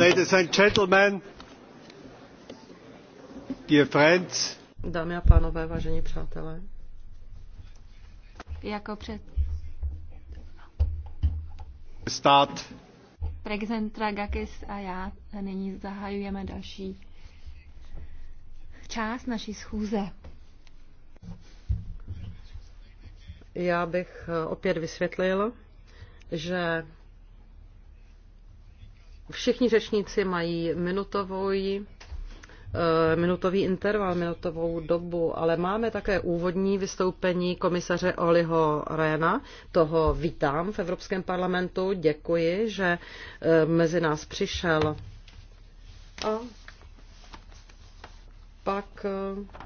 Ladies and gentlemen, dear friends. Dámy a pánové, vážení přátelé. Jako před... Stát. Prezident Tragakis a já nyní zahajujeme další část naší schůze. Já bych opět vysvětlil, že Všichni řečníci mají minutový, eh, minutový interval, minutovou dobu, ale máme také úvodní vystoupení komisaře Oliho Réna. Toho vítám v Evropském parlamentu. Děkuji, že eh, mezi nás přišel. A pak eh,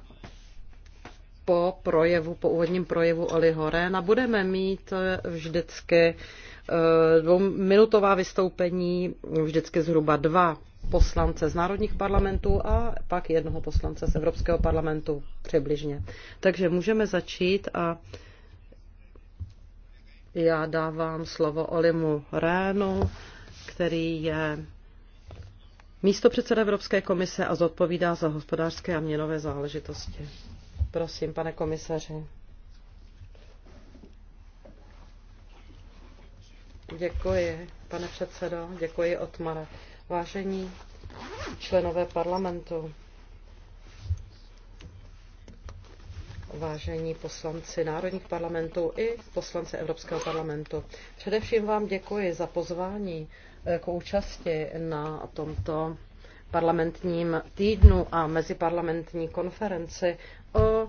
po projevu, po úvodním projevu Oliho Réna budeme mít vždycky Eh, dvouminutová vystoupení, vždycky zhruba dva poslance z národních parlamentů a pak jednoho poslance z Evropského parlamentu přibližně. Takže můžeme začít a já dávám slovo Olimu Rénu, který je místo předseda Evropské komise a zodpovídá za hospodářské a měnové záležitosti. Prosím, pane komisaři. Děkuji, pane předsedo, děkuji, Otmare. Vážení členové parlamentu, vážení poslanci národních parlamentů i poslanci Evropského parlamentu. Především vám děkuji za pozvání eh, k účasti na tomto parlamentním týdnu a meziparlamentní konferenci o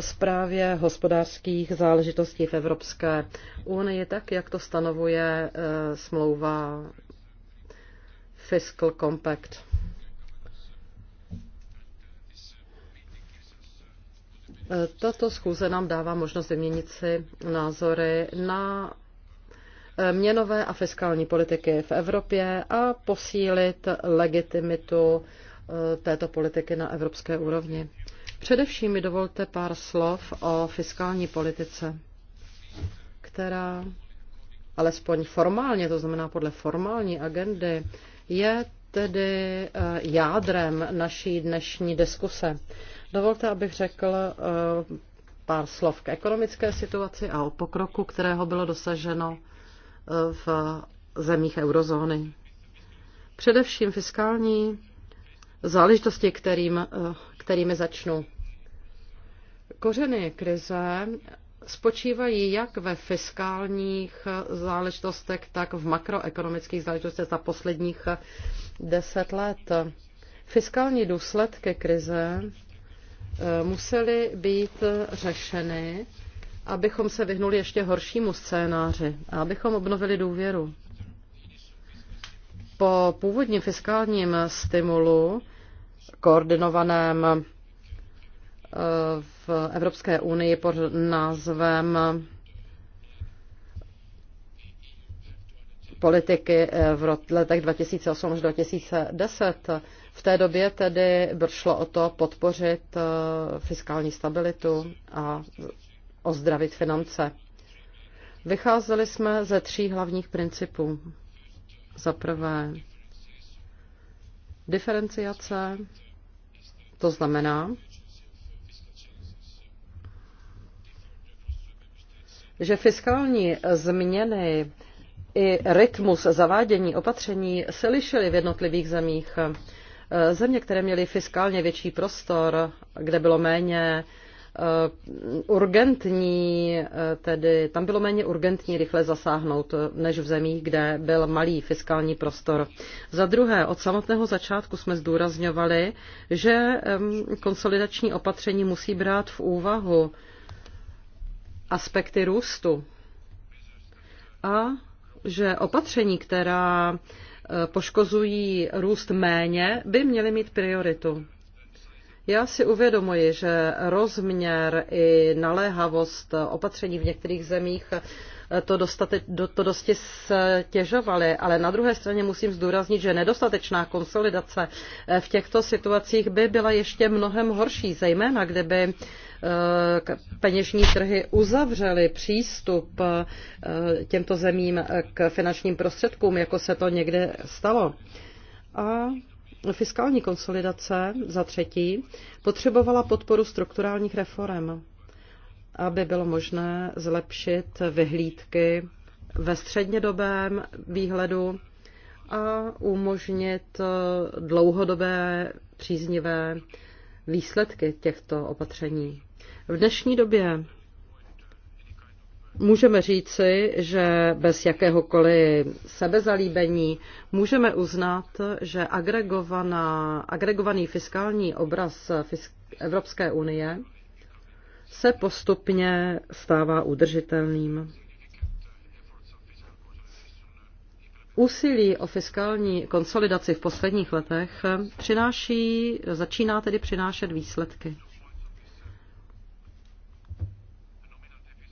zprávě hospodářských záležitostí v Evropské unii, tak jak to stanovuje eh, smlouva Fiscal Compact. Eh, tato schůze nám dává možnost vyměnit si názory na eh, měnové a fiskální politiky v Evropě a posílit legitimitu této politiky na evropské úrovni. Především mi dovolte pár slov o fiskální politice, která alespoň formálně, to znamená podle formální agendy, je tedy eh, jádrem naší dnešní diskuse. Dovolte, abych řekl eh, pár slov k ekonomické situaci a o pokroku, kterého bylo dosaženo eh, v zemích eurozóny. Především fiskální záležitosti, kterým kterými začnu. Kořeny krize spočívají jak ve fiskálních záležitostech, tak v makroekonomických záležitostech za posledních deset let. Fiskální důsledky krize eh, musely být řešeny, abychom se vyhnuli ještě horšímu scénáři a abychom obnovili důvěru. Po původním fiskálním stimulu koordinovaném eh, v Evropské unii pod názvem politiky eh, v letech 2008 až 2010. V té době tedy šlo o to podpořit eh, fiskální stabilitu a ozdravit finance. Vycházeli jsme ze tří hlavních principů. Za prvé, Diferenciace, to znamená, že fiskální změny i rytmus zavádění opatření se lišily v jednotlivých zemích. Země, které měly fiskálně větší prostor, kde bylo méně Eh, urgentní, eh, tedy tam bylo méně urgentní rychle zasáhnout, eh, než v zemích, kde byl malý fiskální prostor. Za druhé, od samotného začátku jsme zdůrazňovali, že konsolidační opatření musí brát v úvahu aspekty růstu a že opatření, která poškozují růst méně, by měly mít prioritu. Já si uvědomuji, že rozměr i naléhavost opatření v některých zemích eh, to, dostate, to dosti stěžovaly, ale na druhé straně musím zdůraznit, že nedostatečná konsolidace eh, v těchto situacích by byla ještě mnohem horší, zejména kdyby eh, peněžní trhy uzavřely přístup těmto zemím k finančním prostředkům, jako se to někde stalo. A Fiskální konsolidace za třetí potřebovala podporu strukturálních reform, aby bylo možné zlepšit vyhlídky ve střednědobém výhledu a umožnit dlouhodobé příznivé výsledky těchto opatření. V dnešní době můžeme říci, že bez jakéhokoliv sebezalíbení můžeme uznat, že agregovaná, agregovaný fiskální obraz fisk, Evropské unie se postupně stává udržitelným. Úsilí o fiskální konsolidaci v posledních letech přináší, začíná tedy přinášet výsledky.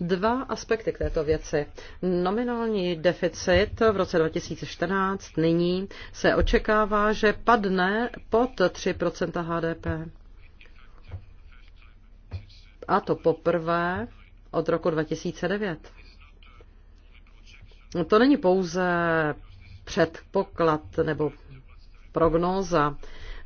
dva aspekty k této věci. Nominální deficit v roce 2014 nyní se očekává, že padne pod 3 HDP. A to poprvé od roku 2009. To není pouze předpoklad nebo prognóza.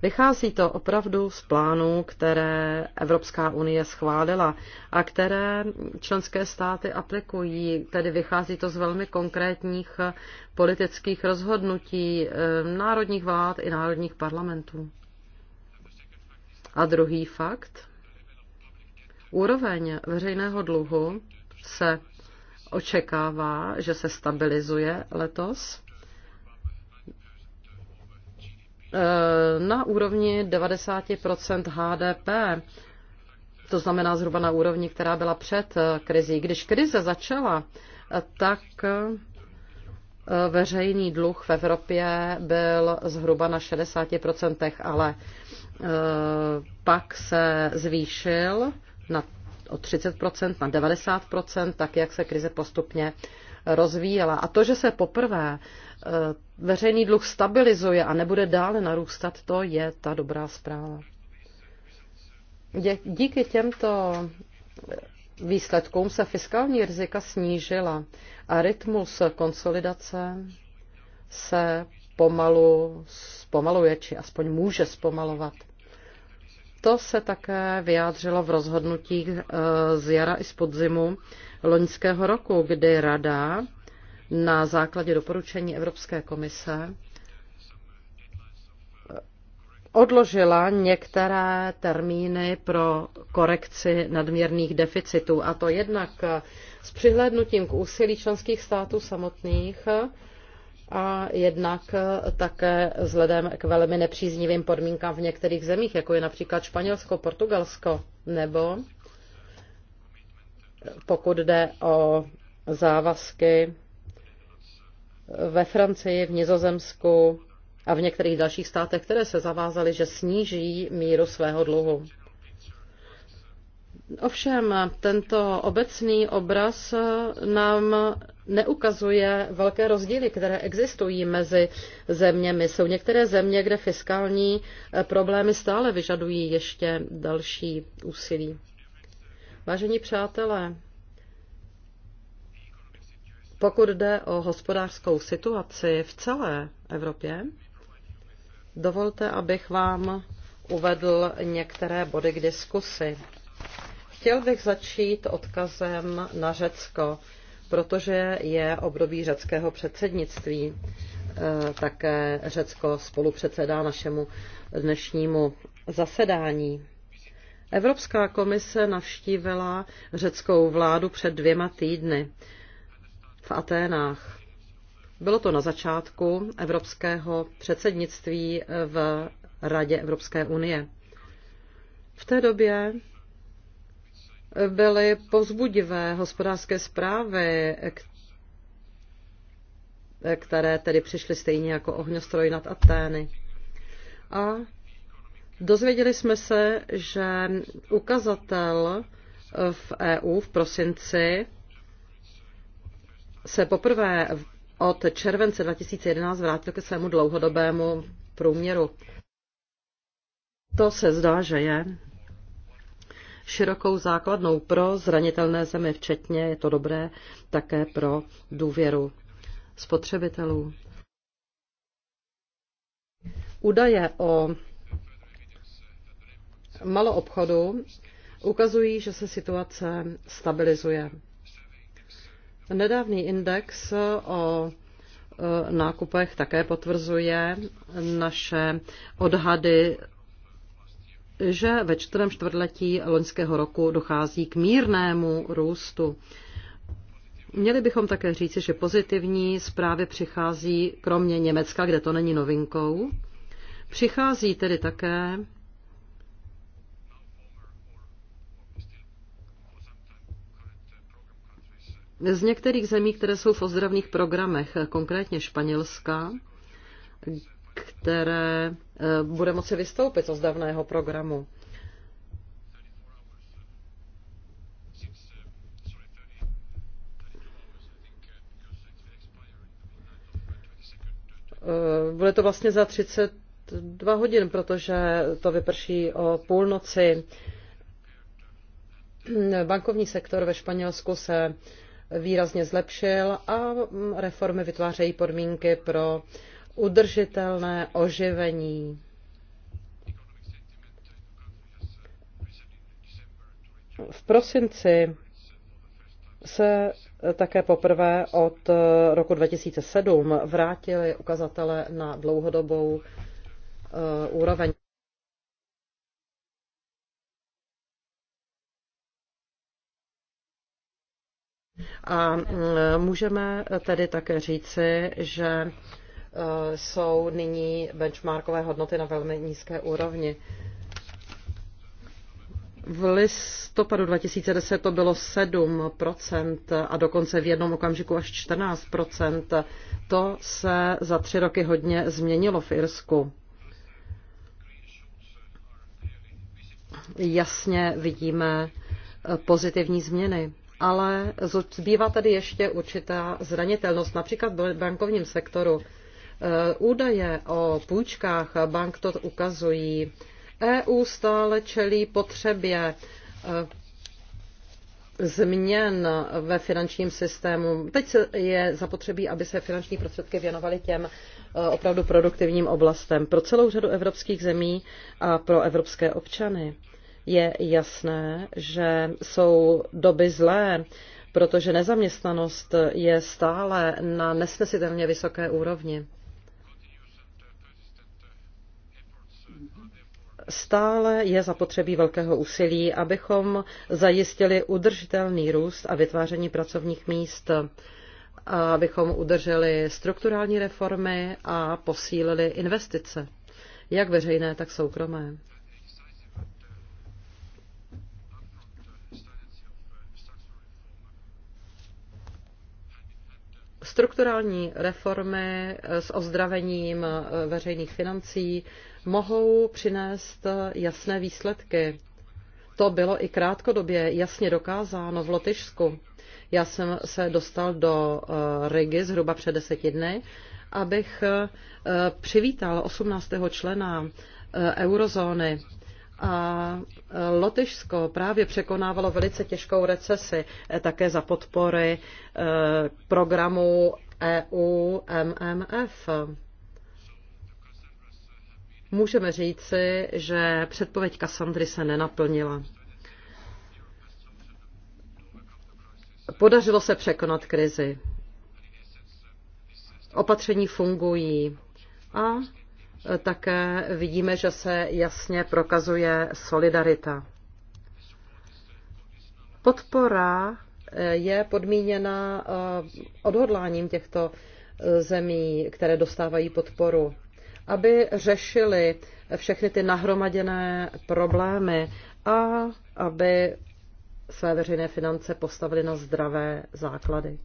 Vychází to opravdu z plánů, které Evropská unie schválila a které členské státy aplikují. Tedy vychází to z velmi konkrétních politických rozhodnutí eh, národních vlád i národních parlamentů. A druhý fakt. Úroveň veřejného dluhu se očekává, že se stabilizuje letos Eh, na úrovni 90 HDP. To znamená zhruba na úrovni, která byla před eh, krizí. Když krize začala, eh, tak veřejný dluh v Evropě byl zhruba na 60%, ale pak se zvýšil na, o 30%, na 90%, tak jak se krize postupně rozvíjela. A to, že se poprvé eh, veřejný dluh stabilizuje a nebude dále narůstat, to je ta dobrá zpráva. Díky těmto výsledkům se fiskální rizika snížila a rytmus konsolidace se pomalu zpomaluje, či aspoň může zpomalovat. To se také vyjádřilo v rozhodnutích eh, z jara i z podzimu loňského roku, kdy Rada na základě doporučení Evropské komise odložila některé termíny pro korekci nadměrných deficitů, a to jednak s přihlédnutím k úsilí členských států samotných a jednak také vzhledem k velmi nepříznivým podmínkám v některých zemích, jako je například Španělsko, Portugalsko nebo pokud jde o závazky ve Francii, v Nizozemsku a v některých dalších státech, které se zavázaly, že sníží míru svého dluhu. Ovšem, tento obecný obraz nám neukazuje velké rozdíly, které existují mezi zeměmi. Jsou některé země, kde fiskální problémy stále vyžadují ještě další úsilí. Vážení přátelé, pokud jde o hospodářskou situaci v celé Evropě, dovolte, abych vám uvedl některé body k diskusi. Chtěl bych začít odkazem na Řecko, protože je období řeckého předsednictví. E, také Řecko spolupředsedá našemu dnešnímu zasedání. Evropská komise navštívila řeckou vládu před dvěma týdny v Aténách. Bylo to na začátku evropského předsednictví v Radě Evropské unie. V té době byly povzbudivé hospodářské zprávy, které tedy přišly stejně jako ohňostroj nad Atény. A Dozvěděli jsme se, že ukazatel v EU v prosinci se poprvé od července 2011 vrátil ke svému dlouhodobému průměru. To se zdá, že je širokou základnou pro zranitelné zemi, včetně je to dobré také pro důvěru spotřebitelů. Údaje o maloobchodu ukazují, že se situace stabilizuje. Nedávný index o e, nákupech také potvrzuje naše odhady, že ve čtvrtém čtvrtletí loňského roku dochází k mírnému růstu. Měli bychom také říci, že pozitivní zprávy přichází kromě Německa, kde to není novinkou. Přichází tedy také Z některých zemí, které jsou v ozdravných programech, konkrétně Španělska, které eh, bude moci vystoupit z ozdravného programu. Eh, bude to vlastně za 32 hodin, protože to vyprší o půlnoci. Bankovní sektor ve Španělsku se výrazně zlepšil a reformy vytvářejí podmínky pro udržitelné oživení. V prosinci se také poprvé od roku 2007 vrátili ukazatele na dlouhodobou eh, úroveň. A můžeme tedy také říci, že e, jsou nyní benchmarkové hodnoty na velmi nízké úrovni. V listopadu 2010 to bylo 7% a dokonce v jednom okamžiku až 14%. To se za tři roky hodně změnilo v Irsku. Jasně vidíme e, pozitivní změny ale zbývá tady ještě určitá zranitelnost, například v bankovním sektoru. Eh, údaje o půjčkách bank to ukazují. EU stále čelí potřebě eh, změn ve finančním systému. Teď je zapotřebí, aby se finanční prostředky věnovaly těm eh, opravdu produktivním oblastem pro celou řadu evropských zemí a pro evropské občany. Je jasné, že jsou doby zlé, protože nezaměstnanost je stále na nesnesitelně vysoké úrovni. Stále je zapotřebí velkého úsilí, abychom zajistili udržitelný růst a vytváření pracovních míst, a abychom udrželi strukturální reformy a posílili investice, jak veřejné, tak soukromé. Strukturální reformy eh, s ozdravením eh, veřejných financí mohou přinést eh, jasné výsledky. To bylo i krátkodobě jasně dokázáno v Lotyšsku. Já jsem se dostal do Rigi zhruba před deseti dny, abych přivítal 18. člena eurozóny a e, Lotyšsko právě překonávalo velice těžkou recesi e, také za podpory e, programu EU MMF. Můžeme říci, že předpověď Kassandry se nenaplnila. Podařilo se překonat krizi. Opatření fungují a také vidíme, že se jasně prokazuje solidarita. Podpora eh, je podmíněna eh, odhodláním těchto eh, zemí, které dostávají podporu, aby řešili všechny ty nahromaděné problémy a aby své veřejné finance postavili na zdravé základy.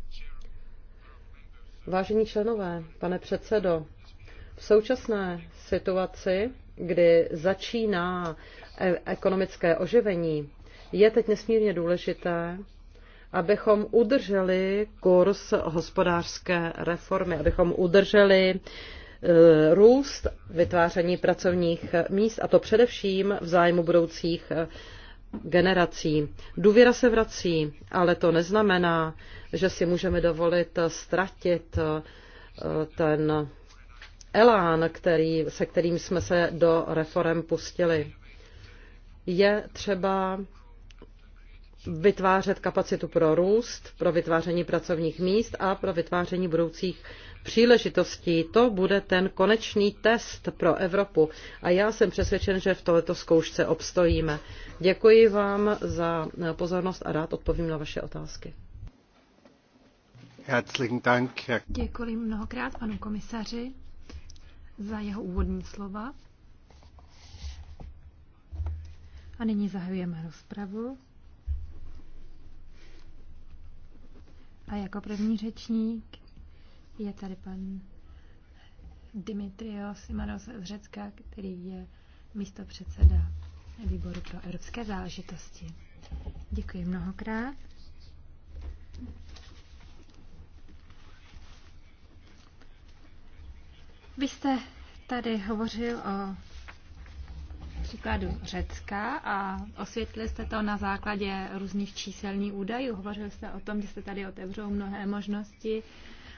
Vážení členové, pane předsedo, v současné situaci, kdy začíná e- ekonomické oživení, je teď nesmírně důležité, abychom udrželi kurz hospodářské reformy, abychom udrželi e, růst vytváření pracovních míst, a to především v zájmu budoucích e, generací. Důvěra se vrací, ale to neznamená, že si můžeme dovolit ztratit ten elán, který, se kterým jsme se do reform pustili. Je třeba vytvářet kapacitu pro růst, pro vytváření pracovních míst a pro vytváření budoucích příležitostí. To bude ten konečný test pro Evropu a já jsem přesvědčen, že v této zkoušce obstojíme. Děkuji vám za pozornost a rád odpovím na vaše otázky. Děkuji mnohokrát panu komisaři za jeho úvodní slova. A nyní zahajujeme rozpravu. A jako první řečník je tady pan Dimitrios Simanos z Řecka, který je místo předseda výboru pro evropské záležitosti. Děkuji mnohokrát. Vy jste tady hovořil o příkladu Řecka a osvětlili jste to na základě různých číselných údajů. Hovořil jste o tom, že se tady otevřou mnohé možnosti,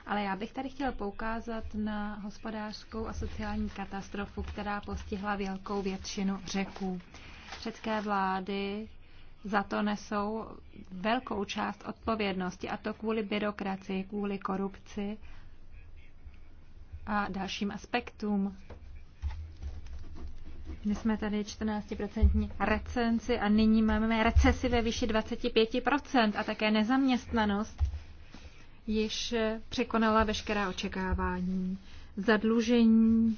ale já bych tady chtěla poukázat na hospodářskou a sociální katastrofu, která postihla velkou většinu řeků. Řecké vlády za to nesou velkou část odpovědnosti, a to kvůli byrokracii, kvůli korupci a dalším aspektům. My jsme tady 14% recenci a nyní máme recesi ve výši 25% a také nezaměstnanost již překonala veškerá očekávání. Zadlužení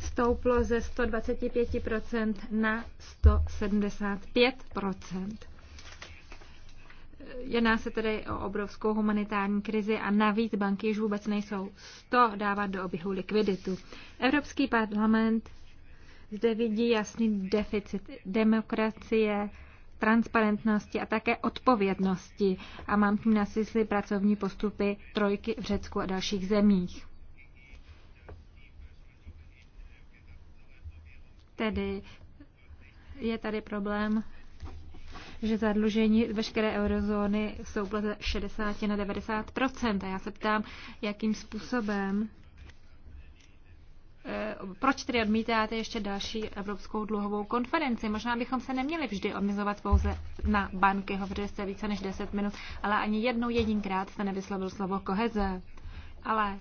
stouplo ze 125% na 175%. Jedná se tedy o obrovskou humanitární krizi a navíc banky již vůbec nejsou z dávat do oběhu likviditu. Evropský parlament zde vidí jasný deficit demokracie, transparentnosti a také odpovědnosti a mám tím na sysli pracovní postupy trojky v Řecku a dalších zemích. Tedy je tady problém že zadlužení veškeré eurozóny jsou ze 60 na 90 A já se ptám, jakým způsobem eh, proč tedy odmítáte ještě další Evropskou dluhovou konferenci? Možná bychom se neměli vždy omezovat pouze na banky, hovořili jste více než 10 minut, ale ani jednou jedinkrát jste nevyslovil slovo koheze. Ale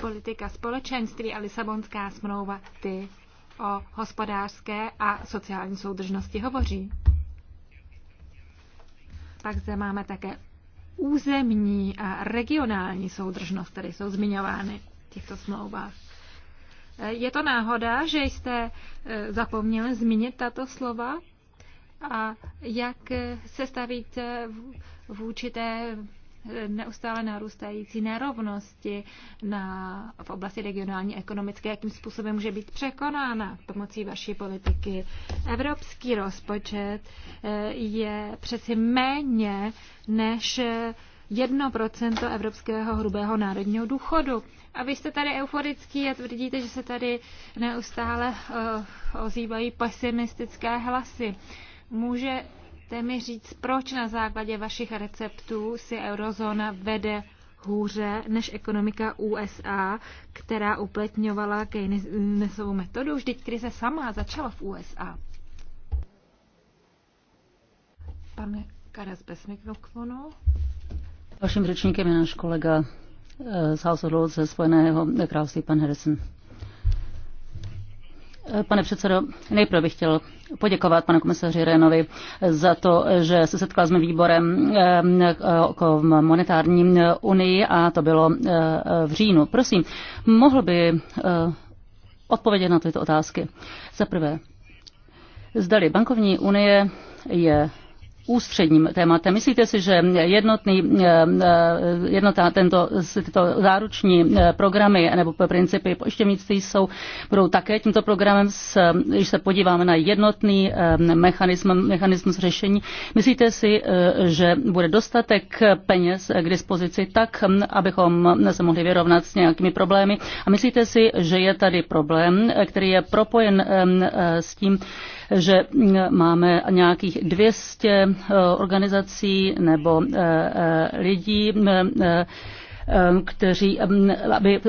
politika společenství a Lisabonská smlouva ty o hospodářské a sociální soudržnosti hovoří pak zde máme také územní a regionální soudržnost, které jsou zmiňovány v těchto smlouvách. Eh, je to náhoda, že jste eh, zapomněli zmínit tato slova? A jak eh, se stavíte vůči té neustále narůstající nerovnosti na, v oblasti regionální ekonomické, jakým způsobem může být překonána pomocí vaší politiky. Evropský rozpočet eh, je přeci méně než 1% evropského hrubého národního důchodu. A vy jste tady euforický a tvrdíte, že se tady neustále eh, ozývají pesimistické hlasy. Může Chcete mi říct, proč na základě vašich receptů si eurozóna vede hůře než ekonomika USA, která uplatňovala Keynesovou metodu? Vždyť krize sama začala v USA. Pane Karas bez mikrofonu. Vaším řečníkem je náš kolega eh, z House of Lords ze Spojeného království, pan Harrison. Eh, pane předsedo, nejprve bych chtěl poděkovat panu komisaři Renovi za to, že se setkal s mým výborem eh, k monetární unii a to bylo eh, v říjnu. Prosím, mohl by odpovědět na tyto otázky. Za prvé, zdali bankovní unie je ústředním tématem. Myslíte si, že jednotný, eh, eh, jednota tento, tyto záruční eh, programy nebo principy pojišťovnictví jsou, budou také tímto programem, s, když se podíváme na jednotný mechanismus, mechanismus řešení, myslíte si, že bude dostatek peněz k dispozici tak, hm, abychom se mohli vyrovnat s nějakými problémy a myslíte si, že je tady problém, který je propojen s tím, že mm, máme nějakých 200 eh, organizací nebo eh, eh, lidí, mm, kteří mm, aby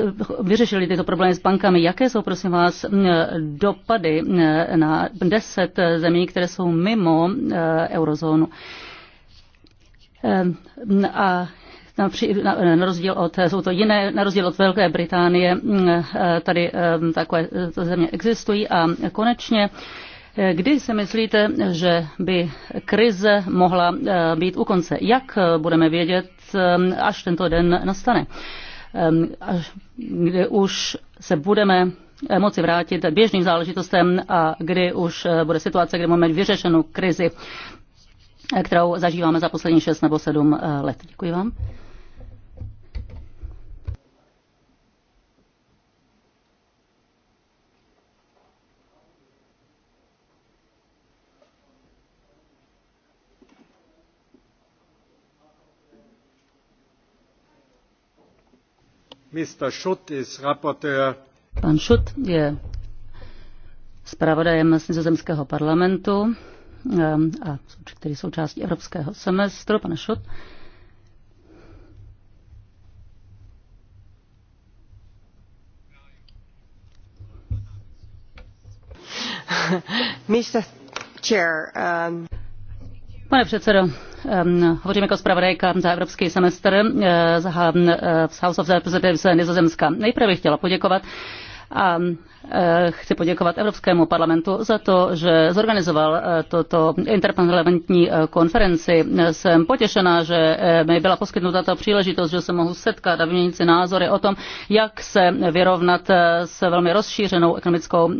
vyřešili tyto problémy s bankami. Jaké jsou, prosím vás, dopady na 10 zemí, které jsou mimo eurozónu? A na rozdíl od, jsou to jiné, na rozdíl od Velké Británie, tady takové země existují a konečně Kdy si myslíte, že by krize mohla eh, být u konce? Jak eh, budeme vědět, eh, až tento den nastane? Ehm, až, kdy už se budeme moci vrátit běžným záležitostem a kdy už bude situace, kdy máme vyřešenou krizi, kterou zažíváme za poslední 6 nebo 7 let. Děkuji vám. Pan Schutt je zpravodajem nizozemského parlamentu um, a který je součástí evropského semestru. Pane Šut. Mr. Chair, um... Pane předsedo, hovořím jako zpravodajka za evropský semestr eh, eh, z House of Representatives Nizozemska. Nejprve bych chtěla poděkovat a Eh, chci poděkovat Evropskému parlamentu za to, že zorganizoval eh, toto interparlamentní eh, konferenci. Jsem potěšená, že mi byla poskytnuta ta příležitost, že se mohu setkat a vyměnit si názory o tom, jak se vyrovnat s velmi rozšířenou ekonomickou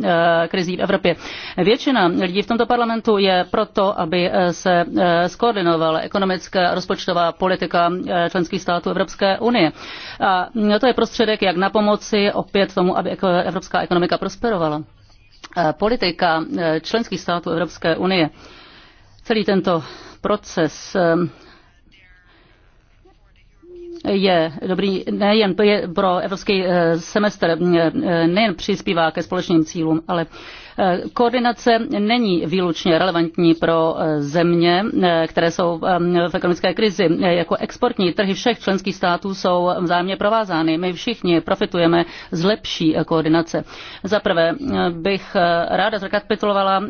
krizí v Evropě. Většina lidí v tomto parlamentu je proto, aby se skoordinovala ekonomická rozpočtová politika členských států Evropské unie. A mm, to je prostředek, jak na pomoci opět tomu, aby evropská ekonomika prosperovala. E, politika e, členských států Evropské unie, celý tento proces e, je dobrý nejen je pro evropský eh, semestr, eh, eh, nejen přispívá ke společným cílům, ale koordinace není výlučně relevantní pro země, které jsou v ekonomické krizi. Jako exportní trhy všech členských států jsou vzájemně provázány. My všichni profitujeme z lepší koordinace. Za prvé bych ráda zrekapitulovala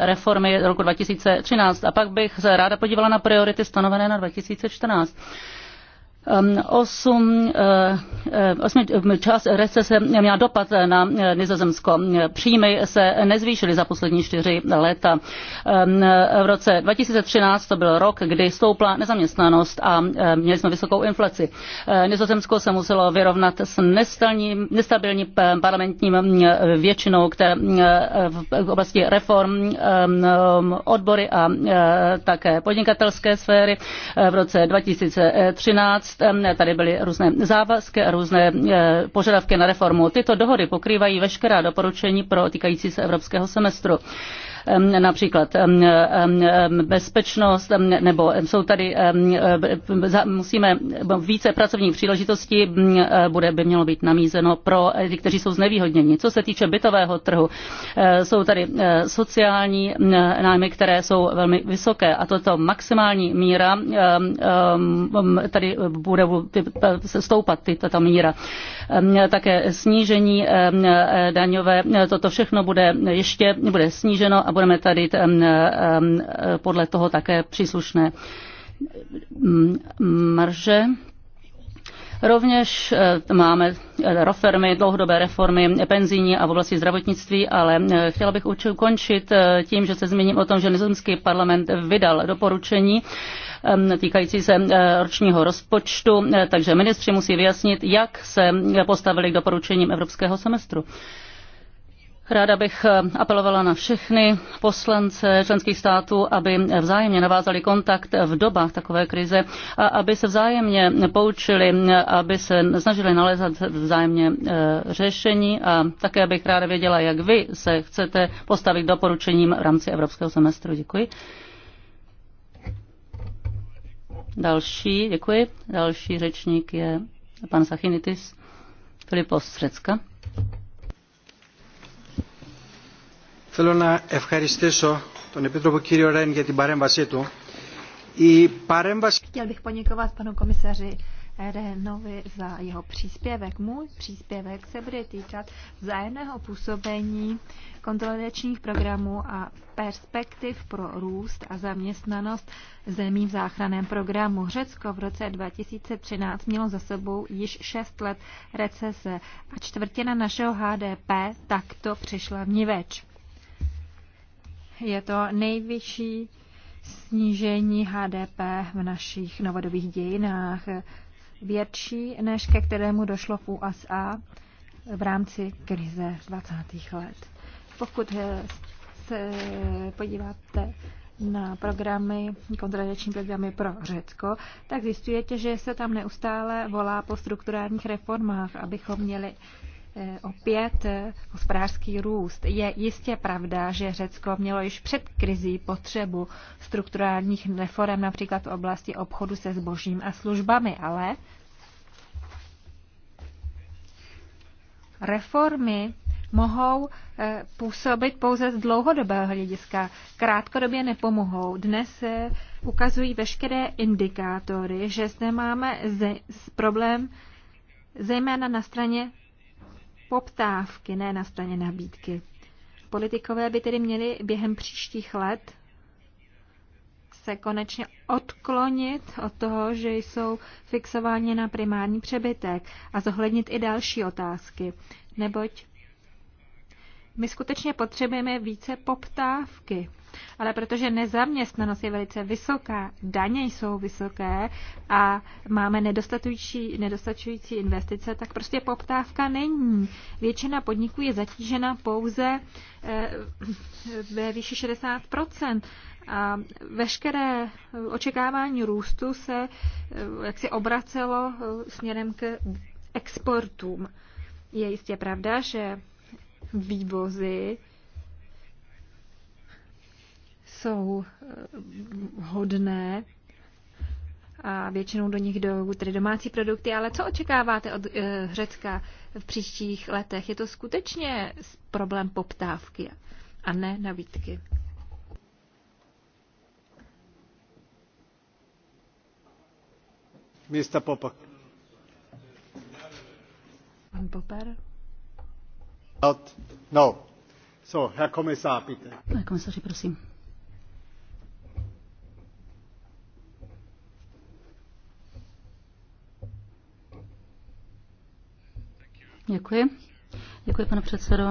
reformy roku 2013 a pak bych se ráda podívala na priority stanovené na 2014. Um, osm, uh, osm, um, čas recese měla dopad na uh, Nizozemsko. Příjmy se nezvýšily za poslední čtyři léta. Um, v roce 2013 to byl rok, kdy stoupla nezaměstnanost a uh, měli jsme vysokou inflaci. Nizozemsko se muselo vyrovnat s nestabilní parlamentním většinou, které v oblasti reform odbory a také podnikatelské sféry v roce 2013 Tady byly různé závazky a různé e, požadavky na reformu. Tyto dohody pokrývají veškerá doporučení pro týkající se evropského semestru například bezpečnost, nebo jsou tady, musíme více pracovních příležitostí bude, by mělo být namízeno pro ty, kteří jsou znevýhodněni. Co se týče bytového trhu, e, jsou tady e, sociální nájmy, které jsou velmi vysoké a toto maximální míra tady bude stoupat tato míra. Také snížení e, daňové, toto všechno bude ještě bude sníženo a budeme tady podle toho také příslušné mm, marže. Rovněž e, máme e, reformy, dlouhodobé reformy penzijní a v oblasti zdravotnictví, ale e, chtěla bych ukončit tím, že se zmíním o tom, že nizozemský parlament vydal doporučení týkající se ročního rozpočtu, takže ministři musí vyjasnit, jak se postavili k doporučením evropského semestru. Ráda bych eh, apelovala na všechny poslance členských států, aby vzájemně navázali kontakt v dobách takové krize a aby se vzájemně poučili, aby se snažili nalézat vzájemně eh, řešení a také bych ráda věděla, jak vy se chcete postavit doporučením v rámci evropského semestru. Děkuji. Další, děkuji. Další řečník je pan Sachinitis Filipos Střecka. Θέλω να ευχαριστήσω τον Επίτροπο κύριο Ρέν για την παρέμβασή του. Η παρέμβαση... Chtěl bych poděkovat panu komisaři Renovi za jeho příspěvek. Můj příspěvek se bude týkat vzájemného působení kontrolačních programů a perspektiv pro růst a zaměstnanost zemí v záchranném programu. Řecko v roce 2013 mělo za sebou již 6 let recese a čtvrtina našeho HDP takto přišla v Niveč. Je to nejvyšší snížení HDP v našich novodobých dějinách, větší než ke kterému došlo v USA v rámci krize 20. let. Pokud eh, se podíváte na programy, kontradiční programy pro Řecko, tak zjistujete, že se tam neustále volá po strukturálních reformách, abychom měli Eh, opět eh, hospodářský růst. Je jistě pravda, že Řecko mělo již před krizí potřebu strukturálních reform, například v oblasti obchodu se zbožím a službami, ale reformy mohou eh, působit pouze z dlouhodobého hlediska. Krátkodobě nepomohou. Dnes ukazují veškeré indikátory, že zde máme problém zejména na straně poptávky, ne na straně nabídky. Politikové by tedy měli během příštích let se konečně odklonit od toho, že jsou fixováni na primární přebytek a zohlednit i další otázky, neboť my skutečně potřebujeme více poptávky ale protože nezaměstnanost je velice vysoká, daně jsou vysoké a máme nedostatující, nedostačující investice, tak prostě poptávka není. Většina podniků je zatížena pouze eh, ve výši 60 a veškeré očekávání růstu se eh, jaksi obracelo eh, směrem k exportům. Je jistě pravda, že vývozy jsou eh, hodné a většinou do nich jdou tedy domácí produkty, ale co očekáváte od e, Řecka v příštích letech? Je to skutečně problém poptávky a ne nabídky. Města Popak. Pan Popper. No, no. So, Herr Kommissar, bitte. Herr Komisaři, prosím. Děkuji. Děkuji, pane předsedo.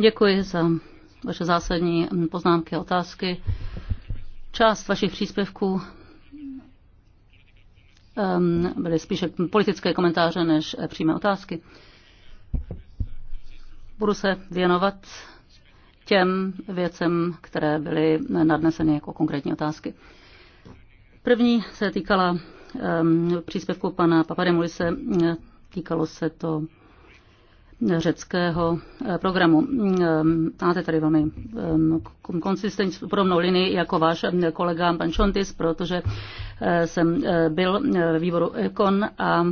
Děkuji za vaše zásadní poznámky a otázky. Část vašich příspěvků ehm, byly spíše politické komentáře než přímé otázky. Budu se věnovat těm věcem, které byly nadneseny jako konkrétní otázky. První se týkala ehm, příspěvku pana Papademulise týkalo se to řeckého eh, programu. Ehm, máte tady velmi ehm, konsistentní podobnou linii jako váš ehm, kolega pan Šontis, protože eh, jsem eh, byl v výboru Ekon a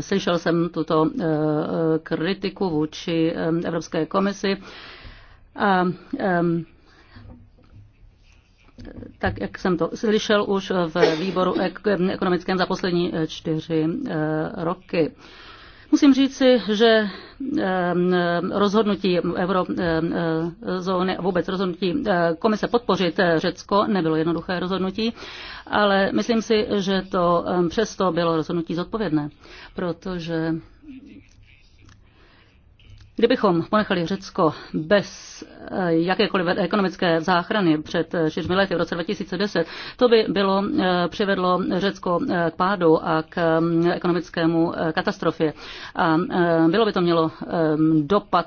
slyšel jsem tuto kritiku vůči Evropské komisi. A tak jak jsem to slyšel už v výboru ekonomickém za poslední eh, čtyři eh, roky. Musím říci, že eh, rozhodnutí eurozóny a vůbec rozhodnutí komise podpořit Řecko nebylo jednoduché rozhodnutí, ale myslím si, že to přesto bylo rozhodnutí zodpovědné, protože Kdybychom ponechali Řecko bez eh, jakékoliv ekonomické záchrany před eh, čtyřmi lety v roce 2010, to by bylo, eh, přivedlo Řecko k pádu a k mm, ekonomickému katastrofě. A bylo by to mělo dopad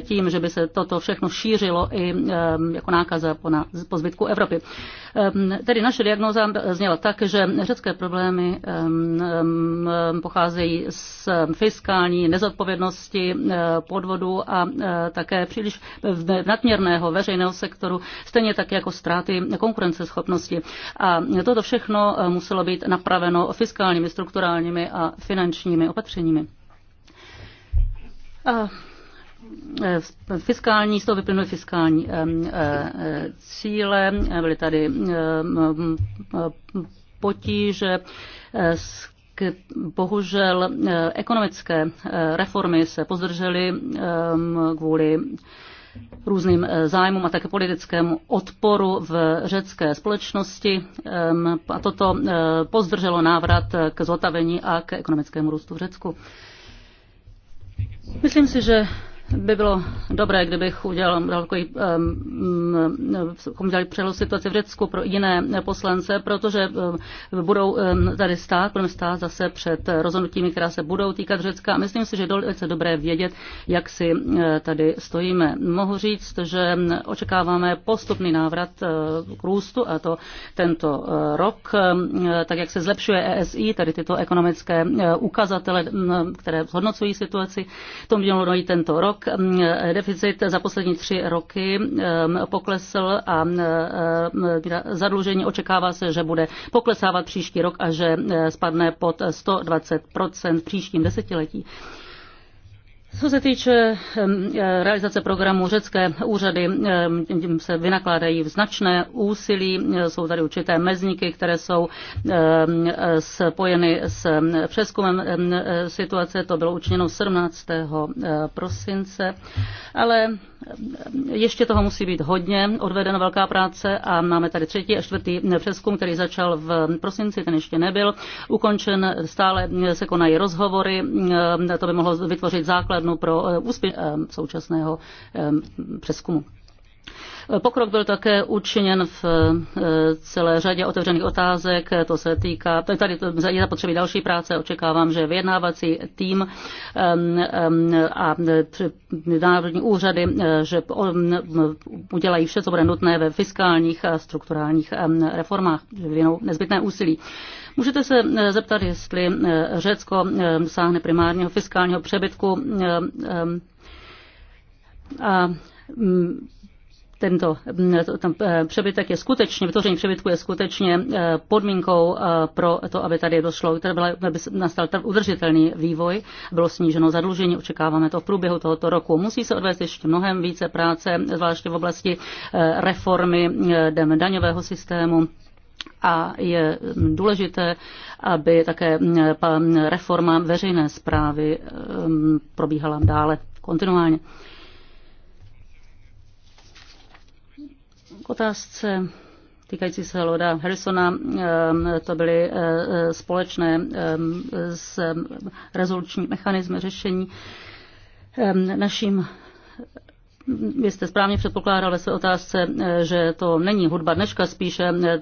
tím, že by se toto všechno šířilo i jako nákaza po, na, po zbytku Evropy. Tedy naše diagnóza zněla tak, že řecké problémy pocházejí z fiskální nezodpovědnosti podvodů a e, také příliš nadměrného veřejného sektoru, stejně tak jako ztráty konkurenceschopnosti. A toto všechno e, muselo být napraveno fiskálními, strukturálními a finančními opatřeními. A e, fiskální, z toho vyplynuly fiskální cíle, byly tady potíže s bohužel eh, ekonomické eh, reformy se pozdržely ehm, kvůli různým eh, zájmům a také politickému odporu v řecké společnosti. Ehm, a toto pozdrželo návrat k zotavení a k ekonomickému růstu v Řecku. Myslím si, že by bylo dobré, kdybych udělal takový um, přehled situace v Řecku pro jiné poslance, protože um, budou um, tady stát, budeme stát zase před rozhodnutími, která se budou týkat Řecka. A myslím si, že je velice dobré vědět, jak si uh, tady stojíme. Mohu říct, že očekáváme postupný návrat uh, k růstu, a to tento uh, rok, uh, tak jak se zlepšuje ESI, tady tyto ekonomické uh, ukazatele, um, které zhodnocují situaci, to mělo dojít tento rok rok mm, deficit za poslední tři roky mm, poklesl a mm, zadlužení očekává se, že bude poklesávat příští rok a že spadne pod 120 v příštím desetiletí. Co se týče e, realizace programu, řecké úřady se vynakládají v značné úsilí, jsou tady určité mezníky, které jsou e, spojeny s přeskumem e, situace, to bylo učiněno 17. prosince, ale ještě toho musí být hodně, odvedena velká práce a máme tady třetí a čtvrtý přeskum, který začal v prosinci, ten ještě nebyl ukončen, stále se konají rozhovory, to by mohlo vytvořit základ základnu pro eh, úspěch eh, současného eh, přeskumu. Pokrok byl také učiněn v celé řadě otevřených otázek, to se týká, tady je zapotřebí další práce, očekávám, že vyjednávací tým a národní úřady, že udělají vše, co bude nutné ve fiskálních a strukturálních reformách, vyvinou nezbytné úsilí. Můžete se eh, zeptat, jestli eh, Řecko eh, sáhne primárního fiskálního přebytku a mm, tento mm, tam přebytek je skutečně, vytvoření přebytku je skutečně podmínkou pro to, aby tady došlo, aby nastal udržitelný vývoj, bylo sníženo zadlužení, očekáváme to v průběhu tohoto roku. Musí se odvést ještě mnohem více práce, zvláště v oblasti reformy daňového systému a je důležité, aby také mm, mm, reforma veřejné zprávy mm, probíhala dále kontinuálně. K otázce týkající se Loda Harrisona, to byly eh, eh, společné eh, s rezoluční mechanizmy řešení. Naším vy jste správně předpokládal ve své otázce, eh, že to není hudba dneška, spíše eh,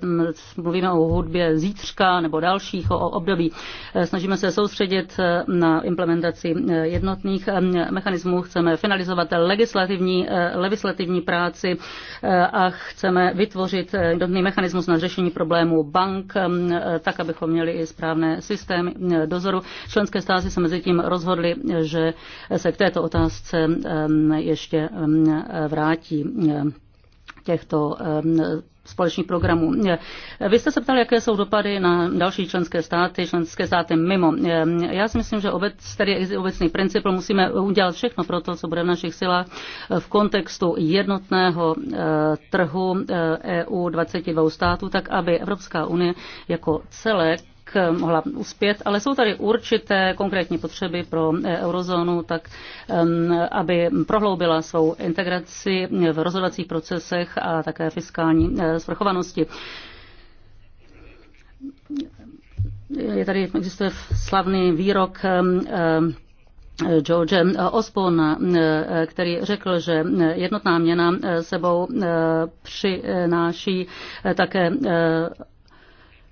mluvíme o hudbě zítřka nebo dalších o období. Eh, snažíme se soustředit na implementaci jednotných mechanismů, chceme finalizovat legislativní, legislativní práci a chceme vytvořit jednotný mechanismus na řešení problémů bank, tak, abychom měli i správné systémy dozoru. Členské státy se mezi tím rozhodly, že se k této otázce ještě vrátí eh, těchto eh, společných programů. Eh, vy jste se ptali, jaké jsou dopady na další členské státy, členské státy mimo. Já si myslím, že obec, tady je obecný princip, musíme udělat všechno pro to, co bude v našich silách v kontextu jednotného trhu EU e 22 států, tak aby Evropská unie jako celek Eh, mohla uspět, ale jsou tady určité konkrétní potřeby pro eh, eurozónu, tak ehm, aby prohloubila svou integraci v rozhodovacích procesech a také fiskální eh, svrchovanosti je tady existuje slavný výrok ehm, ehm, George Osborne, který řekl, že jednotná měna sebou přináší také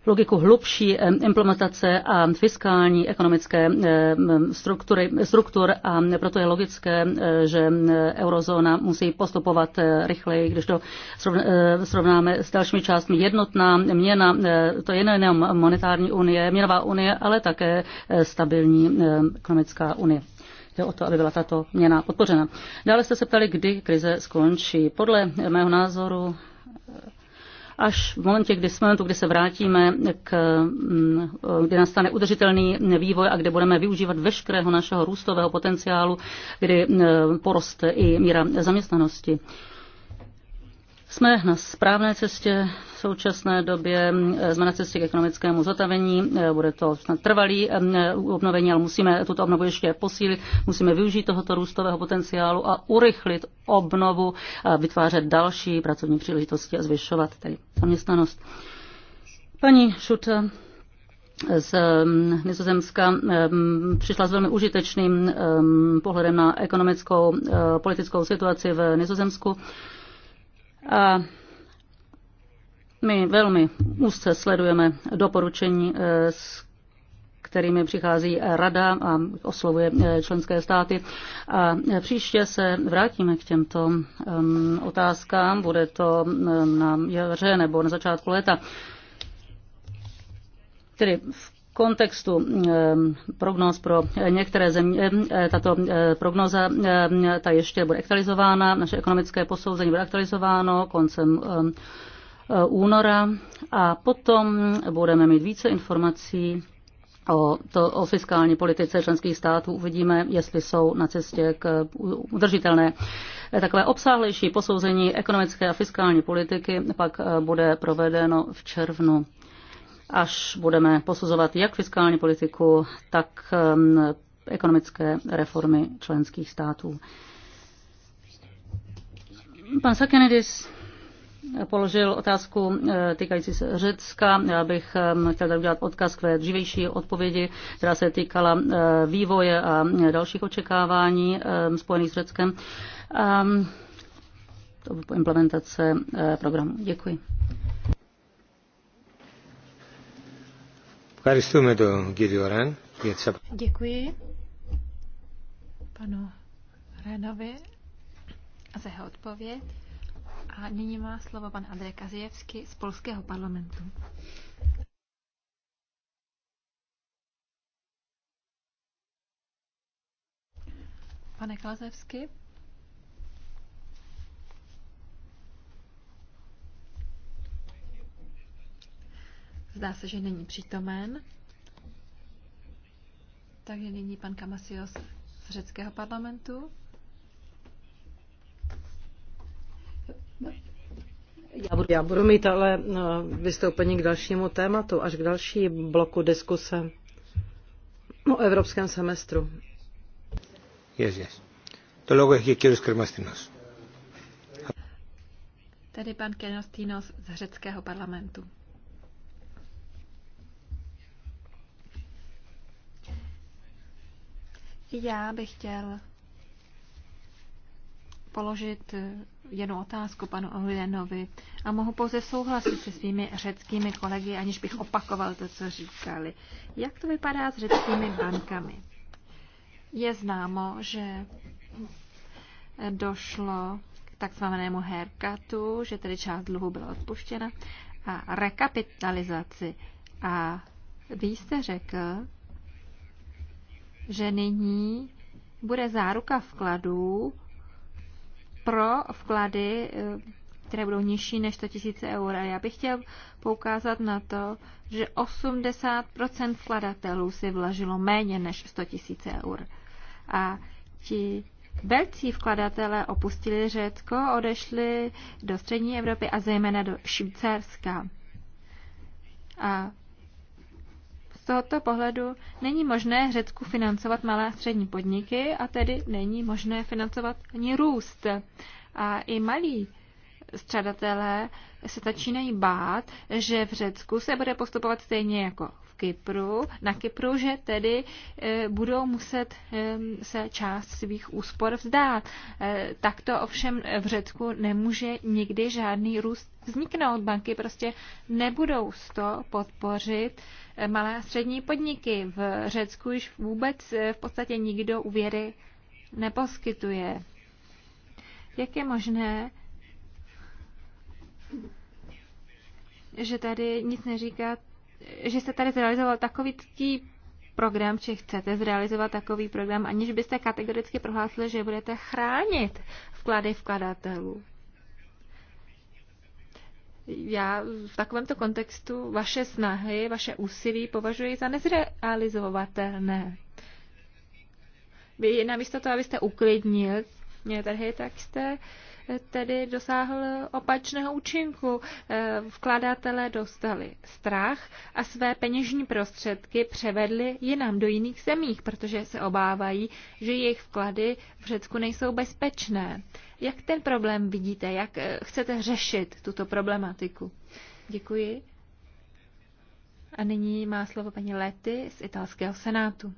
logiku hlubší eh, implementace a fiskální ekonomické eh, struktury, struktur a proto je logické, eh, že eurozóna musí postupovat rychleji, když to srovnáme s dalšími částmi. Jednotná měna, to je nejen monetární unie, měnová unie, ale také stabilní ekonomická unie. Jde o to, aby byla tato měna podpořena. Dále jste se ptali, kdy krize skončí. Podle mého názoru až v momentě, kdy, jsme, kdy se vrátíme, k, mm, kdy nastane udržitelný vývoj a kde budeme využívat veškerého našeho růstového potenciálu, kdy mm, poroste i míra zaměstnanosti. Jsme na správné cestě v současné době, jsme na cestě k ekonomickému zotavení, bude to snad trvalý obnovení, ale musíme tuto obnovu ještě posílit, musíme využít tohoto růstového potenciálu a urychlit obnovu, a vytvářet další pracovní příležitosti a zvyšovat tedy zaměstnanost. Paní Šuta, z Nizozemska přišla s velmi užitečným pohledem na ekonomickou e, politickou situaci v Nizozemsku. A my velmi úzce sledujeme doporučení, eh, s kterými přichází rada a oslovuje eh, členské státy. A eh, příště se vrátíme k těmto ehm, otázkám, bude to ehm, na jaře nebo na začátku léta. Tedy v kontextu eh, prognóz pro některé země, eh, tato eh, prognoza ta ještě bude aktualizována, naše ekonomické posouzení bude aktualizováno koncem února a potom budeme mít více informací o, to, o fiskální politice členských států. Uvidíme, jestli jsou na cestě k udržitelné. Takové obsáhlejší posouzení ekonomické a fiskální politiky pak bude provedeno v červnu až budeme posuzovat jak fiskální politiku, tak um, ekonomické reformy členských států. Pan Sakenidis položil otázku eh, týkající se Řecka. Já bych eh, chtěl tady udělat odkaz k té dřívější odpovědi, která se týkala eh, vývoje a dalších očekávání spojených s Řeckem. Ehm, to implementace programu. Děkuji. Děkuji panu Renovi za jeho odpověď. A nyní má slovo pan Andrej Kazijevský z polského parlamentu. Pane Kalazevsky, Zdá se, že není přítomen. Takže nyní pan Kamasios z řeckého parlamentu. Já budu, já budu mít ale no, vystoupení k dalšímu tématu, až k další bloku diskuse o evropském semestru. Yes, yes. To logo je Kyrus Krmastinos. Tady pan Kenostinos z řeckého parlamentu. Já bych chtěl položit jednu otázku panu Olienovi a mohu pouze souhlasit se svými řeckými kolegy, aniž bych opakoval to, co říkali. Jak to vypadá s řeckými bankami? Je známo, že došlo k takzvanému herkatu, že tedy část dluhu byla odpuštěna a rekapitalizaci. A vy jste řekl, že nyní bude záruka vkladů pro vklady, eh, které budou nižší než 100 000 eur. Já bych chtěl poukázat na to, že 80% vkladatelů si vlažilo méně než 100 000 eur. A ti Velcí vkladatelé opustili Řecko, odešli do střední Evropy a zejména do Švýcarska. A z tohoto pohledu není možné Řecku financovat malé a střední podniky a tedy není možné financovat ani růst. A i malí střadatelé se začínají bát, že v Řecku se bude postupovat stejně jako Kypru, na Kypru, že tedy eh, budou muset eh, se část svých úspor vzdát. Eh, tak to ovšem v Řecku nemůže nikdy žádný růst vzniknout. Banky prostě nebudou z to podpořit malé a střední podniky. V Řecku již vůbec v podstatě nikdo úvěry neposkytuje. Jak je možné, že tady nic neříkat že jste tady zrealizoval takový tý program, či chcete zrealizovat takový program, aniž byste kategoricky prohlásili, že budete chránit vklady vkladatelů. Já v takovémto kontextu vaše snahy, vaše úsilí považuji za nezrealizovatelné. Vy namísto toho, abyste uklidnil mě trhy, tak jste uh, tedy dosáhl opačného účinku. Eh, vkladatelé dostali strach a své peněžní prostředky převedli jinam do jiných zemích, protože se obávají, že jejich vklady v Řecku nejsou bezpečné. Jak ten problém vidíte? Jak eh, chcete řešit tuto problematiku? Děkuji. A nyní má slovo paní Lety z italského senátu.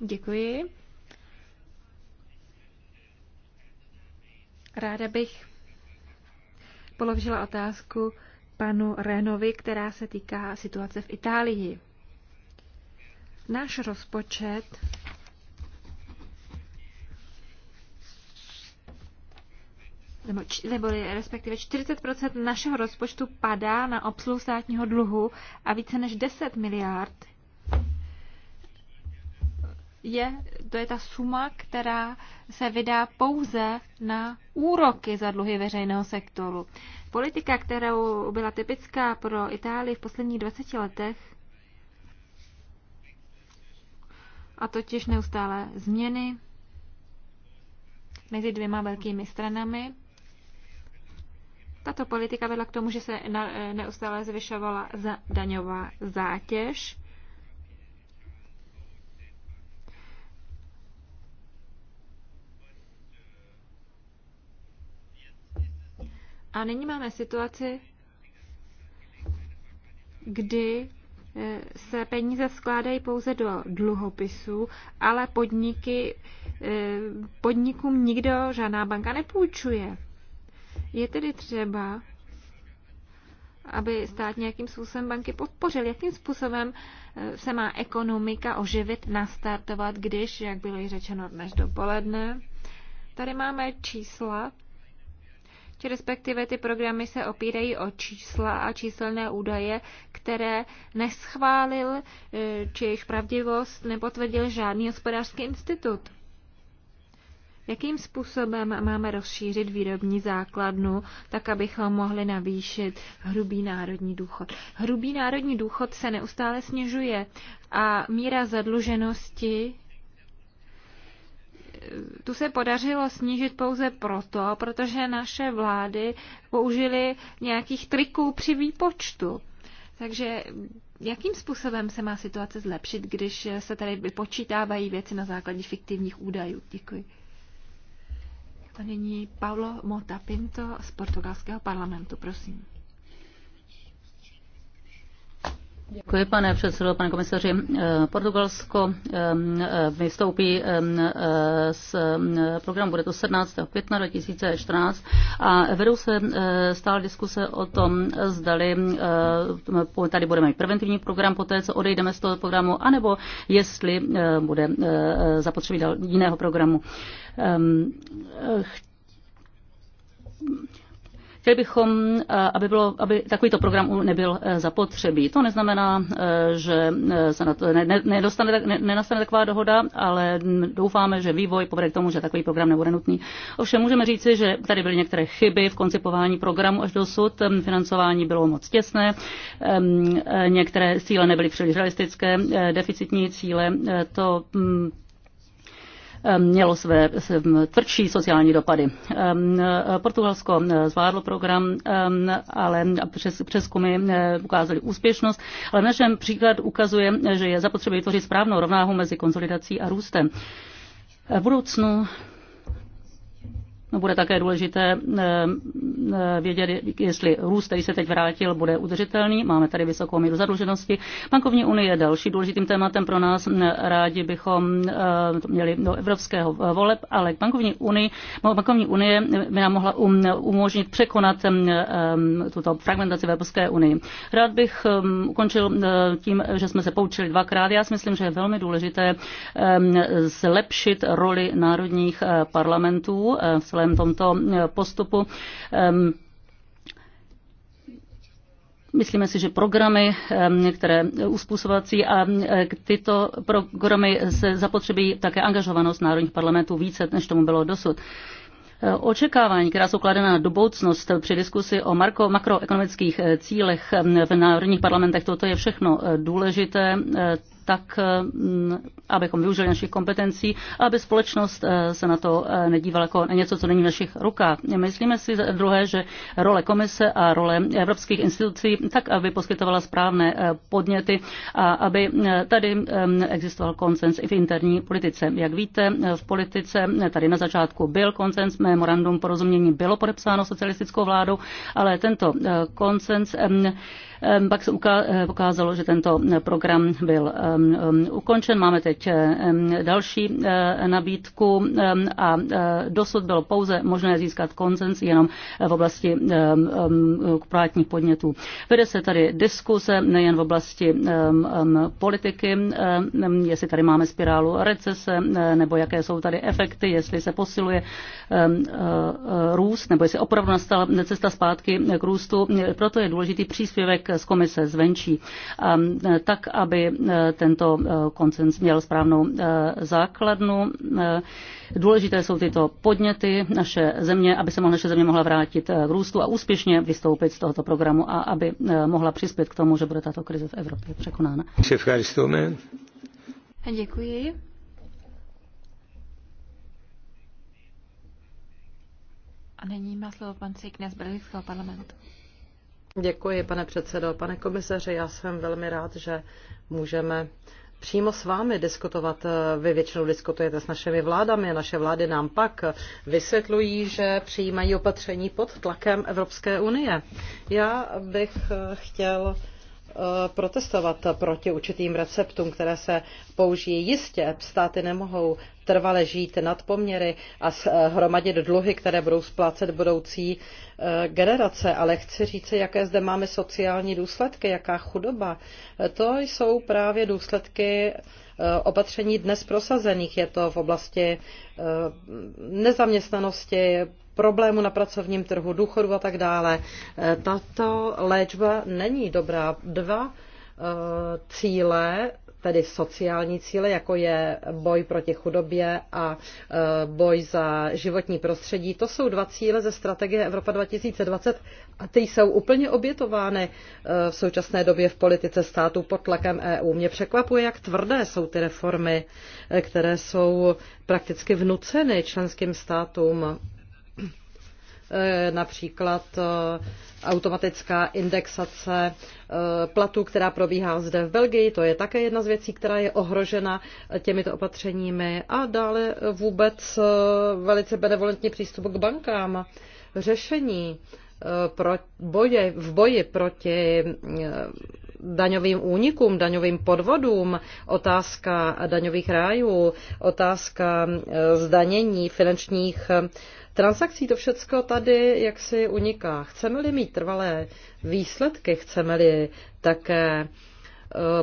Děkuji. Ráda bych položila otázku panu Renovi, která se týká situace v Itálii. Náš rozpočet nebo, nebo respektive 40 našeho rozpočtu padá na obsluhu státního dluhu a více než 10 miliard je, to je ta suma, která se vydá pouze na úroky za dluhy veřejného sektoru. Politika, kterou byla typická pro Itálii v posledních 20 letech, a totiž neustále změny mezi dvěma velkými stranami, tato politika vedla k tomu, že se neustále zvyšovala za daňová zátěž A nyní máme situaci, kdy e, se peníze skládají pouze do dluhopisů, ale podniky, e, podnikům nikdo, žádná banka nepůjčuje. Je tedy třeba, aby stát nějakým způsobem banky podpořil. Jakým způsobem e, se má ekonomika oživit, nastartovat, když, jak bylo již řečeno dnes dopoledne, tady máme čísla, či respektive ty programy se opírají o čísla a číselné údaje, které neschválil e, či jejich pravdivost nepotvrdil žádný hospodářský institut. Jakým způsobem máme rozšířit výrobní základnu, tak abychom mohli navýšit hrubý národní důchod? Hrubý národní důchod se neustále snižuje a míra zadluženosti tu se podařilo snížit pouze proto, protože naše vlády použily nějakých triků při výpočtu. Takže jakým způsobem se má situace zlepšit, když se tady vypočítávají věci na základě fiktivních údajů? Děkuji. A nyní Paulo Mota Pinto z portugalského parlamentu, prosím. Děkuji, pane předsedo, pane komisaři. Eh, Portugalsko eh, vystoupí eh, z programu, bude to 17. května 2014 a vedou se stále diskuse o tom, zdali tady budeme mít preventivní program poté, co odejdeme z toho programu, anebo jestli bude zapotřebí jiného programu Chtěli bychom, eh, aby, bylo, aby takovýto program nebyl eh, zapotřebí. To neznamená, eh, že se na to nedostane, ne, nenastane taková dohoda, ale doufáme, že vývoj povede k tomu, že takový program nebude nutný. Ovšem můžeme říci, že tady byly některé chyby v koncipování programu až dosud. Financování bylo moc těsné, některé cíle nebyly příliš realistické, deficitní cíle. To mm, Ehm, mělo své ehm, tvrdší sociální dopady. Ehm, eh, Portugalsko eh, zvládlo program, ale přes, přeskumy eh, ukázaly úspěšnost, ale našem příklad ukazuje, že je zapotřebí vytvořit správnou rovnáhu mezi konsolidací a růstem. V budoucnu No, bude také důležité eh, eh, vědět, jestli růst, který se teď vrátil, bude udržitelný. Máme tady vysokou míru zadluženosti. Bankovní unie je další důležitým tématem pro nás. Rádi bychom eh, to měli do evropského voleb, ale bankovní unie, bankovní unie by nám mohla um, umožnit překonat tuto fragmentaci v Evropské unii. Rád bych ukončil tím, že jsme se poučili dvakrát. Já si myslím, že je velmi důležité zlepšit roli národních parlamentů v celém tomto eh, postupu. Myslíme si, že programy, některé uspůsobovací a eh, tyto programy se zapotřebí také angažovanost národních parlamentů více, než tomu bylo dosud. Eh, očekávání, která jsou kladena na budoucnost při diskusi o marko, makroekonomických cílech v národních parlamentech, toto je všechno důležité tak mm, abychom využili našich kompetencí, aby společnost eh, se na to eh, nedívala jako něco, co není v našich rukách. Myslíme si druhé, že role komise a role evropských institucí, tak aby poskytovala správné eh, podněty a aby tady mm, existoval konsens i v interní politice. Jak víte, v politice tady na začátku byl konsens, memorandum porozumění bylo podepsáno socialistickou vládou, ale tento konsens mm, Ehm, pak se eh, ukázalo, že tento eh, program byl ehm, ehm, ukončen. Máme teď další eh, nabídku a dosud bylo pouze možné získat koncens jenom v oblasti korporátních podnětů. Vede se tady diskuse nejen v oblasti politiky, jestli tady máme spirálu recese, nebo jaké jsou tady efekty, jestli se posiluje růst, nebo jestli opravdu nastala cesta zpátky k růstu. Proto je důležitý příspěvek příspěvek z komise zvenčí, um, tak aby uh, tento uh, koncens měl správnou uh, základnu. Důležité jsou tyto podněty naše země, aby se mohla naše země mohla vrátit k růstu a úspěšně vystoupit z tohoto programu a aby mohla přispět k tomu, že bude tato krize v Evropě překonána. Děkuji. A nyní má slovo pan z Belgického parlamentu. Děkuji, pane předsedo. Pane komisaři, já jsem velmi rád, že můžeme přímo s vámi diskutovat. Vy většinou diskutujete s našimi vládami a naše vlády nám pak vysvětlují, že přijímají opatření pod tlakem Evropské unie. Já bych chtěl Eh, protestovat proti určitým receptům, které se použijí. Jistě státy nemohou trvale žít nad poměry a eh, hromadit dluhy, které budou splácet budoucí eh, generace. Ale chci říct, jaké zde máme sociální důsledky, jaká chudoba. To jsou právě důsledky opatření dnes prosazených. Je to v oblasti nezaměstnanosti, problémů na pracovním trhu, důchodu a tak dále. E, tato léčba není dobrá. Dva e, cíle tedy sociální cíle, jako je boj proti chudobě a e, boj za životní prostředí. To jsou dva cíle ze strategie Evropa 2020 a ty jsou úplně obětovány v současné době v politice států pod tlakem EU. Mě překvapuje, jak tvrdé jsou ty reformy, které jsou prakticky vnuceny členským státům Eh, například eh, automatická indexace eh, platů, která probíhá zde v Belgii. To je také jedna z věcí, která je ohrožena těmito opatřeními. A dále vůbec velice benevolentní přístup k bankám. Řešení pro boje, v boji proti daňovým únikům, daňovým podvodům, otázka daňových rájů, otázka zdanění finančních transakcí to všecko tady jaksi uniká. Chceme-li mít trvalé výsledky, chceme-li také eh,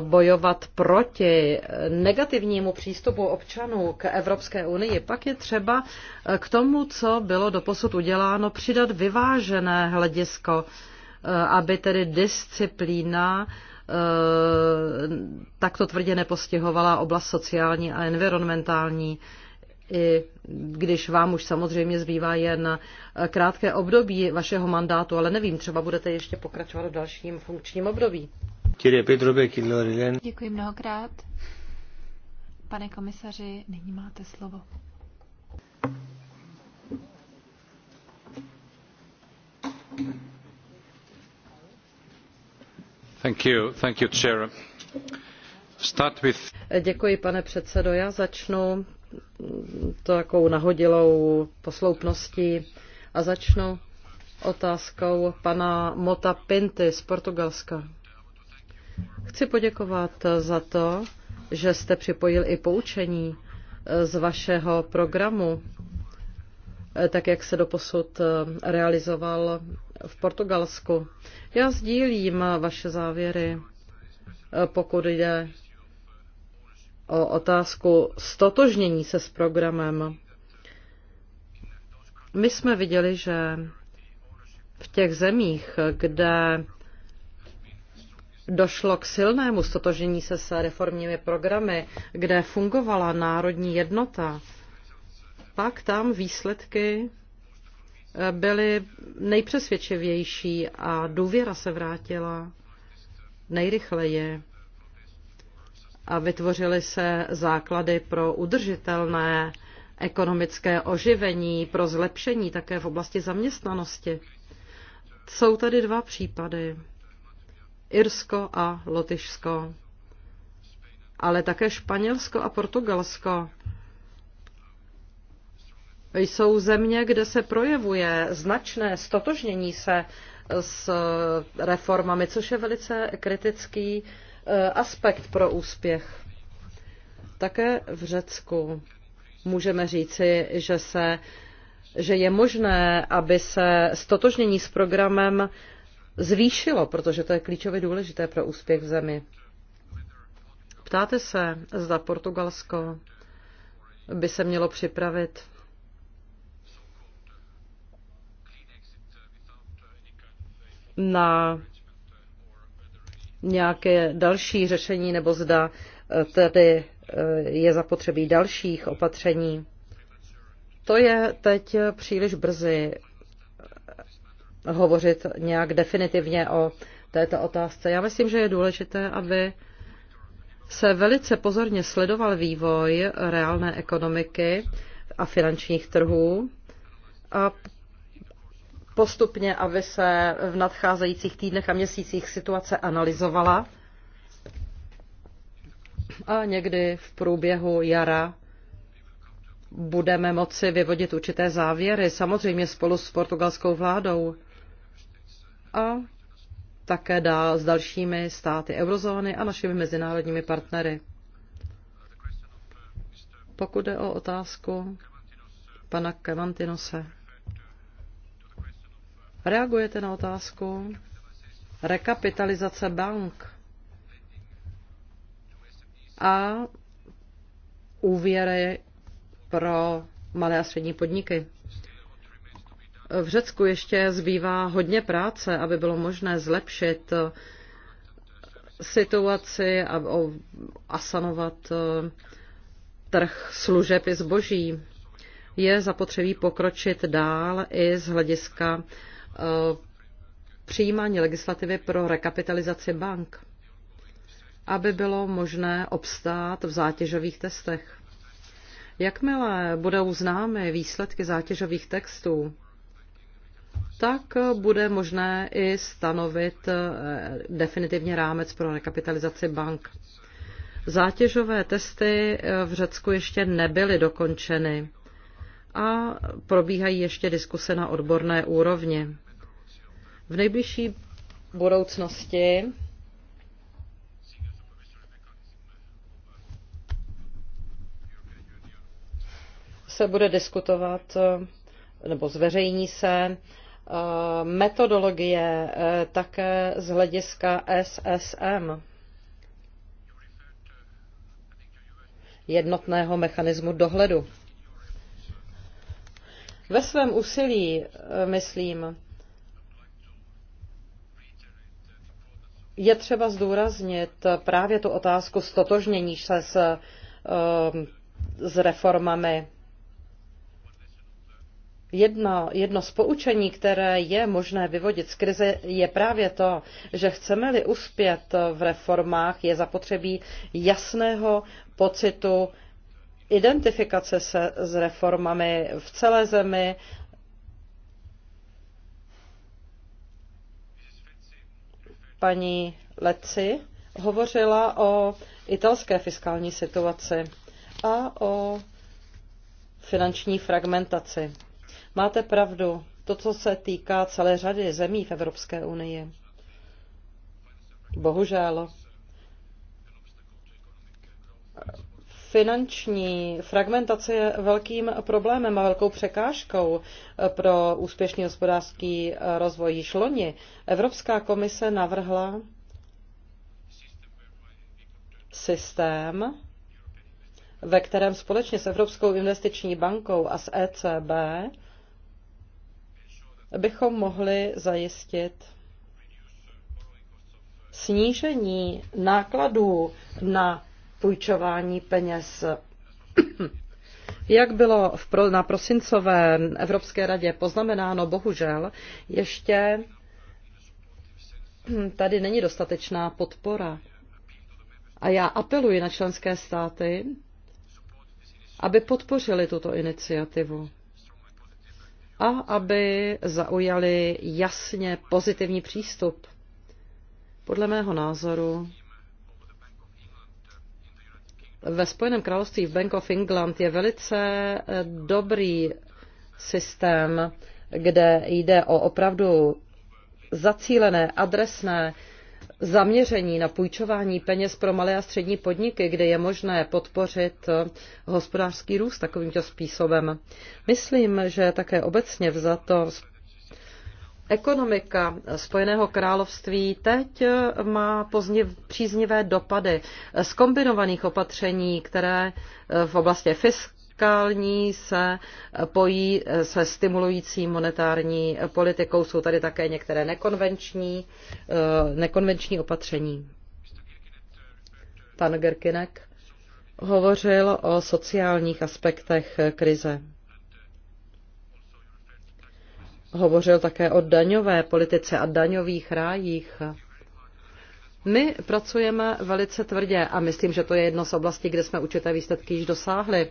bojovat proti negativnímu přístupu občanů k Evropské unii, pak je třeba eh, k tomu, co bylo doposud uděláno, přidat vyvážené hledisko, eh, aby tedy disciplína takto tvrdě nepostihovala oblast sociální a environmentální i když vám už samozřejmě zbývá jen eh, krátké období vašeho mandátu, ale nevím, třeba budete ještě pokračovat v dalším funkčním období. Děkuji mnohokrát. Pane komisaři, nyní máte slovo. Thank you, thank you, chair. Start with... Děkuji, pane předsedo. Já začnu takovou nahodilou posloupností a začnu otázkou pana Mota Pinty z Portugalska. Chci poděkovat za to, že jste připojil i poučení z vašeho programu, tak jak se doposud realizoval v Portugalsku. Já sdílím vaše závěry, pokud jde o otázku stotožnění se s programem. My jsme viděli, že v těch zemích, kde došlo k silnému stotožnění se s reformními programy, kde fungovala národní jednota, pak tam výsledky byly nejpřesvědčivější a důvěra se vrátila nejrychleji a vytvořily se základy pro udržitelné ekonomické oživení, pro zlepšení také v oblasti zaměstnanosti. Jsou tady dva případy. Irsko a Lotyšsko, ale také Španělsko a Portugalsko. Jsou země, kde se projevuje značné stotožnění se s reformami, což je velice kritický uh, Eh, aspekt pro úspěch. Také v Řecku můžeme říci, že, se, že je možné, aby se stotožnění s programem zvýšilo, protože to je klíčově důležité pro úspěch v zemi. Ptáte se, zda Portugalsko by se mělo připravit na nějaké další řešení nebo zda eh, tedy eh, je zapotřebí dalších opatření. To je teď příliš brzy eh, hovořit nějak definitivně o této otázce. Já myslím, že je důležité, aby se velice pozorně sledoval vývoj reálné ekonomiky a finančních trhů a postupně, aby se v nadcházejících týdnech a měsících situace analyzovala a někdy v průběhu jara budeme moci vyvodit určité závěry, samozřejmě spolu s portugalskou vládou a také dál s dalšími státy eurozóny a našimi mezinárodními partnery. Pokud jde o otázku pana Kevantinose, Reagujete na otázku rekapitalizace bank a úvěry pro malé a střední podniky. V Řecku ještě zbývá hodně práce, aby bylo možné zlepšit situaci a, asanovat eh, trh služeb i zboží. Je zapotřebí pokročit dál i z hlediska Eh, přijímání legislativy pro rekapitalizaci bank, aby bylo možné obstát v zátěžových testech. Jakmile budou známy výsledky zátěžových textů, tak bude možné i stanovit eh, definitivně rámec pro rekapitalizaci bank. Zátěžové testy eh, v Řecku ještě nebyly dokončeny a probíhají ještě diskuse na odborné úrovni. V nejbližší budoucnosti se bude diskutovat eh, nebo zveřejní se eh, metodologie eh, také z hlediska SSM, jednotného mechanismu dohledu. Ve svém úsilí, myslím, je třeba zdůraznit právě tu otázku stotožnění se s, ehm, s reformami. Jedno, jedno z poučení, které je možné vyvodit z krize, je právě to, že chceme-li uspět v reformách, je zapotřebí jasného pocitu identifikace se s reformami v celé zemi paní Leci hovořila o italské fiskální situaci a o finanční fragmentaci. Máte pravdu, to, co se týká celé řady zemí v Evropské unii. Bohužel. Finanční fragmentace je velkým problémem a velkou překážkou pro úspěšný hospodářský rozvoj. Již loni Evropská komise navrhla systém, ve kterém společně s Evropskou investiční bankou a s ECB bychom mohli zajistit snížení nákladů na půjčování peněz. Jak bylo v pro, na prosincové Evropské radě poznamenáno, bohužel ještě tady není dostatečná podpora. A já apeluji na členské státy, aby podpořili tuto iniciativu a aby zaujali jasně pozitivní přístup. Podle mého názoru ve Spojeném království v Bank of England je velice eh, dobrý systém, kde jde o opravdu zacílené, adresné zaměření na půjčování peněz pro malé a střední podniky, kde je možné podpořit eh, hospodářský růst takovýmto způsobem. Myslím, že také obecně vzato Ekonomika Spojeného království teď má pozdě, příznivé dopady z kombinovaných opatření, které v oblasti fiskální se pojí se stimulující monetární politikou. Jsou tady také některé nekonvenční, eh, nekonvenční opatření. Pan Gerkinek hovořil o sociálních aspektech krize hovořil také o daňové politice a daňových rájích. My pracujeme velice tvrdě a myslím, že to je jedno z oblastí, kde jsme určité výsledky již dosáhli.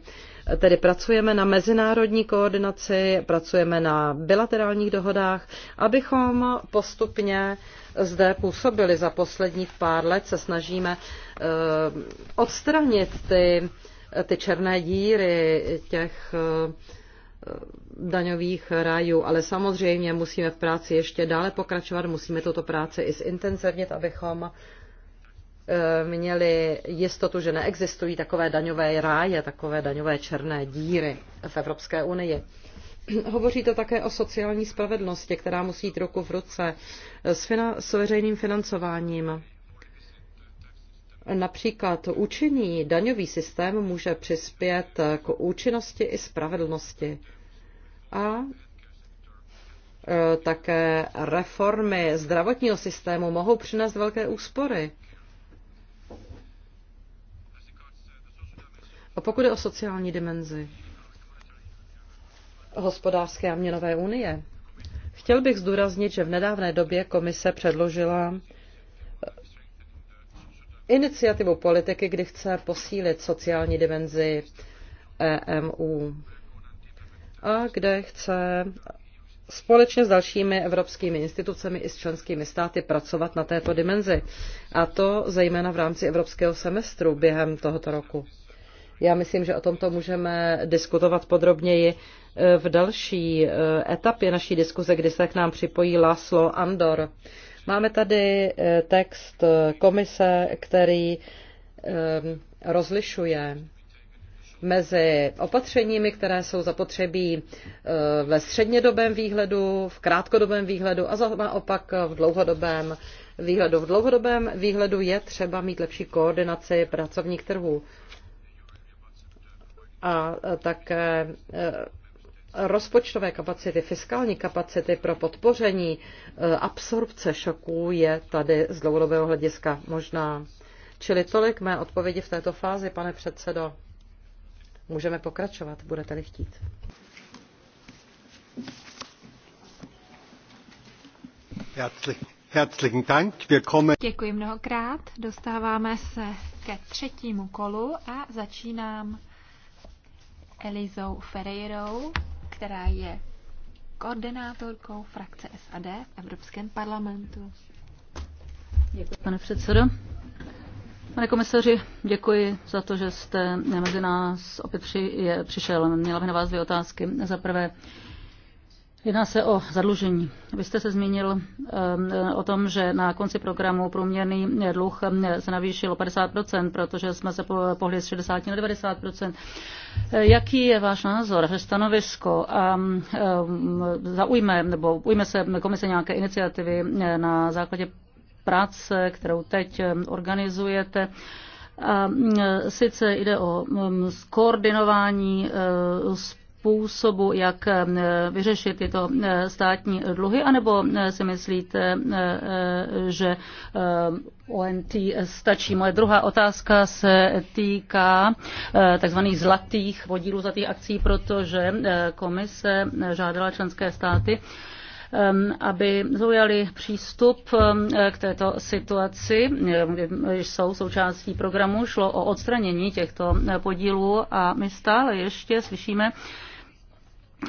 Tedy pracujeme na mezinárodní koordinaci, pracujeme na bilaterálních dohodách, abychom postupně zde působili. Za posledních pár let se snažíme eh, odstranit ty, ty černé díry těch eh, Eh, daňových rájů, ale samozřejmě musíme v práci ještě dále pokračovat, musíme tuto práci i zintenzivnit, abychom eh, měli jistotu, že neexistují takové daňové ráje, takové daňové černé díry v Evropské unii. Hovoří to také o sociální spravedlnosti, která musí jít ruku v ruce s, finan- s veřejným financováním. Například účinný daňový systém může přispět k účinnosti i spravedlnosti. A e, také reformy zdravotního systému mohou přinést velké úspory. A pokud je o sociální dimenzi hospodářské a měnové unie, chtěl bych zdůraznit, že v nedávné době komise předložila iniciativu politiky, kdy chce posílit sociální dimenzi EMU a kde chce společně s dalšími evropskými institucemi i s členskými státy pracovat na této dimenzi. A to zejména v rámci evropského semestru během tohoto roku. Já myslím, že o tomto můžeme diskutovat podrobněji v další e, etapě naší diskuze, kdy se k nám připojí Laslo Andor. Máme tady eh, text eh, komise, který ehm, rozlišuje mezi opatřeními, které jsou zapotřebí eh, ve střednědobém výhledu, v krátkodobém výhledu a naopak v dlouhodobém výhledu. V dlouhodobém výhledu je třeba mít lepší koordinaci pracovních trhů a také rozpočtové kapacity, fiskální kapacity pro podpoření eh, absorpce šoků je tady z dlouhodobého hlediska možná. Čili tolik mé odpovědi v této fázi, pane předsedo. Můžeme pokračovat, budete-li chtít. Děkuji mnohokrát. Dostáváme se ke třetímu kolu a začínám Elizou Ferreirou která je koordinátorkou frakce SAD v Evropském parlamentu. Děkuji, pane předsedo. Pane komisaři, děkuji za to, že jste mezi nás opět při, je, přišel. Měla bych na vás dvě otázky. Za prvé, Jedná se o zadlužení. Vy jste se zmínil eh, eh, o tom, že na konci programu průměrný dluh eh, se navýšil o 50%, protože jsme se pohli z 60 na 90%. Jaký je váš názor, stanovisko? A zaujme, nebo ujme se komise nějaké iniciativy na základě práce, kterou teď organizujete. A mm, sice jde o mm, skoordinování způsobu, jak eh, vyřešit tyto eh, státní dluhy, anebo eh, si myslíte, že ONT stačí. Moje druhá otázka se týká takzvaných zlatých podílů zlatých akcí, protože komise žádala členské státy, aby zaujali přístup k této situaci, jsou součástí programu, šlo o odstranění těchto podílů a my stále ještě slyšíme,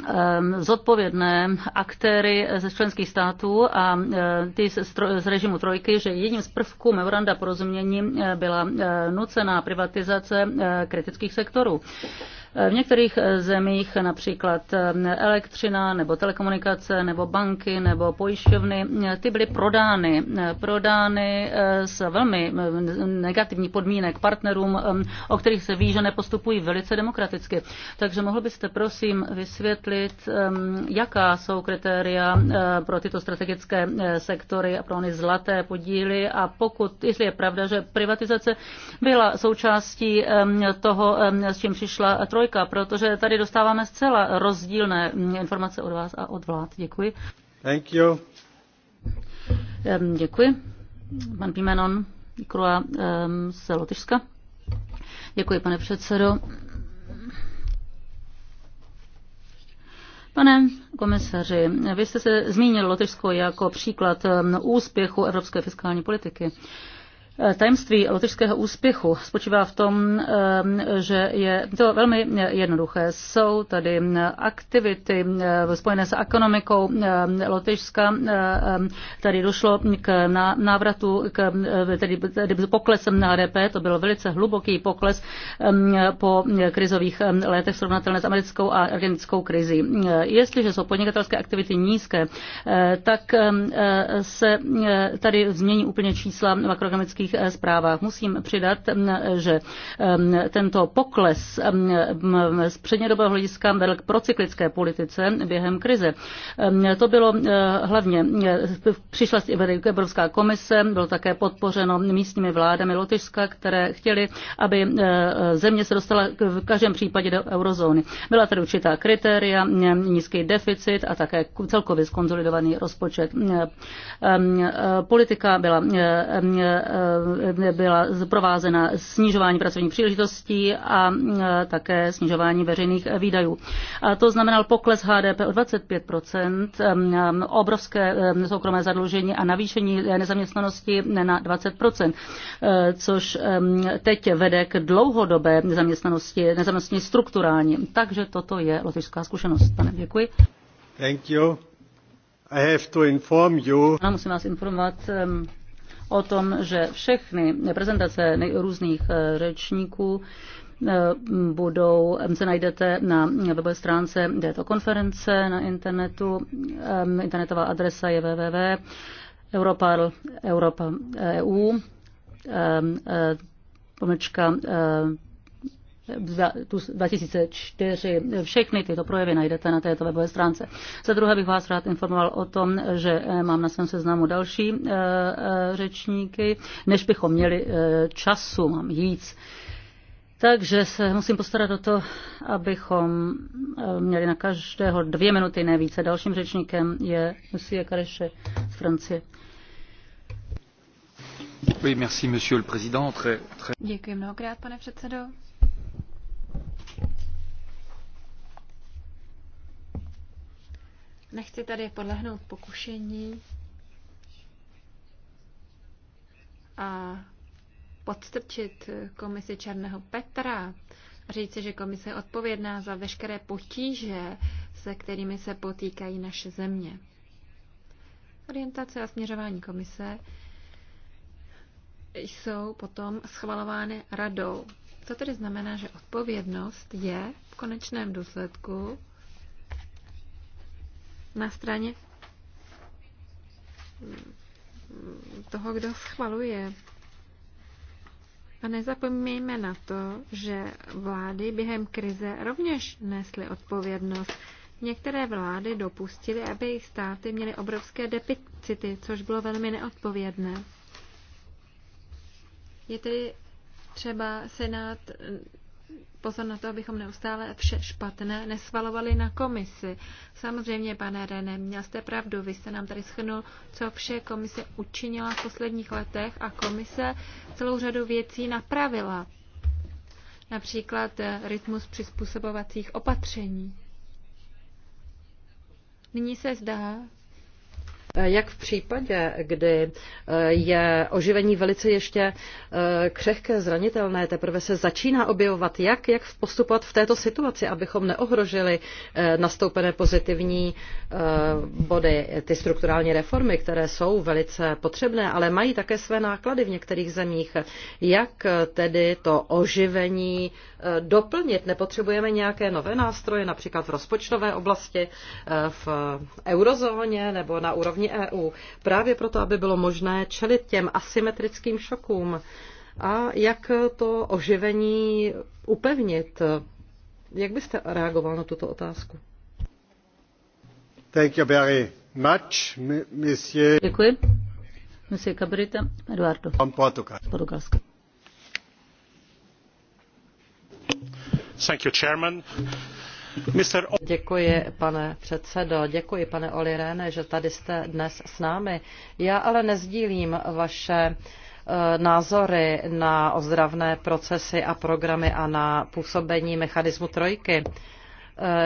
Ehm, zodpovědné aktéry ze členských států a e, ty z režimu trojky, že jedním z prvků memoranda porozumění e, byla e, nucená privatizace kritických sektorů. V některých zemích například eh, elektřina nebo telekomunikace nebo banky nebo pojišťovny, eh, ty byly prodány, eh, prodány s velmi negativní podmínek partnerům, o kterých se ví, že nepostupují velice demokraticky. Takže mohl byste prosím vysvětlit, jaká jsou kritéria pro tyto strategické sektory a pro ony zlaté podíly a pokud, jestli je pravda, že privatizace byla součástí toho, s čím přišla trojka, trojka, protože tady dostáváme zcela rozdílné mm, informace od vás a od vlád. Děkuji. Thank you. Děkuji. Pan Pimenon, Krua z Lotyšska. Děkuji, pane předsedo. Pane komisaři, vy jste se zmínil Lotyšsko jako příklad úspěchu evropské fiskální politiky. Eh, tajemství lotyšského úspěchu spočívá v tom, eh, že je to velmi jednoduché. Jsou tady eh, aktivity spojené s ekonomikou Lotyšska. Tady došlo k návratu, k, tedy, tedy poklesem na HDP, to byl velice hluboký pokles po krizových letech srovnatelné s americkou a argentickou krizí. Jestliže jsou podnikatelské aktivity nízké, tak se tady změní úplně čísla makroekonomických výročních eh, zprávách. Musím přidat, mm, že mm, tento pokles mm, z přednědobého hlediska vedl k procyklické politice během krize. To bylo eh, hlavně, eh, přišla Evropská komise, bylo také podpořeno místními vládami Lotyšska, které chtěli, aby země se dostala v každém případě do eurozóny. Byla tady určitá kritéria, nízký deficit a také celkově skonzolidovaný rozpočet. Politika byla Eh, byla provázena snižování pracovních příležitostí a eh, také snižování veřejných výdajů. A to znamenal pokles HDP o 25 eh, obrovské soukromé zadlužení a navýšení nezaměstnanosti na 20 což teď vede k dlouhodobé nezaměstnanosti, nezaměstnanosti strukturální. Takže toto je lotyšská zkušenost. Pane, děkuji. Thank you. I have to inform you. Ano, musím vás informovat, o tom, že všechny prezentace různých eh, řečníků eh, budou, se najdete na webové stránce této konference na internetu. Internetová adresa je www.europarl.eu e eh, pomlčka 2004. Všechny tyto projevy najdete na této webové stránce. Za druhé bych vás rád informoval o tom, že eh, mám na svém seznamu další eh, eh, řečníky, než bychom měli času, mám víc. Takže se musím postarat o to, abychom měli na každého dvě minuty, nejvíce. Dalším řečníkem je Musie Kareše z Francie. Děkuji mnohokrát, pane předsedo. Nechci tady podlehnout pokušení a podstrčit komisi Černého Petra, říci, že komise je odpovědná za veškeré potíže, se kterými se potýkají naše země. Orientace a směřování komise jsou potom schvalovány radou. To tedy znamená, že odpovědnost je v konečném důsledku na straně toho, kdo schvaluje. A nezapomeňme na to, že vlády během krize rovněž nesly odpovědnost. Některé vlády dopustily, aby jejich státy měly obrovské deficity, což bylo velmi neodpovědné. Je tedy třeba Senát pozor na to, abychom neustále vše špatné nesvalovali na komisi. Samozřejmě, pane René, měl jste pravdu, vy jste nám tady schrnul, co vše komise učinila v posledních letech a komise celou řadu věcí napravila. Například eh, rytmus přizpůsobovacích opatření. Nyní se zdá, jak v případě, kdy eh, je oživení velice ještě eh, křehké, zranitelné, teprve se začíná objevovat, jak, jak postupovat v této situaci, abychom neohrožili eh, nastoupené pozitivní body, ty strukturální reformy, které jsou velice potřebné, ale mají také své náklady v některých zemích. Jak tedy to oživení Eh, doplnit? Nepotřebujeme nějaké nové nástroje, například v rozpočtové oblasti, eh, v eurozóně nebo na úrovni EU, právě proto, aby bylo možné čelit těm asymetrickým šokům a jak to oživení upevnit? Jak byste reagoval na tuto otázku? Thank you very much, monsieur. Děkuji. Monsieur Cabrita, Eduardo. Z Děkuji, pane předsedo, děkuji, pane Oli Rene, že tady jste dnes s námi. Já ale nezdílím vaše eh, názory na ozdravné procesy a programy a na působení mechanismu trojky.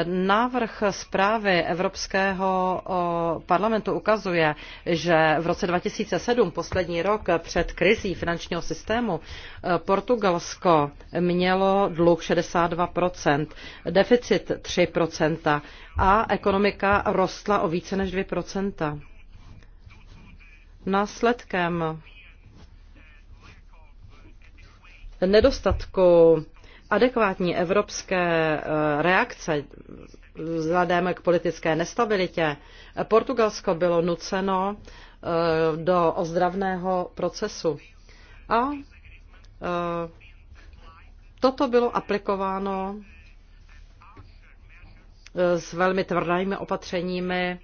Návrh zprávy Evropského parlamentu ukazuje, že v roce 2007, poslední rok před krizí finančního systému, e, Portugalsko mělo dluh 62%, deficit 3% a ekonomika rostla o více než 2%. Následkem nedostatku adekvátní evropské eh, reakce vzhledem k politické nestabilitě, Portugalsko bylo nuceno eh, do ozdravného procesu. A eh, toto bylo aplikováno s velmi tvrdými opatřeními,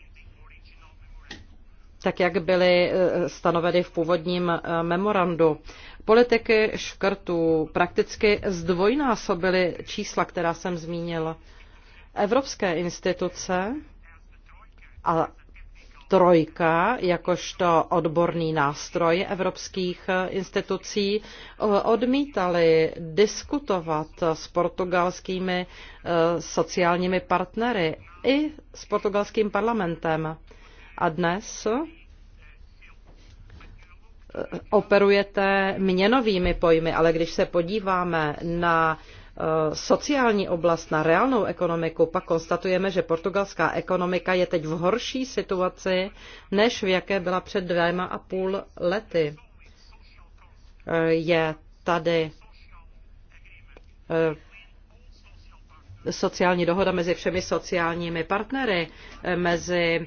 tak jak byly stanoveny v původním memorandu. Politiky škrtů prakticky zdvojnásobily čísla, která jsem zmínila. Evropské instituce a trojka, jakožto odborný nástroj evropských institucí, odmítali diskutovat s portugalskými eh, sociálními partnery i s portugalským parlamentem. A dnes Eh, operujete měnovými pojmy, ale když se podíváme na eh, sociální oblast, na reálnou ekonomiku, pak konstatujeme, že portugalská ekonomika je teď v horší situaci, než v jaké byla před dvěma a půl lety. Eh, je tady sociální dohoda mezi všemi sociálními partnery, mezi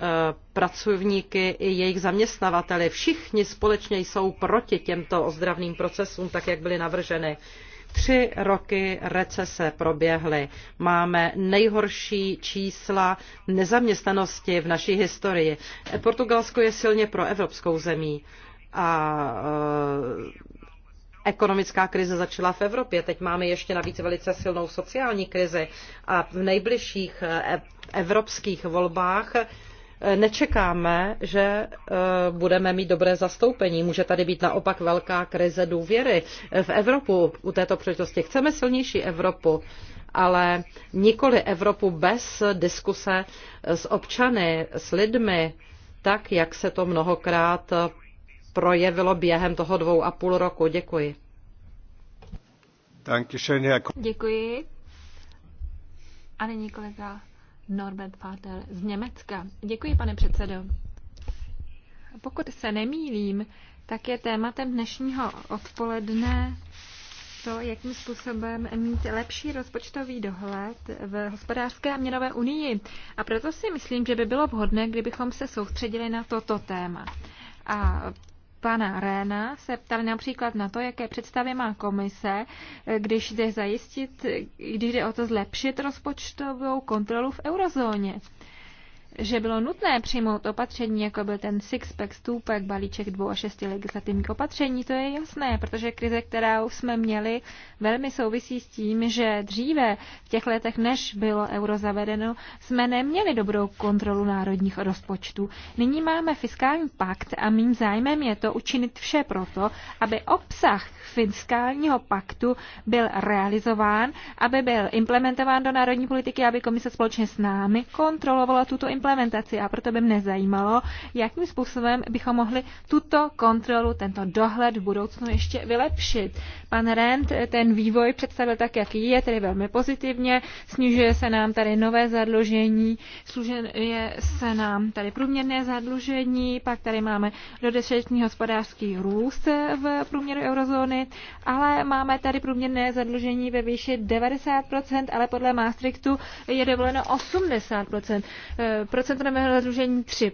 Eh, pracovníky i jejich zaměstnavateli. Všichni společně jsou proti těmto ozdravným procesům, tak jak byly navrženy. Tři roky recese proběhly. Máme nejhorší čísla nezaměstnanosti v naší historii. Portugalsko je silně proevropskou zemí a eh, ekonomická krize začala v Evropě. Teď máme ještě navíc velice silnou sociální krizi a v nejbližších eh, evropských volbách nečekáme, že eh, budeme mít dobré zastoupení. Může tady být naopak velká krize důvěry eh, v Evropu u této příležitosti. Chceme silnější Evropu, ale nikoli Evropu bez diskuse eh, s občany, s lidmi, tak, jak se to mnohokrát projevilo během toho dvou a půl roku. Děkuji. Děkuji. A nyní kolega Norbert Vater z Německa. Děkuji, pane předsedo. Pokud se nemýlím, tak je tématem dnešního odpoledne to, jakým způsobem mít lepší rozpočtový dohled v hospodářské a měnové unii. A proto si myslím, že by bylo vhodné, kdybychom se soustředili na toto téma. A pana Réna se ptal například na to, jaké představy má komise, když jde zajistit, když jde o to zlepšit rozpočtovou kontrolu v eurozóně že bylo nutné přijmout opatření, jako byl ten six-pack, stůpek, balíček dvou a šesti legislativních opatření, to je jasné, protože krize, kterou jsme měli, velmi souvisí s tím, že dříve v těch letech, než bylo euro zavedeno, jsme neměli dobrou kontrolu národních rozpočtů. Nyní máme fiskální pakt a mým zájmem je to učinit vše proto, aby obsah fiskálního paktu byl realizován, aby byl implementován do národní politiky, aby komise společně s námi kontrolovala tuto implementaci implementaci. A proto by mě zajímalo, jakým způsobem bychom mohli tuto kontrolu, tento dohled v budoucnu ještě vylepšit. Pan Rent ten vývoj představil tak, jaký je, tedy velmi pozitivně. Snižuje se nám tady nové zadlužení, služuje se nám tady průměrné zadlužení, pak tady máme dodešetní hospodářský růst v průměru eurozóny, ale máme tady průměrné zadlužení ve výši 90%, ale podle Maastrichtu je dovoleno 80% procento nového zadlužení 3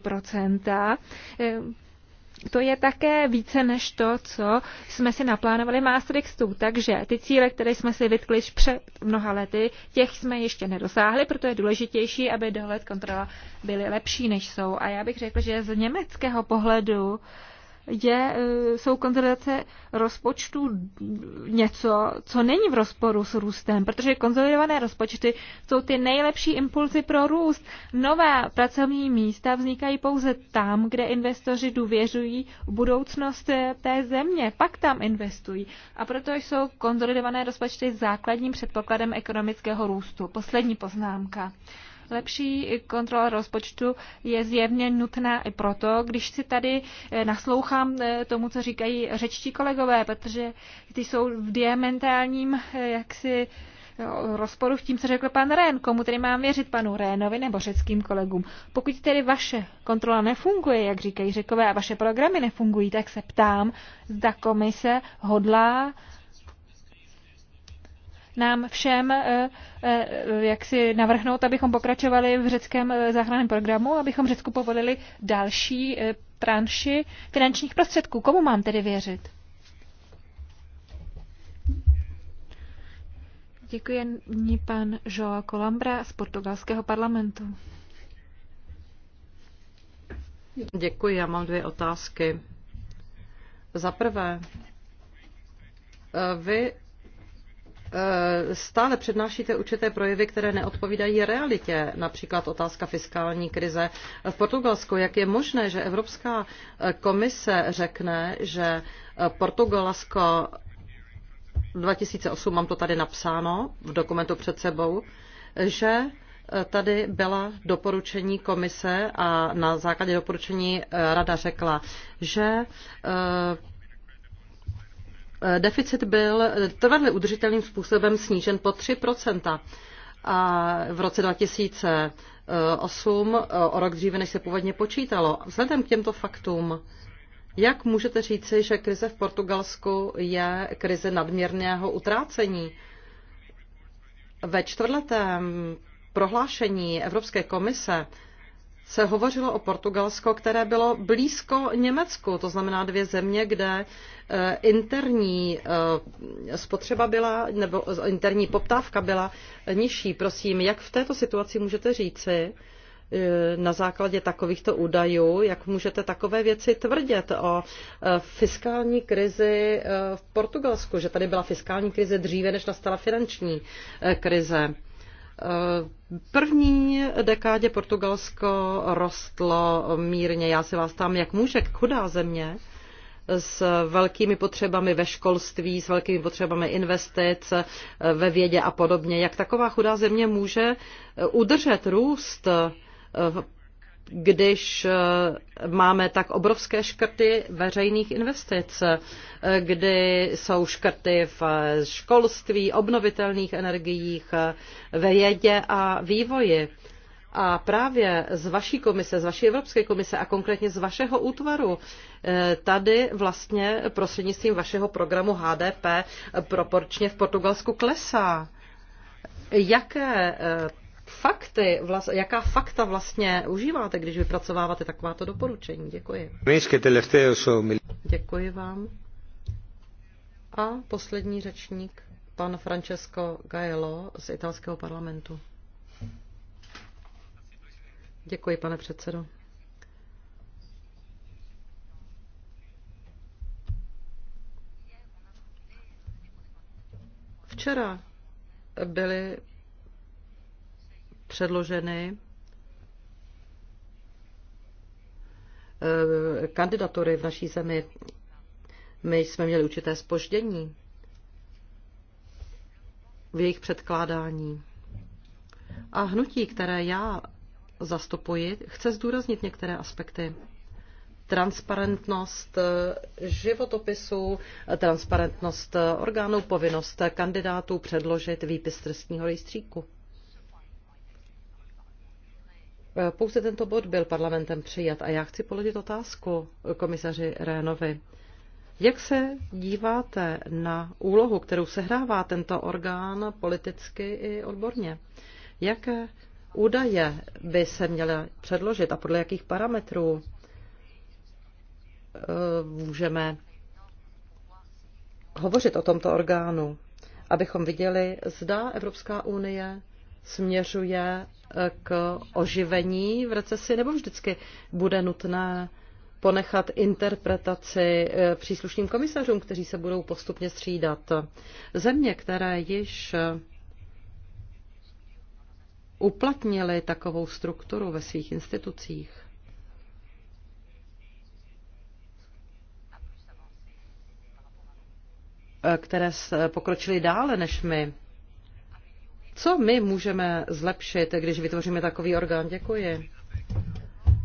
to je také více než to, co jsme si naplánovali Maastrichtu. Takže ty cíle, které jsme si vytkli před mnoha lety, těch jsme ještě nedosáhli, proto je důležitější, aby dohled kontrola byly lepší, než jsou. A já bych řekl, že z německého pohledu uh, je, e, jsou konzolidace rozpočtu něco, co není v rozporu s růstem, protože konzolidované rozpočty jsou ty nejlepší impulzy pro růst. Nová pracovní místa vznikají pouze tam, kde investoři důvěřují v budoucnost e, té země, pak tam investují. A proto jsou konzolidované rozpočty základním předpokladem ekonomického růstu. Poslední poznámka. Lepší kontrola rozpočtu je zjevně nutná i proto, když si tady eh, naslouchám eh, tomu, co říkají řečtí kolegové, protože ty jsou v diamentálním eh, jaksi rozporu v tím, co řekl pan Rén. Komu tedy mám věřit, panu Rénovi nebo řeckým kolegům? Pokud tedy vaše kontrola nefunguje, jak říkají řekové, a vaše programy nefungují, tak se ptám, zda komise hodlá nám všem eh, eh, jak si navrhnout, abychom pokračovali v řeckém eh, záchranném programu, abychom Řecku povolili další tranši finančních prostředků. Komu mám tedy věřit? Děkuji ní pan Joa Kolambra z portugalského parlamentu. Děkuji, já mám dvě otázky. Za prvé, vy Eh, stále přednášíte určité projevy, které neodpovídají realitě, například otázka fiskální krize v Portugalsku. Jak je možné, že Evropská eh, komise řekne, že eh, Portugalsko 2008, mám to tady napsáno v dokumentu před sebou, že tady byla doporučení komise a na základě doporučení rada řekla, že Eh, deficit byl eh, trvale udržitelným způsobem snížen po 3 a v roce 2008, eh, o rok dříve, než se původně počítalo. Vzhledem k těmto faktům, jak můžete říci, že krize v Portugalsku je krize nadměrného utrácení? Ve čtvrtletém prohlášení Evropské komise se hovořilo o Portugalsko, které bylo blízko Německu, to znamená dvě země, kde eh, interní eh, spotřeba byla, nebo eh, interní poptávka byla nižší. Prosím, jak v této situaci můžete říci, na základě takovýchto údajů, jak můžete takové věci tvrdit o fiskální krizi v Portugalsku, že tady byla fiskální krize dříve, než nastala finanční krize první dekádě Portugalsko rostlo mírně. Já se vás tam, jak může chudá země, s velkými potřebami ve školství, s velkými potřebami investic ve vědě a podobně. Jak taková chudá země může udržet růst když eh, máme tak obrovské škrty veřejných investic, eh, kdy jsou škrty v eh, školství, obnovitelných energiích, ve jedě a vývoji. A právě z vaší komise, z vaší Evropské komise a konkrétně z vašeho útvaru, tady vlastně prostřednictvím vašeho programu HDP proporčně v Portugalsku klesá. Jaké fakty, vlast, jaká fakta vlastně užíváte, když vypracováváte takováto doporučení? Děkuji. Děkuji vám. A poslední řečník, pan Francesco Gaello z italského parlamentu. Děkuji, pane předsedo. Včera byly předloženy eh, kandidatury v naší zemi. My jsme měli určité spoždění v jejich předkládání. A hnutí, které já zastupuji, chce zdůraznit některé aspekty. Transparentnost eh, životopisu, transparentnost orgánů, povinnost kandidátů předložit výpis trestního rejstříku. Pouze tento bod byl parlamentem přijat a já chci položit otázku komisaři Rénovi. Jak se díváte na úlohu, kterou sehrává tento orgán politicky i odborně? Jaké údaje by se měly předložit a podle jakých parametrů eh, můžeme hovořit o tomto orgánu, abychom viděli, zda Evropská unie směřuje eh, k oživení v recesi, nebo vždycky bude nutné ponechat interpretaci eh, příslušným komisařům, kteří se budou postupně střídat. Země, které již eh, uplatnili takovou strukturu ve svých institucích, které pokročily dále než my, co my můžeme zlepšit, když vytvoříme takový orgán? Děkuji.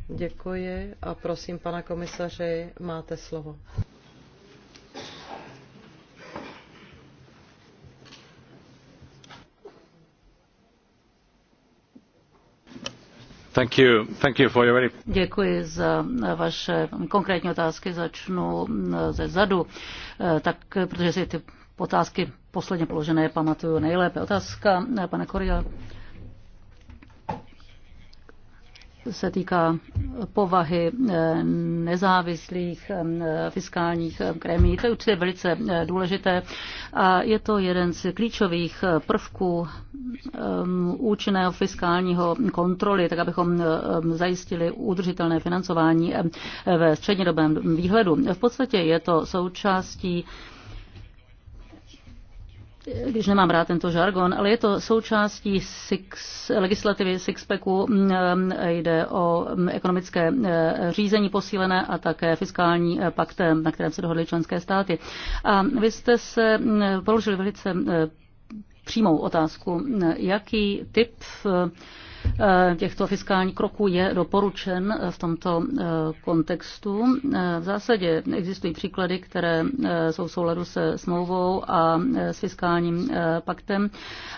Děkuji a prosím, pana komisaři, máte slovo. Thank you. Thank you for your very... Děkuji za vaše konkrétní otázky. Začnu ze zadu, eh, tak, protože si ty otázky posledně položené pamatuju nejlépe. Otázka eh, pana Koria se týká povahy eh, nezávislých eh, fiskálních krémí. To je určitě velice důležité a je to jeden z klíčových prvků účinného fiskálního kontroly, tak abychom zajistili udržitelné financování ve střednědobém výhledu. V podstatě je to součástí když nemám rád tento žargon, ale je to součástí six, legislativy Sixpacku, mm, eh, jde o mm, ekonomické eh, řízení posílené a také fiskální eh, pakt, na kterém se dohodly členské státy. A vy jste se mm, položili velice přímou otázku, jaký typ Eh, těchto fiskálních kroků je doporučen eh, v tomto eh, kontextu. V zásadě existují příklady, které jsou v souladu se smlouvou a s fiskálním paktem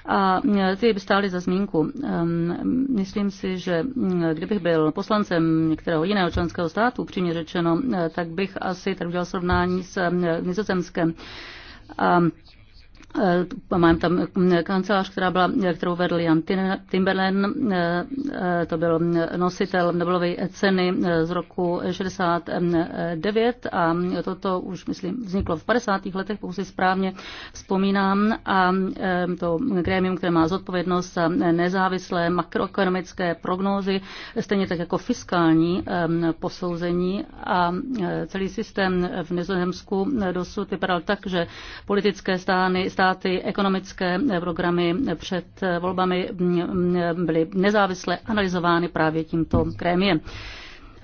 a ty by stály za zmínku. Ehm, myslím si, že hm, kdybych byl poslancem některého jiného členského státu, přímě řečeno, tak bych asi tak udělal srovnání s Nizozemskem. A Eh, mám tam eh, kancelář, která byla, eh, kterou vedl Jan Timberlen, to byl nositel Nobelovy ceny z roku 69 a toto už, myslím, vzniklo v 50. letech, pokud si správně vzpomínám, a to grémium, které má zodpovědnost za nezávislé makroekonomické prognózy, stejně tak jako fiskální posouzení a celý systém v Nizozemsku dosud vypadal tak, že politické stány, stány státy ekonomické programy před volbami mm, byly nezávisle analyzovány právě tímto krémiem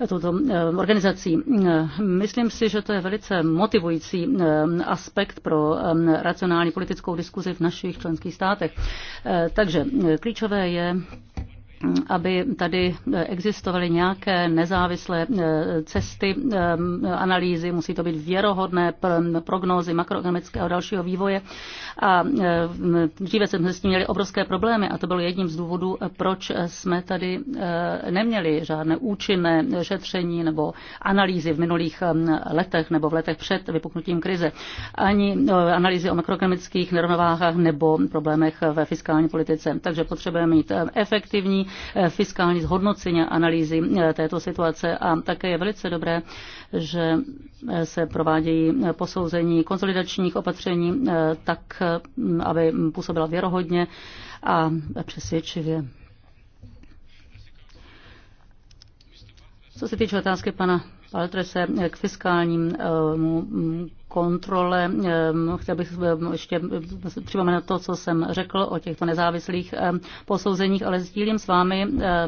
touto eh, organizací. Myslím si, že to je velice motivující eh, aspekt pro eh, racionální politickou diskuzi v našich členských státech. Takže klíčové je aby tady existovaly nějaké nezávislé eh, cesty eh, analýzy, musí to být věrohodné prognózy makroekonomického dalšího vývoje. A eh, dříve jsme s tím měli obrovské problémy a to bylo jedním z důvodů, proč jsme tady neměli žádné účinné šetření nebo analýzy v minulých letech nebo v letech před vypuknutím krize. Ani analýzy o makroekonomických nerovnováhách nebo problémech ve fiskální politice. Takže potřebujeme mít efektivní Eh, fiskální zhodnocení analýzy eh, této situace a také je velice dobré, že eh, se provádějí posouzení konsolidačních opatření tak, mm, aby působila věrohodně a přesvědčivě. Co se týče otázky pana Paltrese k fiskálnímu kontrole. Ehm, chtěl bych ehm, ještě připomenout to, co jsem řekl o těchto nezávislých ehm, posouzeních, ale sdílím s vámi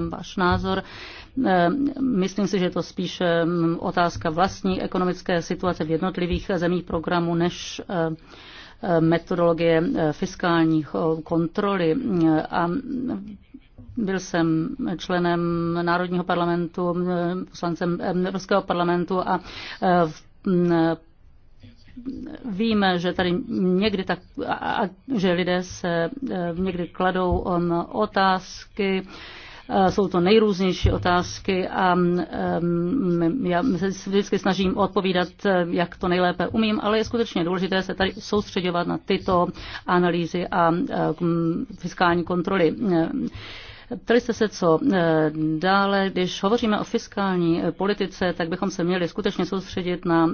váš názor. Myslím si, že je to spíš otázka vlastní ekonomické situace v jednotlivých zemích programu, než metodologie eh, fiskálních eh, kontroly. A byl jsem členem Národního parlamentu, poslancem Evropského parlamentu a eh, v Víme, že tady někdy tak, že lidé se e, někdy kladou on um, otázky, e, jsou to nejrůznější otázky a um, já se vždycky snažím odpovídat, e, jak to nejlépe umím, ale je skutečně důležité se tady soustředovat na tyto analýzy a fiskální kontroly. Ptali jste se, co dále, když hovoříme o fiskální politice, tak bychom se měli skutečně soustředit na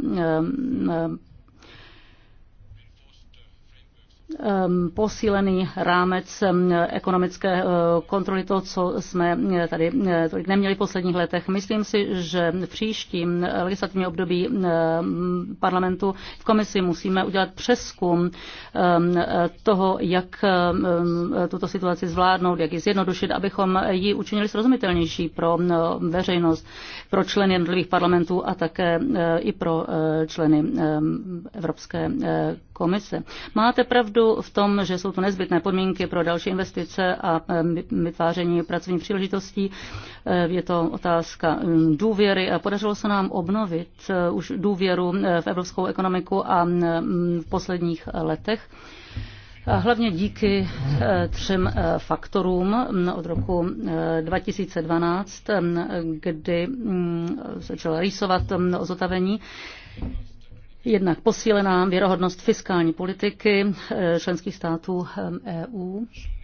Um, posílený rámec um, ekonomické uh, kontroly toho, co jsme uh, tady uh, tolik neměli v posledních letech. Myslím si, že v příštím legislativním období parlamentu v komisi musíme udělat přeskum um, toho, jak tuto situaci zvládnout, jak ji zjednodušit, abychom ji učinili srozumitelnější pro veřejnost, pro členy jednotlivých parlamentů a také i pro členy Evropské komise. Máte pravdu, pravdu v tom, že jsou to nezbytné podmínky pro další investice a e, vytváření pracovních příležitostí. E, je to otázka e, důvěry. Podařilo se nám obnovit už důvěru v evropskou ekonomiku a v posledních letech. Hlavně díky třem faktorům od roku 2012, kdy se začalo rýsovat zotavení. Jednak posílená věrohodnost fiskální politiky eh, členských států EU eh, e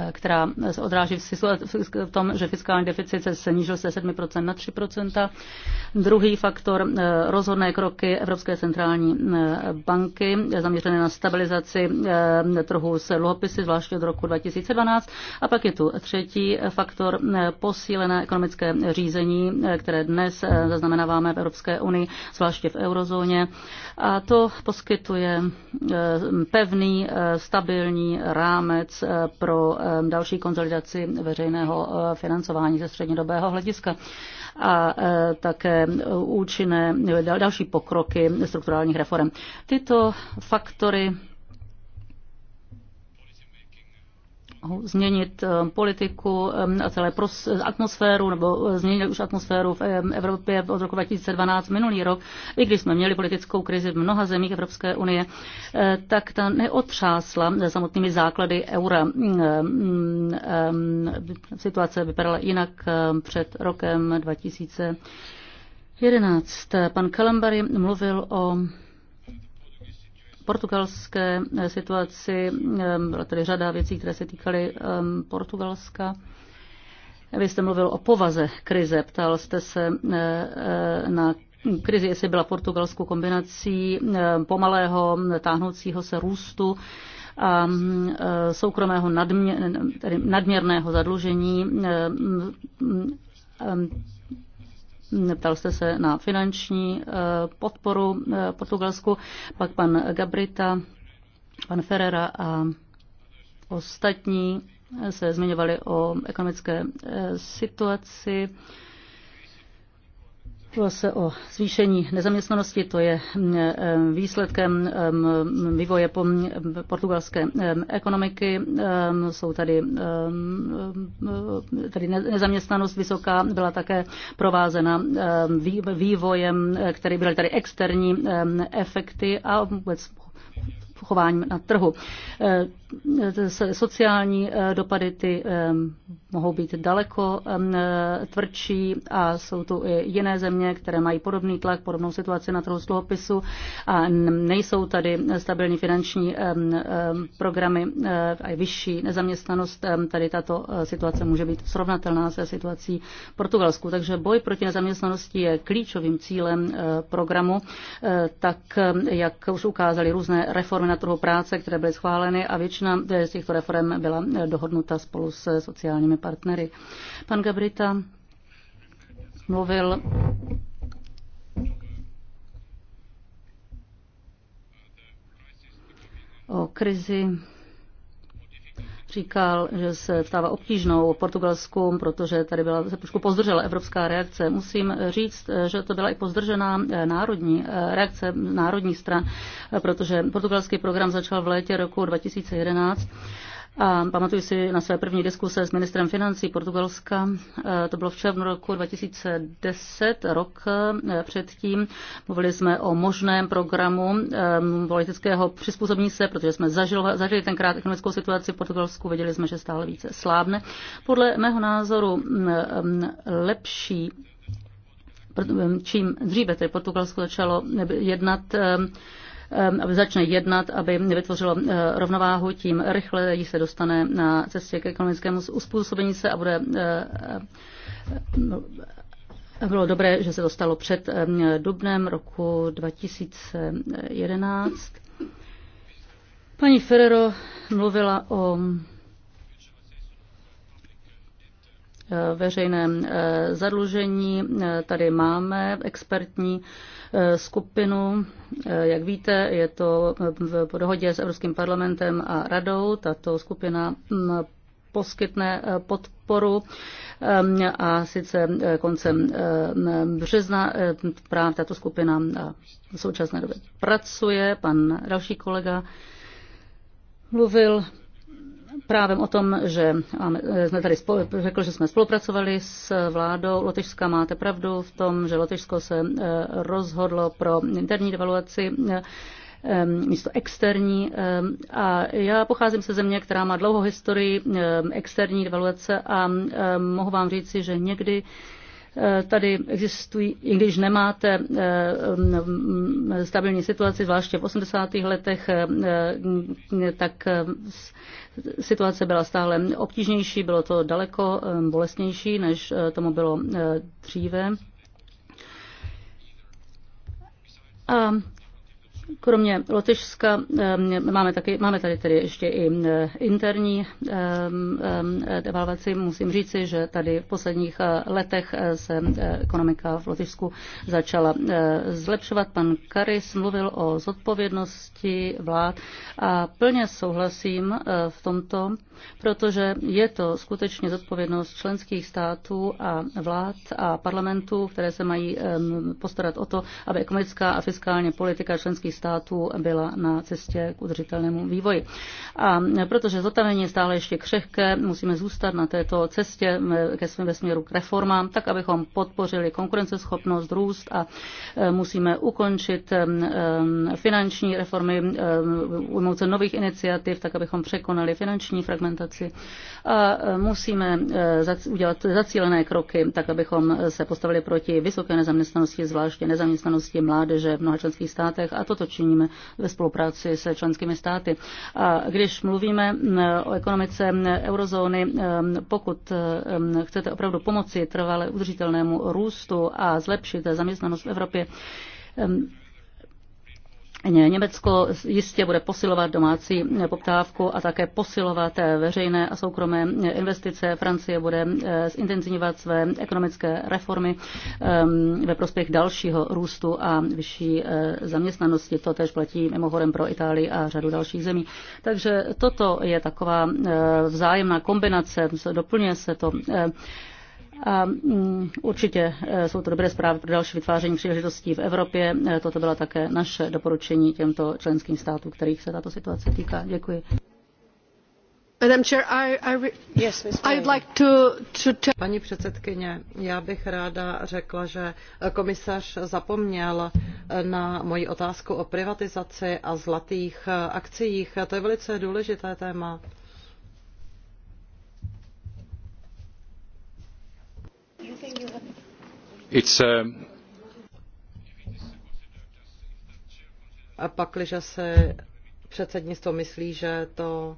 Eh, která se odráží v tom, že fiskální deficit se snížil se 7% na 3%. Druhý faktor, eh, rozhodné kroky Evropské centrální eh, banky zaměřené na stabilizaci trhu s dluhopisy, zvláště od roku 2012. A pak je tu třetí faktor, posílené ekonomické řízení, které dnes zaznamenáváme v Evropské unii, zvláště v eurozóně. A to poskytuje pevný, stabilní rámec pro Um, další konzolidaci veřejného uh, financování ze střednědobého hlediska a uh, také účinné další pokroky strukturálních reform. Tyto faktory Eh, změnit eh, politiku eh, a celé atmosféru, nebo změnili už atmosféru v Evropě od roku 2012 minulý rok, i když jsme měli politickou krizi v mnoha zemích Evropské unie, tak ta neotřásla samotnými základy eura. Mm, mm, situace vypadala jinak před rokem 2011. Pan Kalambary mluvil o portugalské eh, situaci. Eh, byla tady řada věcí, které se týkaly eh, Portugalska. Vy jste mluvil o povaze krize, ptal jste se na krizi, jestli byla Portugalskou kombinací pomalého táhnoucího se růstu a soukromého nadměrného zadlužení Ptal jste se na finanční eh, podporu eh, Portugalsku, pak pan Gabrita, pan Ferrera a ostatní se zmiňovali o ekonomické eh, situaci. Mluvilo se o zvýšení nezaměstnanosti, to je mm, e, výsledkem mm, vývoje mm, portugalské ekonomiky. Jsou tady, tady nezaměstnanost vysoká, byla také provázena vývojem, který byly tady externí efekty a vůbec chováním na trhu sociální eh, dopady ty eh, mohou být daleko eh, tvrdší a jsou tu i jiné země, které mají podobný tlak, podobnou situaci na trhu dluhopisu a nejsou tady stabilní finanční programy a vyšší nezaměstnanost. Tady tato situace může být srovnatelná se situací v Portugalsku. Takže boj proti nezaměstnanosti je klíčovým cílem programu, tak jak už ukázali různé reformy na trhu práce, které byly schváleny a většinou Většina eh, z těchto reform byla eh, dohodnuta spolu se sociálními partnery. Pan Gabrita mluvil o krizi říkal, že se stává obtížnou Portugalsku, protože tady byla se trošku pozdržela evropská reakce. Musím říct, že to byla i pozdržená eh, národní eh, reakce národních stran, eh, protože portugalský program začal v létě roku 2011 a pamatuju si na své první diskuse s ministrem financí Portugalska, e, to bylo v červnu roku 2010, rok e, předtím. Mluvili jsme o možném programu e, politického přizpůsobení se, protože jsme zažili, zažili tenkrát ekonomickou situaci v Portugalsku, viděli jsme, že stále více slábne. Podle mého názoru lepší čím dříve tedy Portugalsko začalo jednat Ehm, aby začne jednat, aby vytvořilo eh, rovnováhu, tím rychleji se dostane na cestě k ekonomickému uspůsobení se a bude eh, eh, bylo dobré, že se to stalo před ehm, dubnem roku 2011. Paní Ferrero mluvila o veřejném zadlužení. Tady máme expertní Eh, skupinu. Eh, jak víte, je to eh, v dohodě s Evropským parlamentem a radou. Tato skupina mm, poskytne podporu a sice koncem března právě tato skupina v současné době pracuje. Pan další kolega mluvil právem o tom, že máme, jsme tady spolu, řekl, že jsme spolupracovali s vládou Lotyšska. Máte pravdu v tom, že Lotyšsko se eh, rozhodlo pro interní devaluaci eh, eh, místo externí. A já pocházím se země, která má dlouhou historii externí devaluace a mohu vám říci, že někdy Eh, tady existují, i když nemáte eh, mm, stabilní situaci, zvláště v 80. letech, eh, mm, tak situace byla stále obtížnější, bylo to daleko bolestnější, než tomu bylo dříve. A Kromě Lotyšska ehm, máme, taky, máme tady tedy ještě i ehm, interní ehm, devalvaci. Musím říci, že tady v posledních eh, letech eh, se eh, ekonomika v Lotyšsku začala zlepšovat. Pan Karis mluvil o zodpovědnosti vlád a plně souhlasím v tomto, protože je to skutečně zodpovědnost členských států a vlád a parlamentů, které se mají postarat o to, aby ekonomická a fiskální politika členských států byla na cestě k udržitelnému vývoji. A protože zotavení je stále ještě křehké, musíme zůstat na této cestě ke svým vesměru směru k reformám, tak abychom podpořili konkurenceschopnost, růst a e, musíme ukončit e, e, finanční reformy, ujmout se nových iniciativ, tak abychom překonali finanční fragmentaci. A musíme udělat zacílené kroky, tak abychom se postavili proti vysoké nezaměstnanosti, zvláště nezaměstnanosti mládeže v mnoha členských státech. A toto činíme ve spolupráci se členskými státy. A když mluvíme o ekonomice eurozóny, pokud chcete opravdu pomoci trvale udržitelnému růstu a zlepšit zaměstnanost v Evropě, Německo jistě bude posilovat domácí poptávku a také posilovat eh, veřejné a soukromé eh, investice. Francie bude eh, zintenzivovat své ekonomické reformy ehm, ve prospěch dalšího růstu a vyšší zaměstnanosti. To tež platí mimochodem pro Itálii a řadu dalších zemí. Takže toto je taková vzájemná kombinace, doplňuje se to. A mm, určitě e, jsou to dobré zprávy pro další vytváření příležitostí v Evropě. E, toto byla také naše doporučení těmto členským státům, kterých se tato situace týká. Děkuji. Paní předsedkyně, já bych ráda řekla, že komisař zapomněl e, na moji otázku o privatizaci a zlatých akciích. To je velice důležité téma. Um, A pak, A pakliže se předsednictvo myslí, že to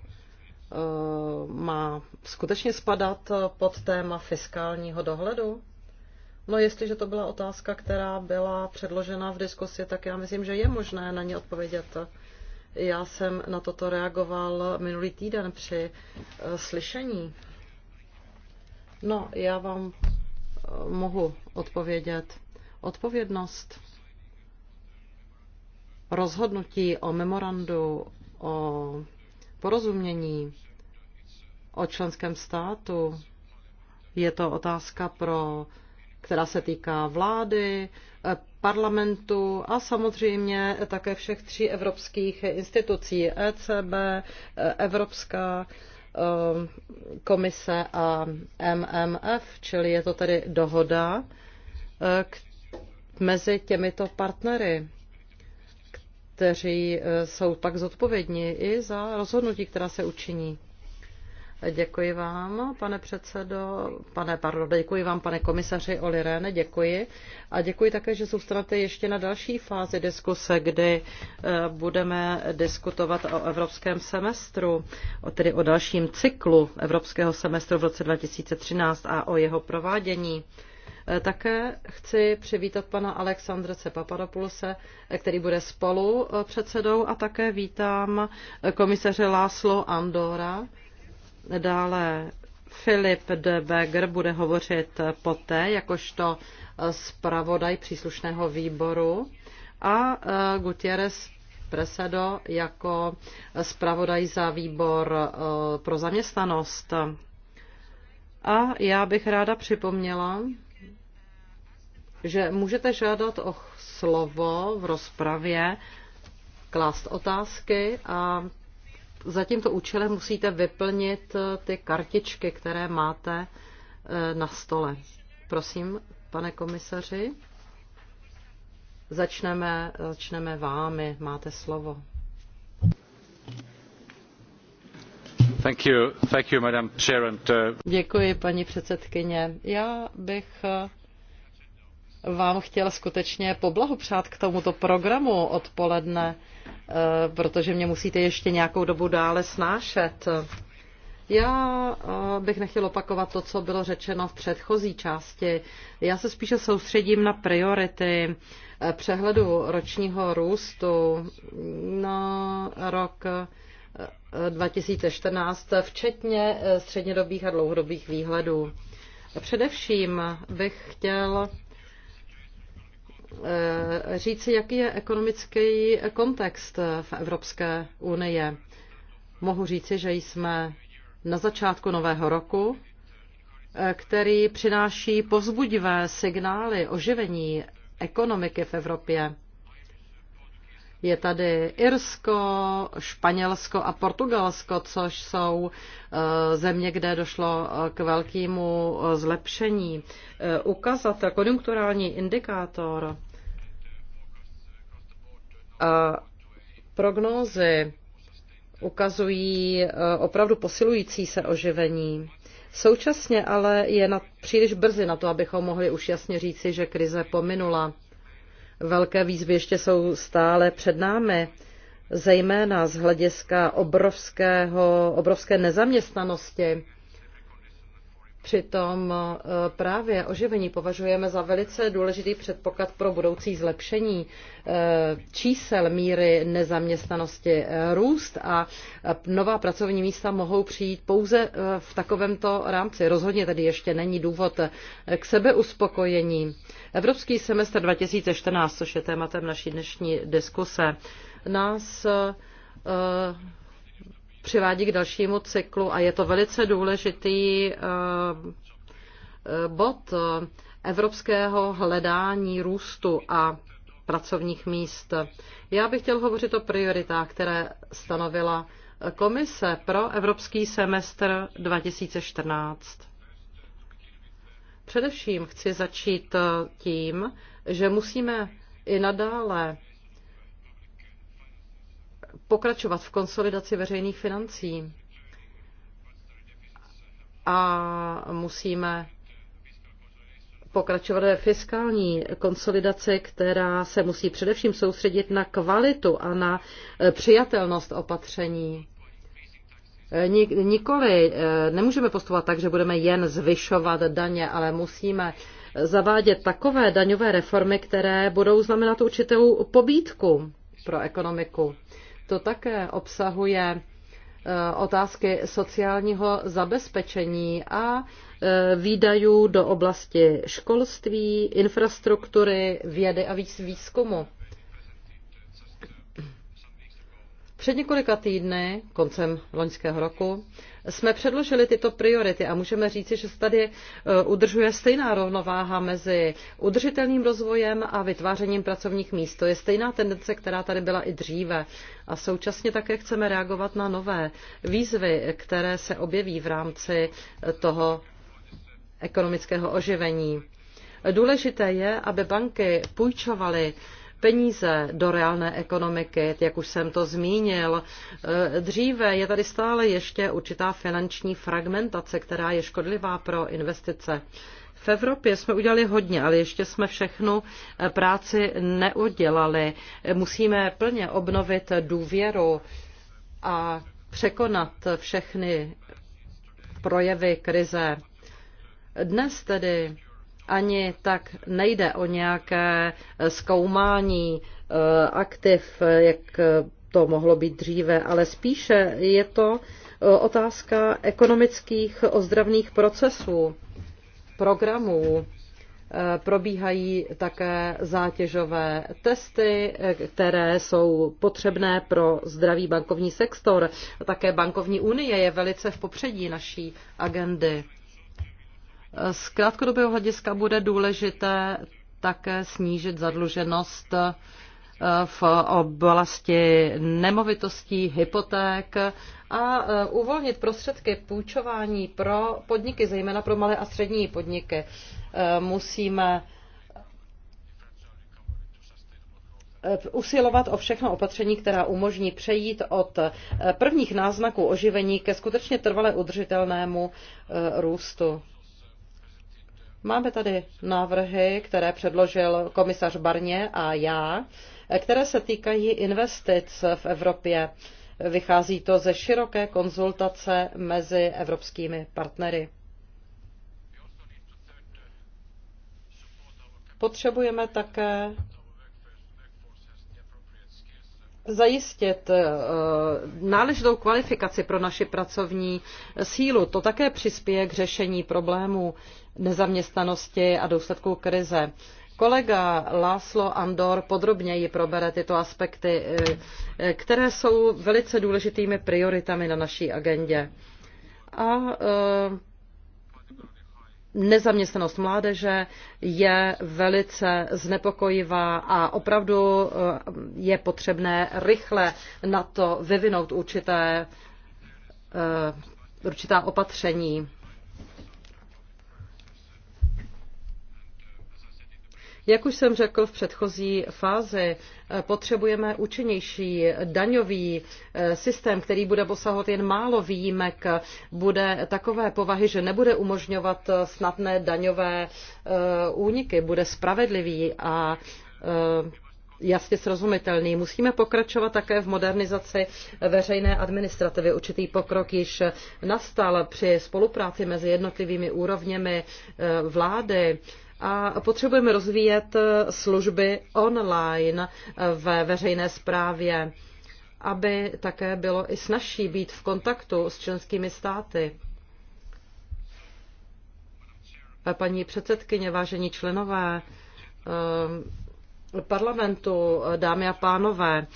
uh, má skutečně spadat pod téma fiskálního dohledu? No jestliže to byla otázka, která byla předložena v diskusi, tak já myslím, že je možné na ně odpovědět. Já jsem na toto reagoval minulý týden při eh, slyšení. No, já vám mohu odpovědět. Odpovědnost rozhodnutí o memorandu, o porozumění, o členském státu, je to otázka pro která se týká vlády, parlamentu a samozřejmě také všech tří evropských institucí ECB, e, Evropská Eh, komise a MMF, čili je to tedy dohoda eh, mezi těmito partnery, kteří eh, jsou pak zodpovědní i za rozhodnutí, která se učiní. Děkuji vám, pane předsedo, pane, pardon, děkuji vám, pane komisaři Olirene, děkuji. A děkuji také, že zůstanete ještě na další fázi diskuse, kdy eh, budeme diskutovat o evropském semestru, tedy o dalším cyklu evropského semestru v roce 2013 a o jeho provádění. Eh, také chci přivítat pana Alexandrce Papadopoulose, eh, který bude spolu předsedou a také vítám komisaře Láslo Andora, Dále Filip de Beger bude hovořit poté, jakožto zpravodaj příslušného výboru a e, Gutierrez Presedo jako zpravodaj za výbor e, pro zaměstnanost. A já bych ráda připomněla, že můžete žádat o slovo v rozpravě, klást otázky a za tímto účelem musíte vyplnit eh, ty kartičky, které máte eh, na stole. Prosím, pane komisaři, začneme, eh, začneme vámi, máte slovo. Thank you, thank you, madam chair and, uh... Děkuji, paní předsedkyně. Já bych vám chtěl skutečně poblahopřát k tomuto programu odpoledne. Eh, protože mě musíte ještě nějakou dobu dále snášet. Já eh, bych nechtěl opakovat to, co bylo řečeno v předchozí části. Já se spíše soustředím na priority eh, přehledu ročního růstu na rok 2014, včetně střednědobých a dlouhodobých výhledů. Především bych chtěl Eh, říci, jaký je ekonomický kontext v Evropské unii. Mohu říci, že jsme na začátku nového roku, eh, který přináší povzbudivé signály oživení ekonomiky v Evropě. Je tady Irsko, Španělsko a Portugalsko, což jsou eh, země, kde došlo eh, k velkému eh, zlepšení. Ukazatel, konjunkturální indikátor a prognózy ukazují opravdu posilující se oživení. Současně ale je na, příliš brzy na to, abychom mohli už jasně říci, že krize pominula. Velké výzvy ještě jsou stále před námi, zejména z hlediska obrovského, obrovské nezaměstnanosti Přitom eh, právě oživení považujeme za velice důležitý předpoklad pro budoucí zlepšení eh, čísel míry nezaměstnanosti. Eh, růst a nová pracovní místa mohou přijít pouze v takovémto rámci. Rozhodně tady ještě není důvod k sebeuspokojení. Evropský semestr 2014, což je tématem naší dnešní diskuse, nás přivádí k dalšímu cyklu a je to velice důležitý eh, bod evropského hledání růstu a pracovních míst. Já bych chtěl hovořit o prioritách, které stanovila Komise pro evropský semestr 2014. Především chci začít eh, tím, že musíme i nadále pokračovat v konsolidaci veřejných financí a musíme pokračovat ve fiskální konsolidaci, která se musí především soustředit na kvalitu a na eh, přijatelnost opatření. Eh, nikoli eh, nemůžeme postupovat tak, že budeme jen zvyšovat daně, ale musíme zavádět takové daňové reformy, které budou znamenat určitou pobídku pro ekonomiku to také obsahuje e, otázky sociálního zabezpečení a e, výdajů do oblasti školství, infrastruktury, vědy a výzkumu. Před několika týdny, koncem loňského roku, jsme předložili tyto priority a můžeme říci, že se tady e, udržuje stejná rovnováha mezi udržitelným rozvojem a vytvářením pracovních míst. To je stejná tendence, která tady byla i dříve. A současně také chceme reagovat na nové výzvy, které se objeví v rámci e, toho ekonomického oživení. Důležité je, aby banky půjčovaly peníze do reálné ekonomiky, jak už jsem to zmínil. E, dříve je tady stále ještě určitá finanční fragmentace, která je škodlivá pro investice. V Evropě jsme udělali hodně, ale ještě jsme všechnu e, práci neudělali. Musíme plně obnovit důvěru a překonat všechny projevy krize. Dnes tedy ani tak nejde o nějaké zkoumání eh, aktiv, jak to mohlo být dříve, ale spíše je to eh, otázka ekonomických ozdravných procesů, programů. Eh, probíhají také zátěžové testy, které jsou potřebné pro zdravý bankovní sektor. Také bankovní unie je velice v popředí naší agendy. Z krátkodobého hlediska bude důležité také snížit zadluženost eh, v oblasti nemovitostí, hypoték a eh, uvolnit prostředky půjčování pro podniky, zejména pro malé a střední podniky. Eh, musíme usilovat o všechno opatření, která umožní přejít od prvních náznaků oživení ke skutečně trvale udržitelnému růstu. Máme tady návrhy, které předložil komisař Barně a já, které se týkají investic v Evropě. Vychází to ze široké konzultace mezi evropskými partnery. Potřebujeme také zajistit eh, náležitou kvalifikaci pro naši pracovní sílu. To také přispěje k řešení problémů nezaměstnanosti a důsledků krize. Kolega Láslo Andor podrobněji probere tyto aspekty, eh, které jsou velice důležitými prioritami na naší agendě. A eh, Nezaměstnanost mládeže je velice znepokojivá a opravdu eh, je potřebné rychle na to vyvinout určité, eh, určitá opatření. Jak už jsem řekl v předchozí fázi, eh, potřebujeme účinnější daňový eh, systém, který bude posahovat jen málo výjimek, bude takové povahy, že nebude umožňovat eh, snadné daňové úniky, bude spravedlivý a jasně srozumitelný. Musíme pokračovat také v modernizaci veřejné administrativy. Určitý pokrok již nastal při spolupráci mezi jednotlivými úrovněmi vlády a potřebujeme rozvíjet eh, služby online eh, ve veřejné správě, aby také bylo i snažší být v kontaktu s členskými státy. Eh, paní předsedkyně, vážení členové, parlamentu, dámy a pánové,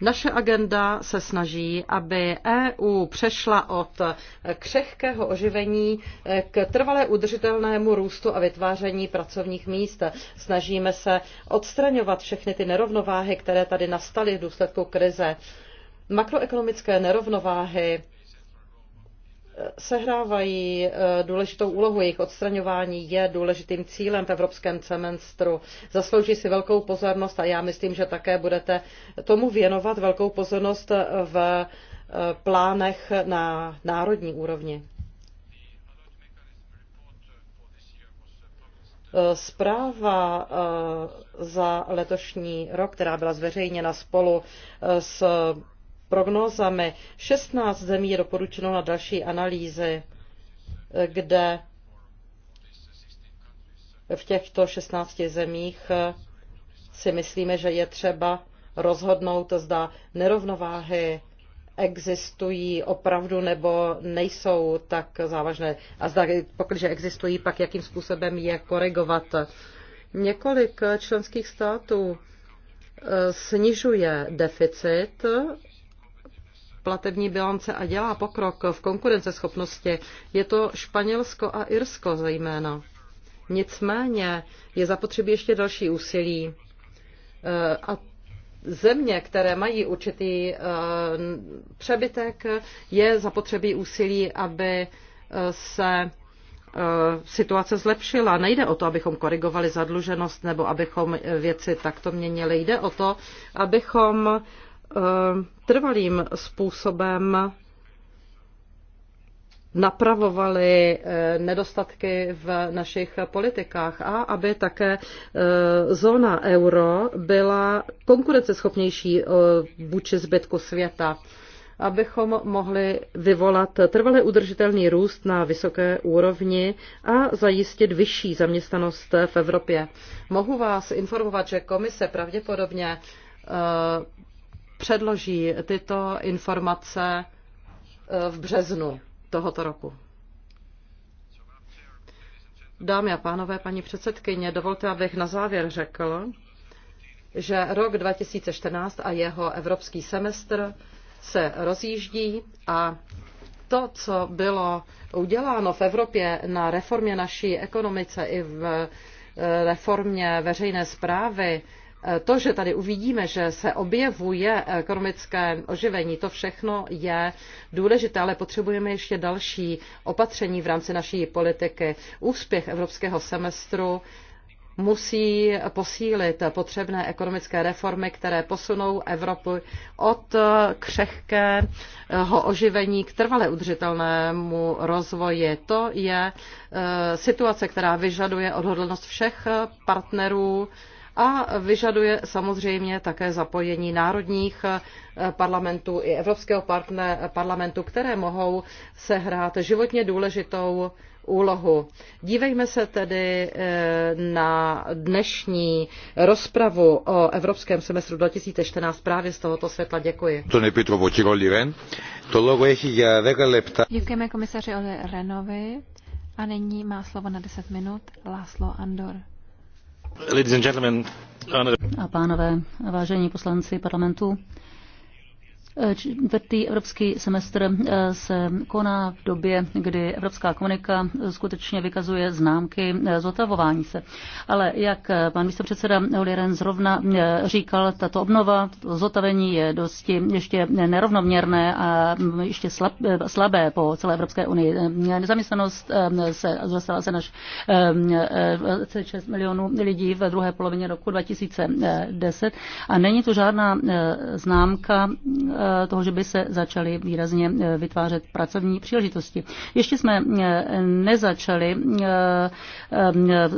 naše agenda se snaží, aby EU přešla od křehkého oživení eh, k trvalé udržitelnému růstu a vytváření pracovních míst. Snažíme se odstraňovat všechny ty nerovnováhy, které tady nastaly v důsledku krize. Makroekonomické nerovnováhy sehrávají eh, důležitou úlohu. Jejich odstraňování je důležitým cílem v evropském semestru. Zaslouží si velkou pozornost a já myslím, že také budete tomu věnovat velkou pozornost v eh, plánech na národní úrovni. Eh, zpráva za letošní rok, která byla zveřejněna spolu s prognózami. 16 zemí je doporučeno na další analýzy, kde v těchto 16 zemích si myslíme, že je třeba rozhodnout, zda nerovnováhy existují opravdu nebo nejsou tak závažné. A zda, pokud že existují, pak jakým způsobem je korigovat. Několik členských států eh, snižuje deficit platební bilance a dělá pokrok v konkurenceschopnosti, je to Španělsko a Irsko zejména. Nicméně je zapotřebí ještě další úsilí. E, a země, které mají určitý e, přebytek, je zapotřebí úsilí, aby e, se situace zlepšila. Nejde o to, abychom korigovali zadluženost nebo abychom věci takto měnili. Jde o to, abychom Eh, trvalým způsobem napravovali eh, nedostatky v našich politikách a aby také eh, zóna euro byla konkurenceschopnější vůči zbytku světa, abychom mohli vyvolat trvale udržitelný růst na vysoké úrovni a zajistit vyšší zaměstnanost v Evropě. Mohu vás informovat, že komise pravděpodobně předloží tyto informace eh, v březnu tohoto roku. Dámy a pánové, paní předsedkyně, dovolte, abych na závěr řekl, že rok 2014 a jeho evropský semestr se rozjíždí a to, co bylo uděláno v Evropě na reformě naší ekonomice i v eh, reformě veřejné zprávy, to, že tady uvidíme, že se objevuje ekonomické oživení, to všechno je důležité, ale potřebujeme ještě další opatření v rámci naší politiky. Úspěch evropského semestru musí posílit potřebné ekonomické reformy, které posunou Evropu od křehkého oživení k trvale udržitelnému rozvoji. To je eh, situace, která vyžaduje odhodlanost všech partnerů a vyžaduje samozřejmě také zapojení národních eh, parlamentů i Evropského parlamentu, které mohou sehrát životně důležitou úlohu. Dívejme se tedy eh, na dnešní rozpravu o Evropském semestru 2014 právě z tohoto světla. Děkuji. Děkujeme komisaři Oli Renovi a nyní má slovo na 10 minut Láslo Andor. A pánové, vážení poslanci parlamentu, Čtvrtý evropský semestr eh, se koná v době, kdy evropská komunika eh, skutečně vykazuje známky eh, zotavování se. Ale jak pan místopředseda Oliren zrovna říkal, tato obnova, to zotavení je dosti ještě nerovnoměrné a mm, ještě slab, slabé po celé Evropské unii. Nezaměstnanost se zastala se naš 6 milionů lidí v druhé polovině roku 2010 a není to žádná známka Eh, toho, že by se začaly výrazně eh, vytvářet pracovní příležitosti. Ještě jsme eh, nezačali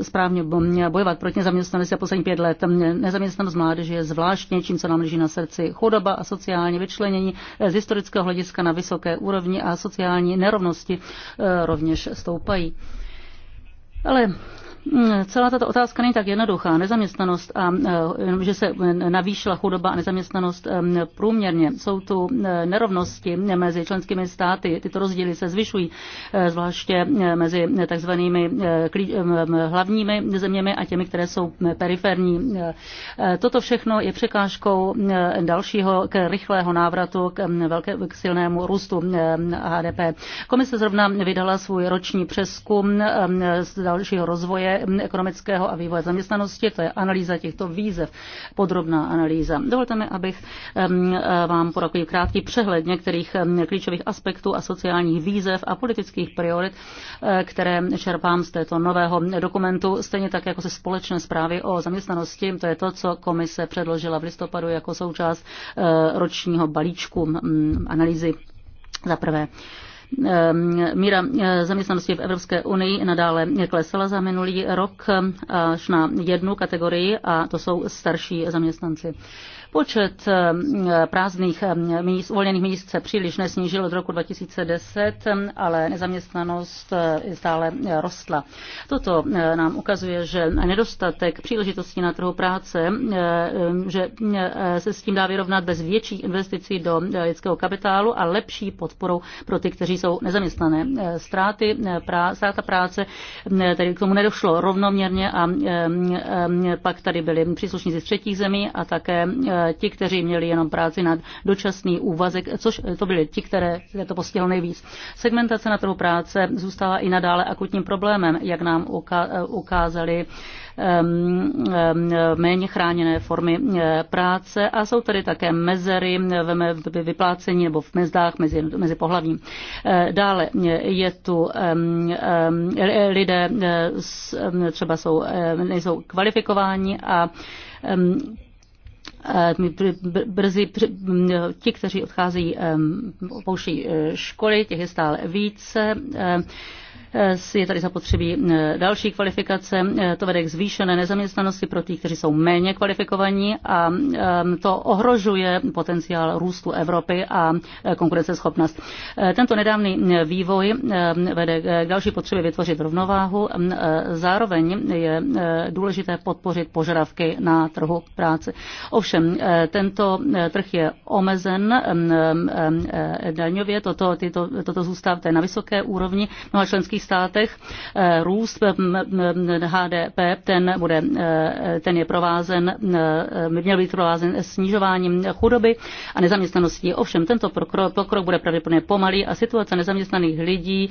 správně bojovat proti nezaměstnanosti za poslední pět let. Nezaměstnanost mládeže je zvláštně, čím se nám leží na srdci. Chudoba a sociální vyčlenění z historického hlediska na vysoké úrovni a sociální nerovnosti rovněž stoupají. Ale celá tato otázka není tak jednoduchá. Nezaměstnanost a eh, že se navýšila chudoba a nezaměstnanost eh, průměrně. Jsou tu eh, nerovnosti mezi členskými státy. Tyto rozdíly se zvyšují, zvláště mezi takzvanými hlavními zeměmi a těmi, které jsou periferní. Toto všechno je překážkou dalšího k rychlého návratu k, velké, k silnému růstu HDP. Komise zrovna vydala svůj roční přeskum z dalšího rozvoje ekonomického a vývoje zaměstnanosti. To je analýza těchto výzev, podrobná analýza. Dovolte mi, abych e, vám po takový krátký přehled některých klíčových aspektů a sociálních výzev a politických priorit, e, které čerpám z této nového dokumentu, stejně tak jako se společné zprávy o zaměstnanosti. To je to, co komise předložila v listopadu jako součást e, ročního balíčku analýzy za prvé Ehm, míra eh, zaměstnanosti v Evropské unii nadále klesala za minulý rok ehm, až na jednu kategorii a to jsou starší zaměstnanci. Počet eh, prázdných eh, míst, uvolněných míst se příliš nesnížil od roku 2010, eh, ale nezaměstnanost stále rostla. Toto nám ukazuje, že nedostatek příležitostí na trhu práce, že se s tím dá vyrovnat bez větších investicí do lidského kapitálu a lepší podporou pro ty, kteří jsou nezaměstnané. Ztráty, prá, ztráta práce, tedy k tomu nedošlo rovnoměrně a pak tady byli příslušníci z třetích zemí a také ti, kteří měli jenom práci na dočasný úvazek, což to byli ti, které to postihlo nejvíc. Segmentace na trhu práce zůstává i nadále akutním problémem, jak nám ukázali méně chráněné formy eh, práce a jsou tady také mezery v vyplácení nebo v mezdách mezi, mezi pohlavím. Eh, dále je tu lidé eh, třeba jsou, nejsou kvalifikováni a Eh, brzy ti, kteří odcházejí, opouští eh, školy, těch je stále více. Eh, Eh, je tady zapotřebí eh, další kvalifikace, eh, to vede k zvýšené nezaměstnanosti pro ty, kteří jsou méně kvalifikovaní a ehm, to ohrožuje potenciál růstu Evropy a konkurenceschopnost. Tento nedávný vývoj ehm, vede k další potřebě vytvořit rovnováhu. Ehm, zároveň je důležité podpořit požadavky na trhu práce. Ovšem, tento trh je omezen daňově, toto, tyto, toto zůstává na vysoké úrovni mnoha členských státech eh, růst HDP, eh, ten, bude, eh, ten je provázen, měl být provázen snižováním chudoby a nezaměstnanosti. Ovšem tento pokrok, pokrok bude pravděpodobně pomalý a situace nezaměstnaných lidí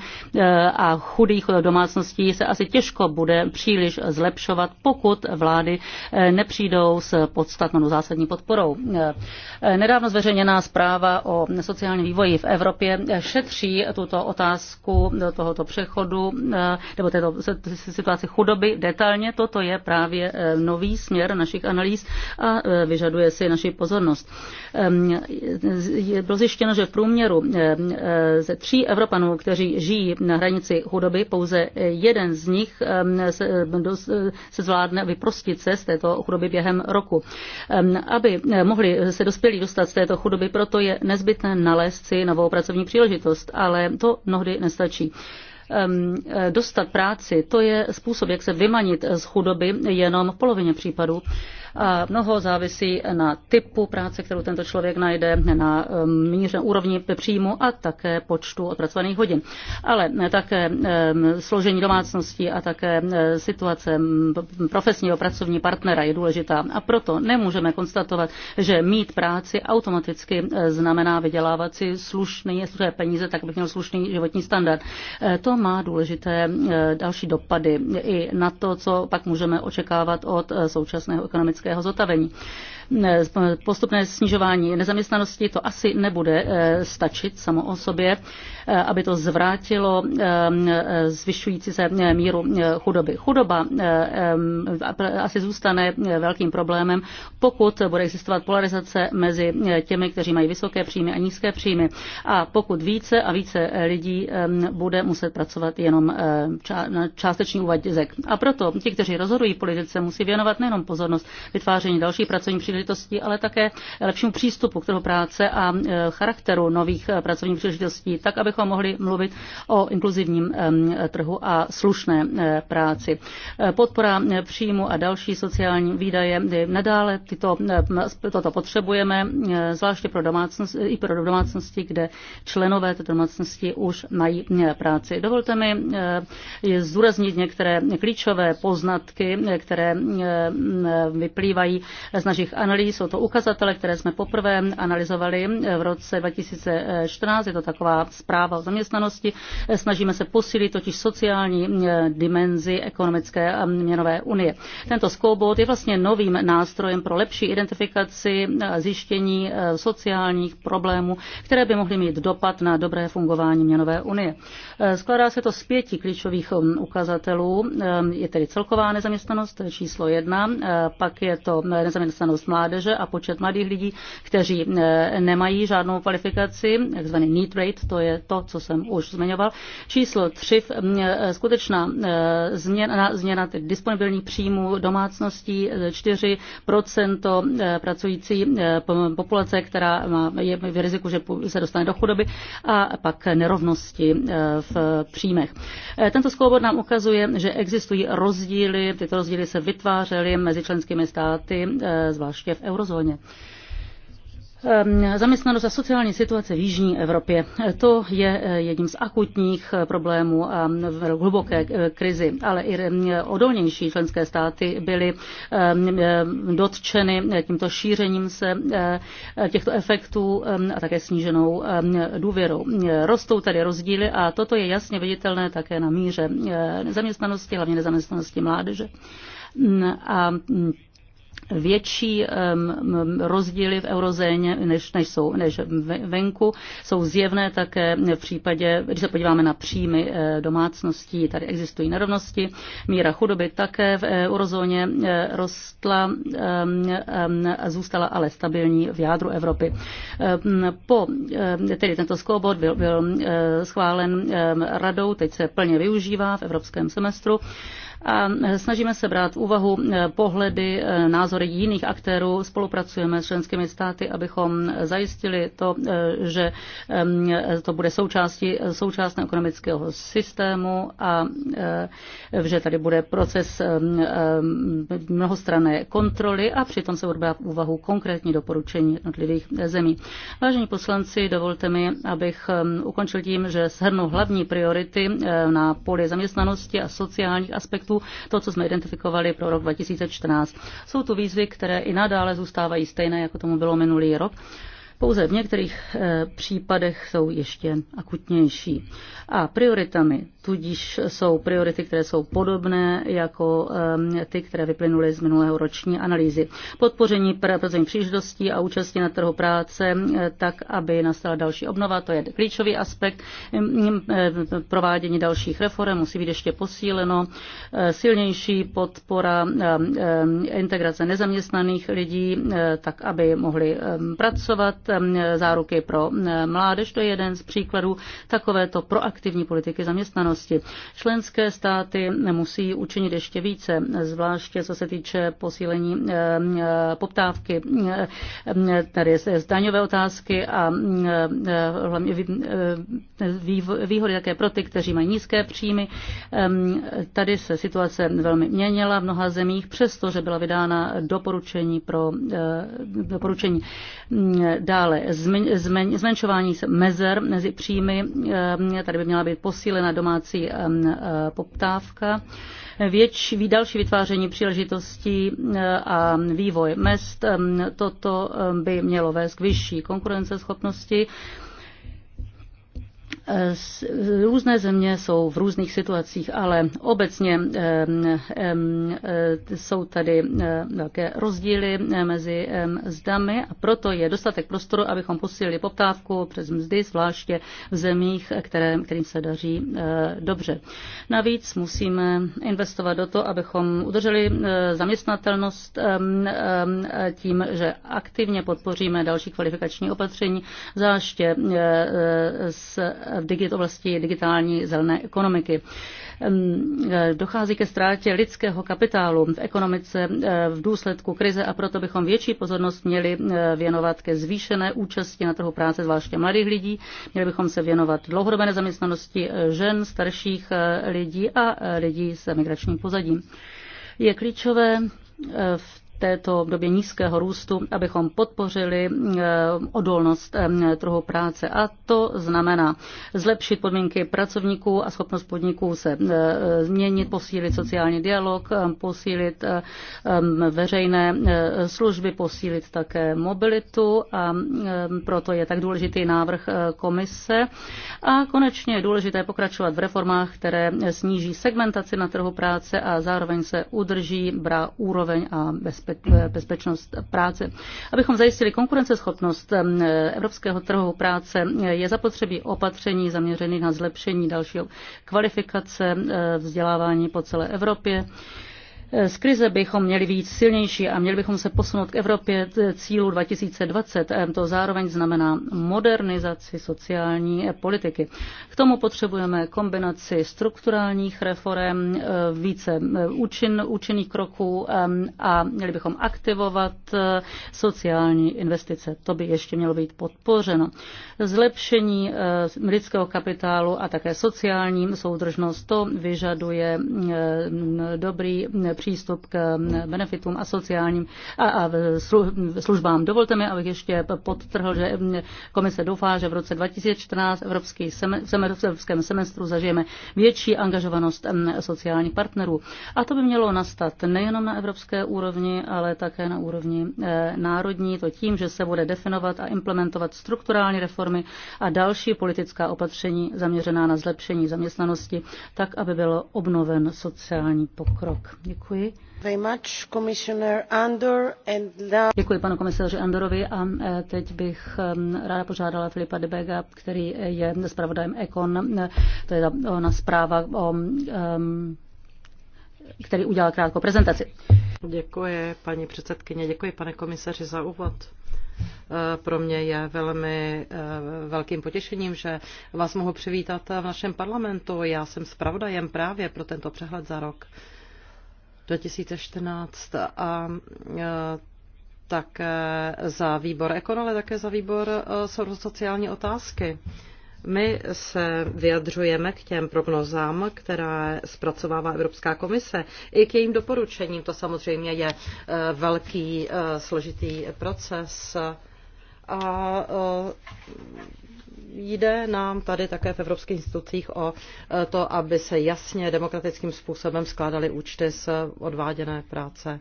a chudých domácností se asi těžko bude příliš zlepšovat, pokud vlády nepřijdou s podstatnou no, zásadní podporou. Nedávno zveřejněná zpráva o sociálním vývoji v Evropě šetří tuto otázku do tohoto přechodu přechodu eh, nebo této situaci chudoby detailně. Toto je právě eh, nový směr našich analýz a eh, vyžaduje si naši pozornost. Ehm, bylo zjištěno, že v průměru ze tří Evropanů, kteří žijí na hranici chudoby, pouze jeden z nich ehm, se zvládne vyprostit se z této chudoby během roku. Ehm, aby mohli se dospělí dostat z této chudoby, proto je nezbytné nalézt si novou pracovní příležitost, ale to mnohdy nestačí. Eh, dostat práci, to je způsob, jak se vymanit z chudoby jenom v polovině případů a mnoho závisí na typu práce, kterou tento člověk najde, na um, míře úrovni příjmu a také počtu odpracovaných hodin. Ale eh, také složení domácnosti a také eh, situace profesního pracovní partnera je důležitá a proto nemůžeme konstatovat, že mít práci automaticky eh, znamená vydělávat si slušný, slušné peníze, tak bych měl slušný životní standard. To má důležité další dopady i na to, co pak můžeme očekávat od současného ekonomického politického zotavení postupné snižování nezaměstnanosti, to asi nebude eh, stačit samo o sobě, eh, aby to zvrátilo eh, zvyšující se míru chudoby. Chudoba asi zůstane velkým problémem, pokud bude existovat polarizace mezi těmi, kteří mají vysoké příjmy a nízké příjmy. A pokud více a více lidí bude muset pracovat jenom na částečný úvadězek. A proto ti, kteří rozhodují politice, musí věnovat nejenom pozornost vytváření dalších pracovních příležitostí, příležitostí, ale také lepšímu přístupu k trhu práce a e, charakteru nových e, pracovních příležitostí, tak abychom mohli mluvit o inkluzivním trhu a slušné e, práci. Podpora příjmu a další sociální výdaje nadále tyto, toto potřebujeme, zvláště pro domácnosti, i pro domácnosti, kde členové této domácnosti už mají práci. Dovolte mi zdůraznit některé klíčové poznatky, které vyplývají z našich Analýzy jsou to ukazatele, které jsme poprvé analyzovali eh, v roce 2014, je to taková zpráva o zaměstnanosti. Eh, snažíme se posílit totiž sociální eh, dimenzi ekonomické a měnové unie. Tento scoreboard je vlastně novým nástrojem pro lepší identifikaci a zjištění sociálních problémů, které by mohly mít dopad na dobré fungování měnové unie. Skládá se to z pěti klíčových um, ukazatelů. Je tedy celková nezaměstnanost, číslo jedna, pak je to nezaměstnanost mládeže a počet mladých lidí, kteří eh, nemají žádnou kvalifikaci, takzvaný need rate, to je to, co jsem už zmiňoval. Číslo tři eh, skutečná eh, změna, změna disponibilních příjmů domácností, čtyři procento pracující populace, která je v riziku, že se dostane do chudoby a pak nerovnosti v příjmech. Tento skloubod nám ukazuje, že existují rozdíly, tyto rozdíly se vytvářely mezi členskými státy, zvlášť ještě v eurozóně. Ehm, zaměstnanost a sociální situace v Jižní Evropě, eh, to je eh, jedním z akutních eh, problémů a hluboké krizi, ale i odolnější členské státy byly ehm, dotčeny tímto šířením se těchto efektů ehm, a také sníženou důvěrou. Rostou tady rozdíly a toto je jasně viditelné také na míře nezaměstnanosti, hlavně nezaměstnanosti mládeže. Mm, a mm, větší rozdíly v eurozéně, než, než jsou než venku. Jsou zjevné také v případě, když se podíváme na příjmy eh, domácností, tady existují nerovnosti. Míra chudoby také v eh, eurozóně eh, rostla a zůstala ale stabilní v jádru Evropy. Po, tedy tento skobod byl, byl schválen radou, teď se plně využívá v evropském semestru a e, snažíme se brát v úvahu e, pohledy, e, názory jiných aktérů, spolupracujeme s členskými státy, abychom zajistili to, že to bude součástí současného ekonomického systému a že tady bude proces mnohostranné kontroly a přitom se odbá v úvahu konkrétní doporučení jednotlivých zemí. Vážení poslanci, dovolte mi, abych ukončil tím, že shrnu hlavní priority na poli zaměstnanosti a sociálních aspektů přínosů, to, co jsme identifikovali pro rok 2014. Jsou tu výzvy, které i nadále zůstávají stejné, jako tomu bylo minulý rok. Pouze v některých eh, případech jsou ještě akutnější. A prioritami tudíž jsou priority, které jsou podobné jako ty, které vyplynuly z minulého roční analýzy. Podpoření pracovní příležitostí a účasti na trhu práce tak, aby nastala další obnova, to je klíčový aspekt. Provádění dalších reform musí být ještě posíleno. E, silnější podpora integrace nezaměstnaných lidí, e, tak, aby mohli pracovat. Záruky pro mládež, to je jeden z příkladů takovéto proaktivní politiky zaměstnanosti budoucnosti. Členské státy musí učinit ještě více, zvláště co se týče posílení eh, eh, poptávky. Eh, tady je zdaňové otázky a hlavně výhody také pro ty, kteří mají nízké příjmy. Ehm, tady se situace velmi měnila v mnoha zemích, přestože byla vydána doporučení pro doporučení. Mm, dále zmenšování mezer mezi příjmy. Ehm, tady by měla být posílena domácí domácí e, poptávka, větší, další vytváření příležitostí e, a vývoj mest. Toto by mělo vést k vyšší konkurenceschopnosti Eh, různé země jsou v různých situacích, ale obecně eh, jsou tady eh, velké rozdíly mezi zdami a proto je dostatek prostoru, abychom posílili poptávku přes mzdy, zvláště v zemích, které, kterým se daří dobře. Navíc musíme investovat do toho, abychom udrželi zaměstnatelnost tím, že aktivně podpoříme další kvalifikační opatření, zvláště s v oblasti digitální zelené ekonomiky. E, dochází ke ztrátě lidského kapitálu v ekonomice e, v důsledku krize a proto bychom větší pozornost měli e, věnovat ke zvýšené účasti na trhu práce, zvláště mladých lidí. Měli bychom se věnovat dlouhodobé nezaměstnanosti žen, starších lidí a lidí s migračním pozadím. Je klíčové v této době nízkého růstu, abychom podpořili eh, odolnost eh, trhu práce. A to znamená zlepšit podmínky pracovníků a schopnost podniků se eh, změnit, posílit sociální dialog, posílit veřejné služby, posílit také mobilitu a proto je tak důležitý návrh komise. A konečně je důležité pokračovat v reformách, které sníží segmentaci na trhu práce a zároveň se udrží brá úroveň a bezpečnost bezpečnost práce. Abychom zajistili konkurenceschopnost evropského trhu práce, je zapotřebí opatření zaměřených na zlepšení dalšího kvalifikace vzdělávání po celé Evropě. Z krize bychom měli být silnější a měli bychom se posunout k Evropě cílu 2020. To zároveň znamená modernizaci sociální politiky. K tomu potřebujeme kombinaci strukturálních reform, eh, více eh, účin, účinných kroků eh, a měli bychom aktivovat sociální investice. To by ještě mělo být podpořeno. Zlepšení lidského kapitálu a také sociální soudržnost, to vyžaduje dobrý přístup k benefitům a sociálním a, a službám. Dovolte mi, abych ještě podtrhl, že komise doufá, že v roce 2014 evropský sem, evropském semestru zažijeme větší angažovanost sociálních partnerů. A to by mělo nastat nejenom na evropské úrovni, ale také na úrovni e, národní, to tím, že se bude definovat a implementovat strukturální reformy a další politická opatření zaměřená na zlepšení zaměstnanosti, tak, aby byl obnoven sociální pokrok. Děkuji. Děkuji. Very much, Commissioner Andor and now... Děkuji panu komisaři Andorovi a e, teď bych e, ráda požádala Filipa Debega, který je zpravodajem Econ, e, to je ona zpráva o který udělal krátkou prezentaci. Děkuji, paní předsedkyně, děkuji, pane komisaři, za úvod. Pro mě je velmi velkým potěšením, že vás mohu přivítat v našem parlamentu. Já jsem zpravodajem právě pro tento přehled za rok 2014 a e, také za výbor ekon, ale také za výbor e, sociální otázky. My se vyjadřujeme k těm prognozám, které zpracovává Evropská komise, i k jejím doporučením. To samozřejmě je e, velký složitý proces a e, jde nám tady také v evropských institucích o e, to, aby se jasně demokratickým způsobem skládaly účty z odváděné práce.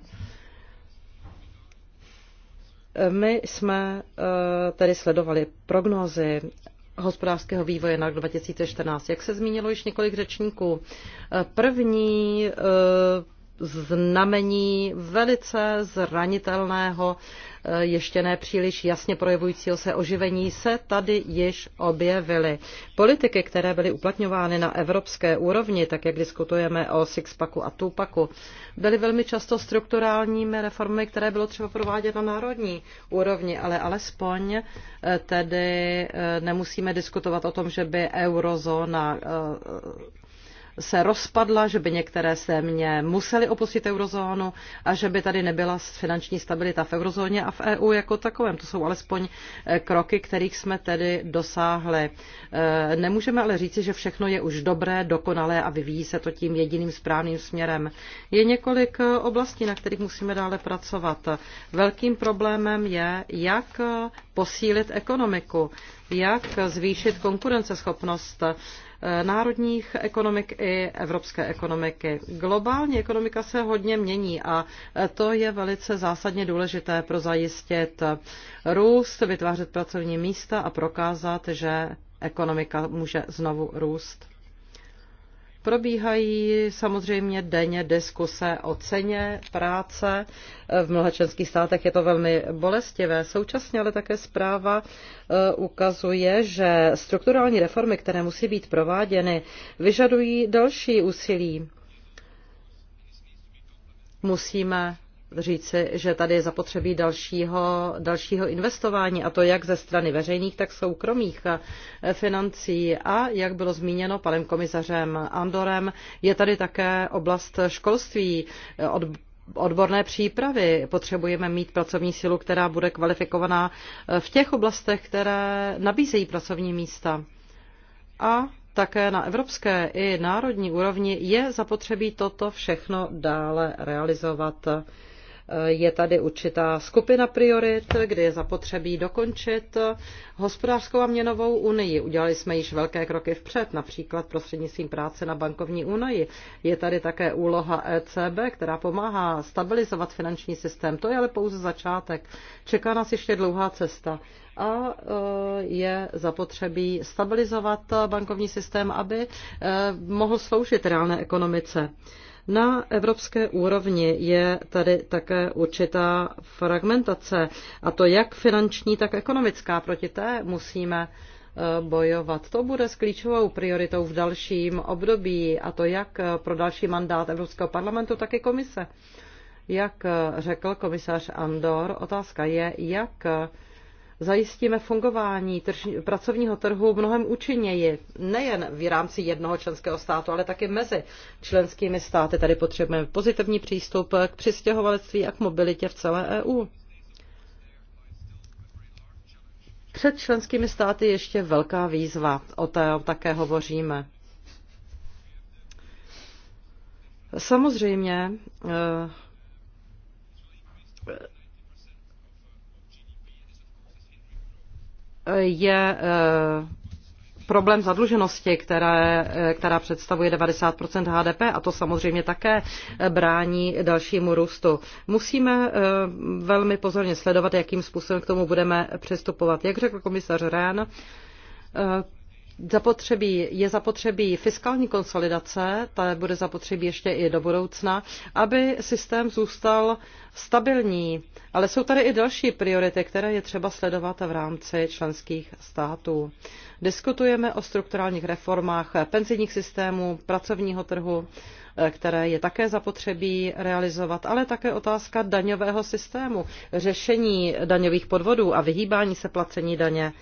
My jsme e, tedy sledovali prognózy hospodářského vývoje na 2014. Jak se zmínilo již několik řečníků, první znamení velice zranitelného, eh, ještě nepříliš jasně projevujícího se oživení se tady již objevily. Politiky, které byly uplatňovány na evropské úrovni, tak jak diskutujeme o Sixpacku a Tupaku, byly velmi často strukturálními reformy, které bylo třeba provádět na národní úrovni, ale alespoň eh, tedy eh, nemusíme diskutovat o tom, že by eurozóna se rozpadla, že by některé země musely opustit eurozónu a že by tady nebyla finanční stabilita v eurozóně a v EU jako takovém. To jsou alespoň eh, kroky, kterých jsme tedy dosáhli. Eh, nemůžeme ale říci, že všechno je už dobré, dokonalé a vyvíjí se to tím jediným správným směrem. Je několik eh, oblastí, na kterých musíme dále pracovat. Velkým problémem je, jak posílit ekonomiku, jak zvýšit konkurenceschopnost, Eh, národních ekonomik i evropské ekonomiky. Globální ekonomika se hodně mění a eh, to je velice zásadně důležité pro zajistit eh, růst, vytvářet pracovní místa a prokázat, že ekonomika může znovu růst. Probíhají samozřejmě denně diskuse o ceně práce. V mnoha členských státech je to velmi bolestivé. Současně ale také zpráva e, ukazuje, že strukturální reformy, které musí být prováděny, vyžadují další úsilí. Musíme říci, že tady je zapotřebí dalšího, dalšího investování, a to jak ze strany veřejných, tak soukromých eh, financí. A jak bylo zmíněno panem komisařem Andorem, je tady také oblast školství, eh, od odborné přípravy. Potřebujeme mít pracovní sílu, která bude kvalifikovaná eh, v těch oblastech, které nabízejí pracovní místa. A také na evropské i národní úrovni je zapotřebí toto všechno dále realizovat. Je tady určitá skupina priorit, kde je zapotřebí dokončit hospodářskou a měnovou unii. Udělali jsme již velké kroky vpřed, například prostřednictvím práce na bankovní unii. Je tady také úloha ECB, která pomáhá stabilizovat finanční systém. To je ale pouze začátek. Čeká nás ještě dlouhá cesta a eh, je zapotřebí stabilizovat bankovní systém, aby eh, mohl sloužit reálné ekonomice. Na evropské úrovni je tady také určitá fragmentace, a to jak finanční, tak ekonomická. Proti té musíme eh, bojovat. To bude s klíčovou prioritou v dalším období, a to jak eh, pro další mandát Evropského parlamentu, tak i komise. Jak eh, řekl komisař Andor, otázka je, jak zajistíme fungování trž, pracovního trhu mnohem účinněji, nejen v rámci jednoho členského státu, ale také mezi členskými státy. Tady potřebujeme pozitivní přístup k přistěhovalectví a k mobilitě v celé EU. Před členskými státy ještě velká výzva, o té také hovoříme. Samozřejmě eh, je eh, problém zadluženosti, které, eh, která představuje 90 HDP a to samozřejmě také eh, brání dalšímu růstu. Musíme velmi pozorně sledovat, jakým způsobem k tomu budeme přistupovat. Jak řekl komisař Rehn, Zapotřebí, je zapotřebí fiskální konsolidace, ta bude zapotřebí ještě i do budoucna, aby systém zůstal stabilní. Ale jsou tady i další priority, které je třeba sledovat v rámci členských států. Diskutujeme o strukturálních reformách penzijních systémů, pracovního trhu, které je také zapotřebí realizovat, ale také otázka daňového systému, řešení daňových podvodů a vyhýbání se placení daně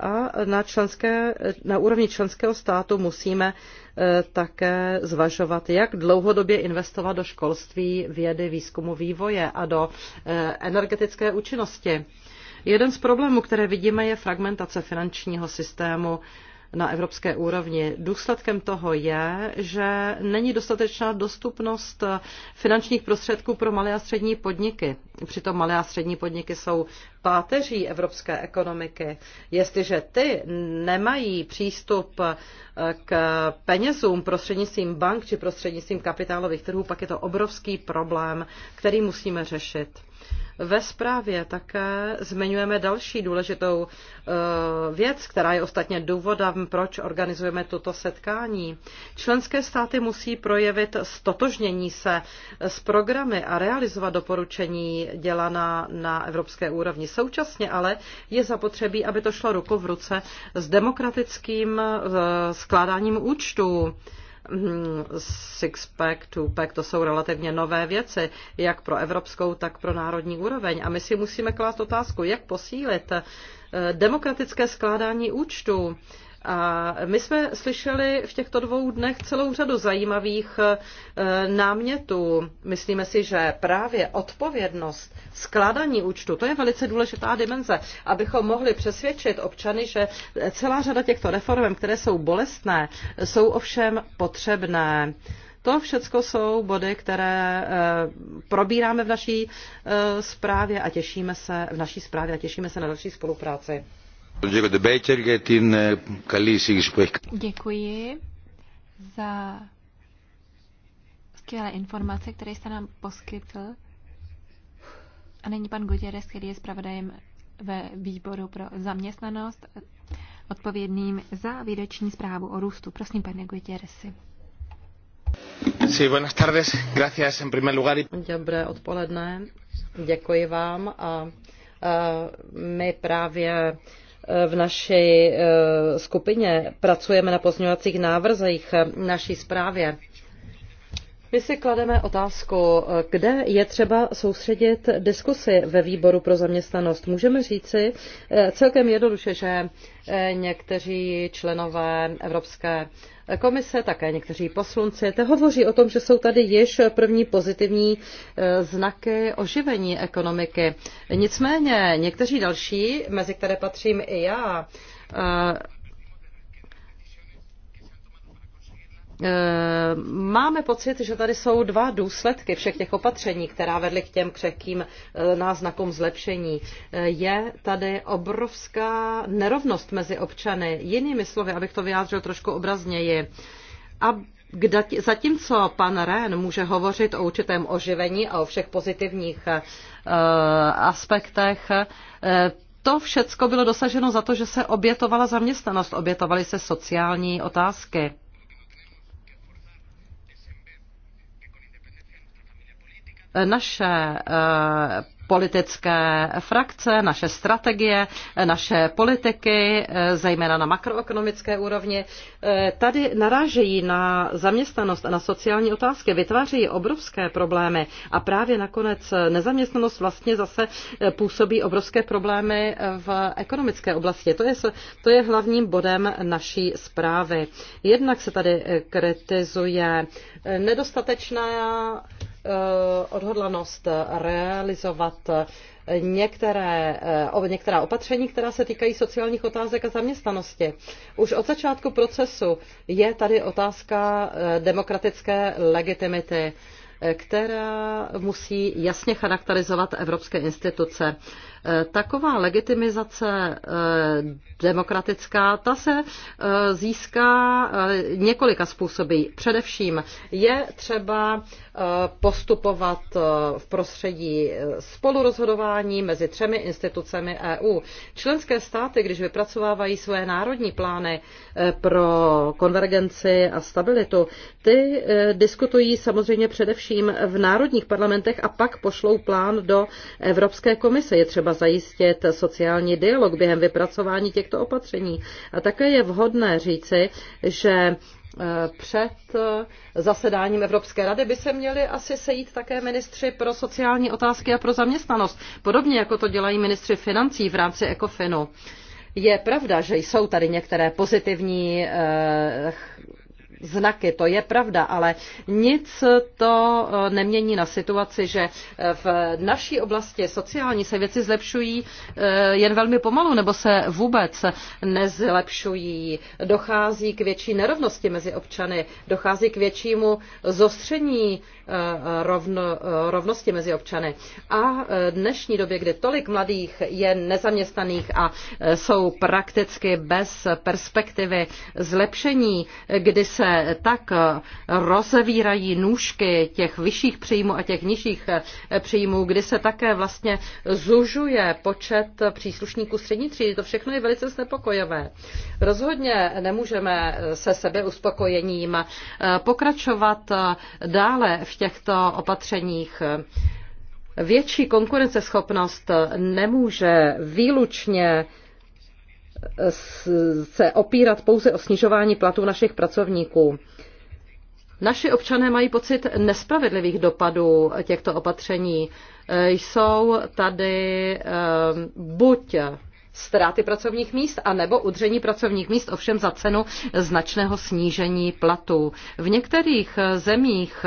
a na, členské, na úrovni členského státu musíme e, také zvažovat, jak dlouhodobě investovat do školství, vědy, výzkumu, vývoje a do e, energetické účinnosti. Jeden z problémů, které vidíme, je fragmentace finančního systému na evropské úrovni. Důsledkem toho je, že není dostatečná dostupnost finančních prostředků pro malé a střední podniky. Přitom malé a střední podniky jsou páteří evropské ekonomiky. Jestliže ty nemají přístup k penězům prostřednictvím bank či prostřednictvím kapitálových trhů, pak je to obrovský problém, který musíme řešit. Ve zprávě také zmiňujeme další důležitou eh, věc, která je ostatně důvodem, proč organizujeme toto setkání. Členské státy musí projevit stotožnění se s programy a realizovat doporučení dělaná na evropské úrovni. Současně ale je zapotřebí, aby to šlo ruku v ruce s demokratickým eh, skládáním účtů. Hm, six-pack, two-pack, to jsou relativně nové věci, jak pro evropskou, tak pro národní úroveň. A my si musíme klást otázku, jak posílit eh, demokratické skládání účtů a my jsme slyšeli v těchto dvou dnech celou řadu zajímavých eh, námětů. Myslíme si, že právě odpovědnost skládání účtu, to je velice důležitá dimenze, abychom mohli přesvědčit občany, že celá řada těchto reform, které jsou bolestné, jsou ovšem potřebné. To všechno jsou body, které eh, probíráme v naší eh, zprávě a těšíme se v naší zprávě a těšíme se na další spolupráci. Děkuji za skvělé informace, které jste nám poskytl. A není pan Gutierrez, který je zpravodajem ve výboru pro zaměstnanost, odpovědným za výroční zprávu o růstu. Prosím, pane Gutierrezi. Sí, buenas tardes. Gracias en primer lugar. Dobré odpoledne. Děkuji vám. A, a my právě v naší eh, skupině pracujeme na pozměňovacích návrzích naší zprávě. My si klademe otázku, eh, kde je třeba soustředit diskusy ve výboru pro zaměstnanost. Můžeme říci eh, celkem jednoduše, že někteří členové Evropské Komise, také někteří poslanci, te hovoří o tom, že jsou tady již první pozitivní e, znaky oživení ekonomiky. Nicméně někteří další, mezi které patřím i já, e, Eh, máme pocit, že tady jsou dva důsledky všech těch opatření, která vedly k těm křehkým eh, náznakům zlepšení. Eh, je tady obrovská nerovnost mezi občany. Jinými slovy, abych to vyjádřil trošku obrazněji, a zatímco pan Ren může hovořit o určitém oživení a o všech pozitivních aspektech, to všecko bylo dosaženo za to, že se obětovala zaměstnanost, obětovaly se sociální otázky. naše eh, politické frakce, naše strategie, naše politiky, eh, zejména na makroekonomické úrovni, eh, tady narážejí na zaměstnanost a na sociální otázky, vytvářejí obrovské problémy a právě nakonec nezaměstnanost vlastně zase působí obrovské problémy v ekonomické oblasti. To je, to je hlavním bodem naší zprávy. Jednak se tady kritizuje nedostatečná Eh, odhodlanost realizovat některé, eh, některá opatření, která se týkají sociálních otázek a zaměstnanosti. Už od začátku procesu je tady otázka eh, demokratické legitimity která musí jasně charakterizovat evropské instituce. Eh, taková legitimizace eh, demokratická, ta se eh, získá několika způsoby. Především je třeba postupovat v prostředí spolurozhodování mezi třemi institucemi EU. Členské státy, když vypracovávají své národní plány pro konvergenci a stabilitu, ty diskutují samozřejmě především v národních parlamentech a pak pošlou plán do Evropské komise. Je třeba zajistit sociální dialog během vypracování těchto opatření. A také je vhodné říci, že eh, před eh, zasedáním Evropské rady by se měli asi sejít také ministři pro sociální otázky a pro zaměstnanost, podobně jako to dělají ministři financí v rámci ECOFINu. Je pravda, že jsou tady některé pozitivní eh, znaky, to je pravda, ale nic to eh, nemění na situaci, že eh, v naší oblasti sociální se věci zlepšují eh, jen velmi pomalu nebo se vůbec nezlepšují. Dochází k větší nerovnosti mezi občany, dochází k většímu zostření rovno, rovnosti mezi občany. A v dnešní době, kdy tolik mladých je nezaměstnaných a jsou prakticky bez perspektivy zlepšení, kdy se se tak rozevírají nůžky těch vyšších příjmů a těch nižších příjmů, kdy se také vlastně zužuje počet příslušníků střední třídy. To všechno je velice znepokojové. Rozhodně nemůžeme se sebe uspokojením pokračovat dále v těchto opatřeních. Větší konkurenceschopnost nemůže výlučně se opírat pouze o snižování platů našich pracovníků. Naši občané mají pocit nespravedlivých dopadů těchto opatření. Jsou tady eh, buď ztráty pracovních míst a nebo udržení pracovních míst, ovšem za cenu značného snížení platů. V některých zemích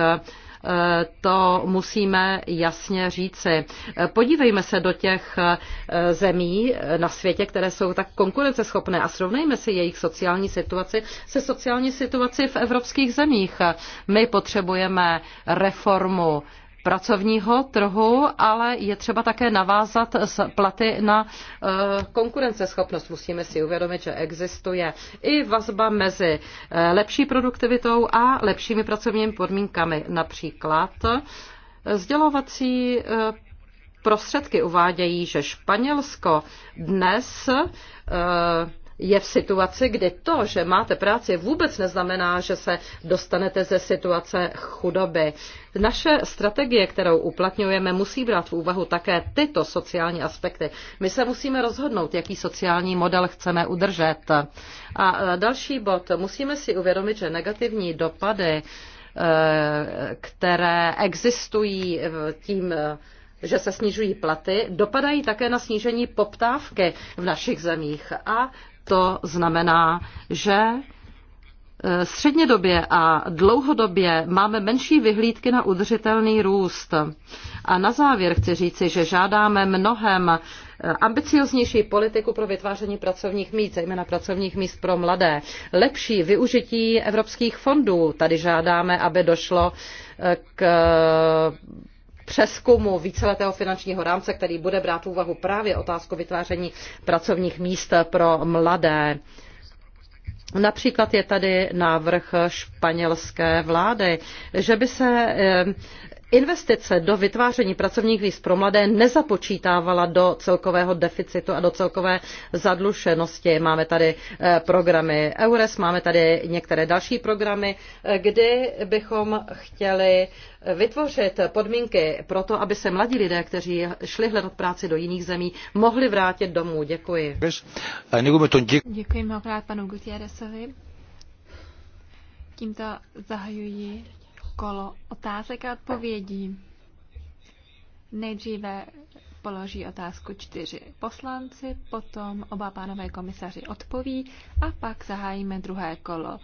to musíme jasně říci. Podívejme se do těch eh, zemí na světě, které jsou tak konkurenceschopné a srovnejme si jejich sociální situaci se sociální situaci v evropských zemích. My potřebujeme reformu pracovního trhu, ale je třeba také navázat s platy na eh, konkurenceschopnost. Musíme si uvědomit, že existuje i vazba mezi eh, lepší produktivitou a lepšími pracovními podmínkami. Například eh, sdělovací prostředky uvádějí, že Španělsko dnes je v situaci, kdy to, že máte práci, vůbec neznamená, že se dostanete ze situace chudoby. Naše strategie, kterou uplatňujeme, musí brát v úvahu také tyto sociální aspekty. My se musíme rozhodnout, jaký sociální model chceme udržet. A e, další bod. Musíme si uvědomit, že negativní dopady, e, které existují e, tím, že se snižují platy, dopadají také na snížení poptávky v našich zemích a to znamená, že eh, střednědobě a dlouhodobě máme menší vyhlídky na udržitelný růst. A na závěr chci říci, že žádáme mnohem eh, ambicioznější politiku pro vytváření pracovních míst, zejména pracovních míst pro mladé, lepší využití evropských fondů. Tady žádáme, aby došlo eh, k přeskumu víceletého finančního rámce, který bude brát v úvahu právě otázku vytváření pracovních míst pro mladé. Například je tady návrh španělské vlády, že by se eh, investice do vytváření pracovních míst pro mladé nezapočítávala do celkového deficitu a do celkové zadlušenosti. Máme tady eh, programy EURES, máme tady některé další programy, eh, kdy bychom chtěli eh, vytvořit podmínky pro to, aby se mladí lidé, kteří šli hledat práci do jiných zemí, mohli vrátit domů. Děkuji. Děkuji mnohokrát panu Gutierrezovi. Tímto zahajuji kolo otázek a odpovědí. Nejdříve položí otázku čtyři poslanci, potom oba pánové komisaři odpoví a pak zahájíme druhé kolo.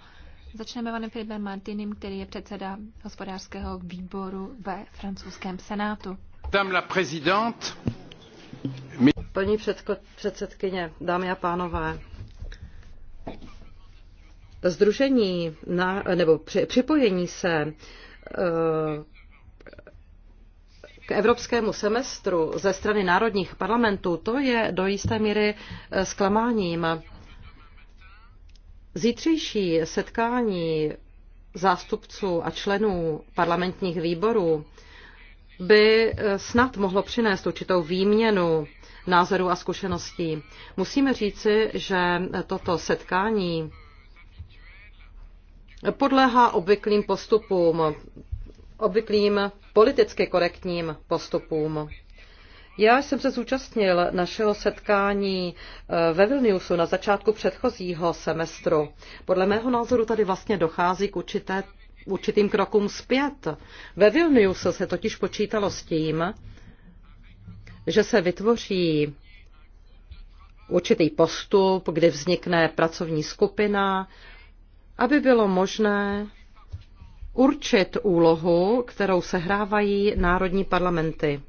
Začneme panem Filipem Martinem, který je předseda hospodářského výboru ve francouzském senátu. Paní předsedkyně, dámy a pánové, Združení na, nebo při, připojení se k evropskému semestru ze strany národních parlamentů, to je do jisté míry eh, zklamáním. Zítřejší setkání zástupců a členů parlamentních výborů by eh, snad mohlo přinést určitou výměnu názorů a zkušeností. Musíme říci, že toto setkání podléhá obvyklým postupům, obvyklým politicky korektním postupům. Já jsem se zúčastnil našeho setkání eh, ve Vilniusu na začátku předchozího semestru. Podle mého názoru tady vlastně dochází k určité, určitým krokům zpět. Ve Vilniusu se totiž počítalo s tím, že se vytvoří určitý postup, kdy vznikne pracovní skupina, aby bylo možné určit úlohu, kterou sehrávají národní parlamenty.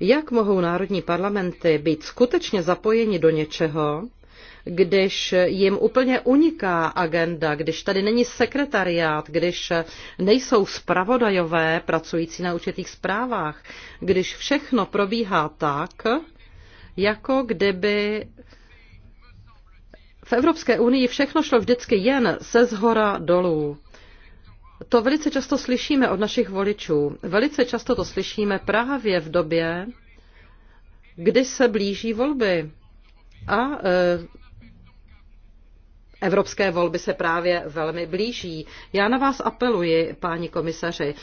Jak mohou národní parlamenty být skutečně zapojeni do něčeho, když jim úplně uniká agenda, když tady není sekretariát, když nejsou spravodajové pracující na určitých zprávách, když všechno probíhá tak, jako kdyby v Evropské unii všechno šlo vždycky jen se zhora dolů. To velice často slyšíme od našich voličů. Velice často to slyšíme právě v době, kdy se blíží volby. A e, evropské volby se právě velmi blíží. Já na vás apeluji, páni komisaři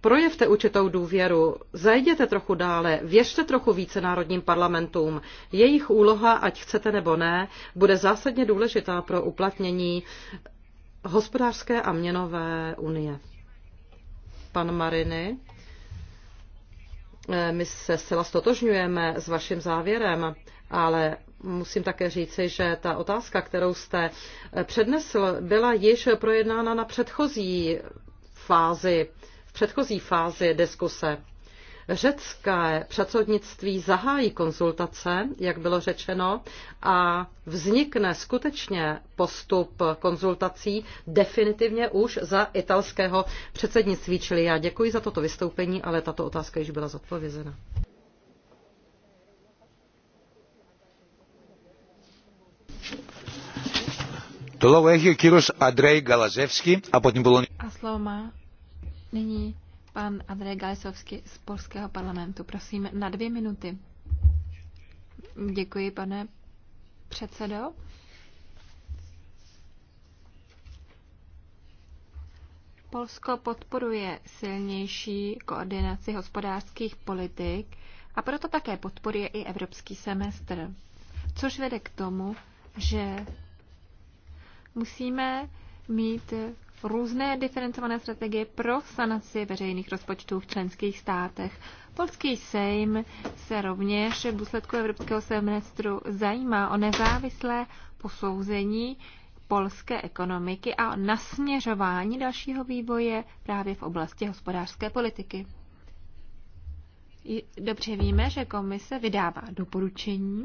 projevte určitou důvěru, zajděte trochu dále, věřte trochu více národním parlamentům. Jejich úloha, ať chcete nebo ne, bude zásadně důležitá pro uplatnění hospodářské a měnové unie. Pan Mariny, eh, my se zcela stotožňujeme s vaším závěrem, ale musím také říci, že ta otázka, kterou jste eh, přednesl, byla již projednána na předchozí fázi předchozí fázi diskuse. Řecké předsednictví zahájí konzultace, jak bylo řečeno, a vznikne skutečně postup konzultací definitivně už za italského předsednictví. Čili já děkuji za toto vystoupení, ale tato otázka již byla zodpovězena. a slovo má Nyní pan Andrej Galisovský z Polského parlamentu. Prosím, na dvě minuty. Děkuji, pane předsedo. Polsko podporuje silnější koordinaci hospodářských politik a proto také podporuje i evropský semestr, což vede k tomu, že musíme mít různé diferencované strategie pro sanaci veřejných rozpočtů v členských státech. Polský sejm se rovněž v důsledku evropského semestru zajímá o nezávislé posouzení polské ekonomiky a nasměřování dalšího vývoje právě v oblasti hospodářské politiky. Dobře víme, že komise vydává doporučení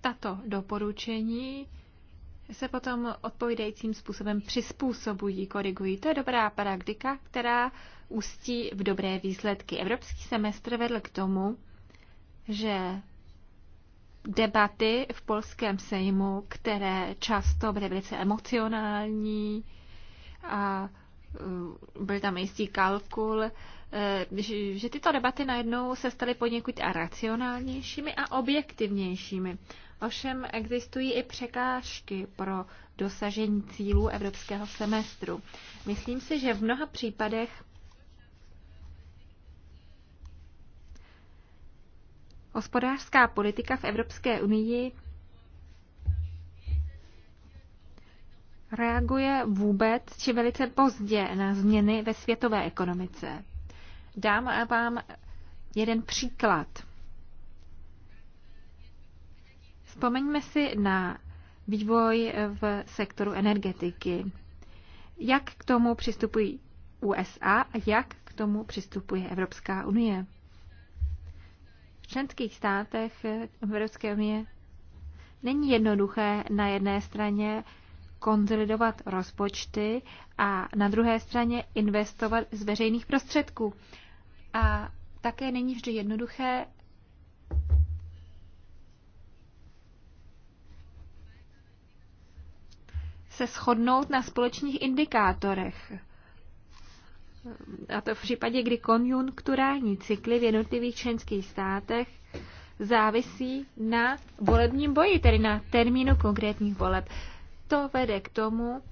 tato doporučení se potom odpovídajícím způsobem přizpůsobují, korigují. To je dobrá praktika, která ústí v dobré výsledky. Evropský semestr vedl k tomu, že debaty v polském sejmu, které často byly velice emocionální a uh, byl tam jistý kalkul, eh, že tyto debaty najednou se staly poněkud racionálnějšími a objektivnějšími. Ovšem existují i překážky pro dosažení cílů evropského semestru. Myslím si, že v mnoha případech hospodářská politika v Evropské unii reaguje vůbec či velice pozdě na změny ve světové ekonomice. Dám vám jeden příklad. Vzpomeňme si na vývoj v sektoru energetiky. Jak k tomu přistupují USA a jak k tomu přistupuje Evropská unie? V členských státech Evropské unie není jednoduché na jedné straně konzolidovat rozpočty a na druhé straně investovat z veřejných prostředků. A také není vždy jednoduché se shodnout na společných indikátorech. A to v případě, kdy konjunkturální cykly v jednotlivých členských státech závisí na volebním boji, tedy na termínu konkrétních voleb. To vede k tomu,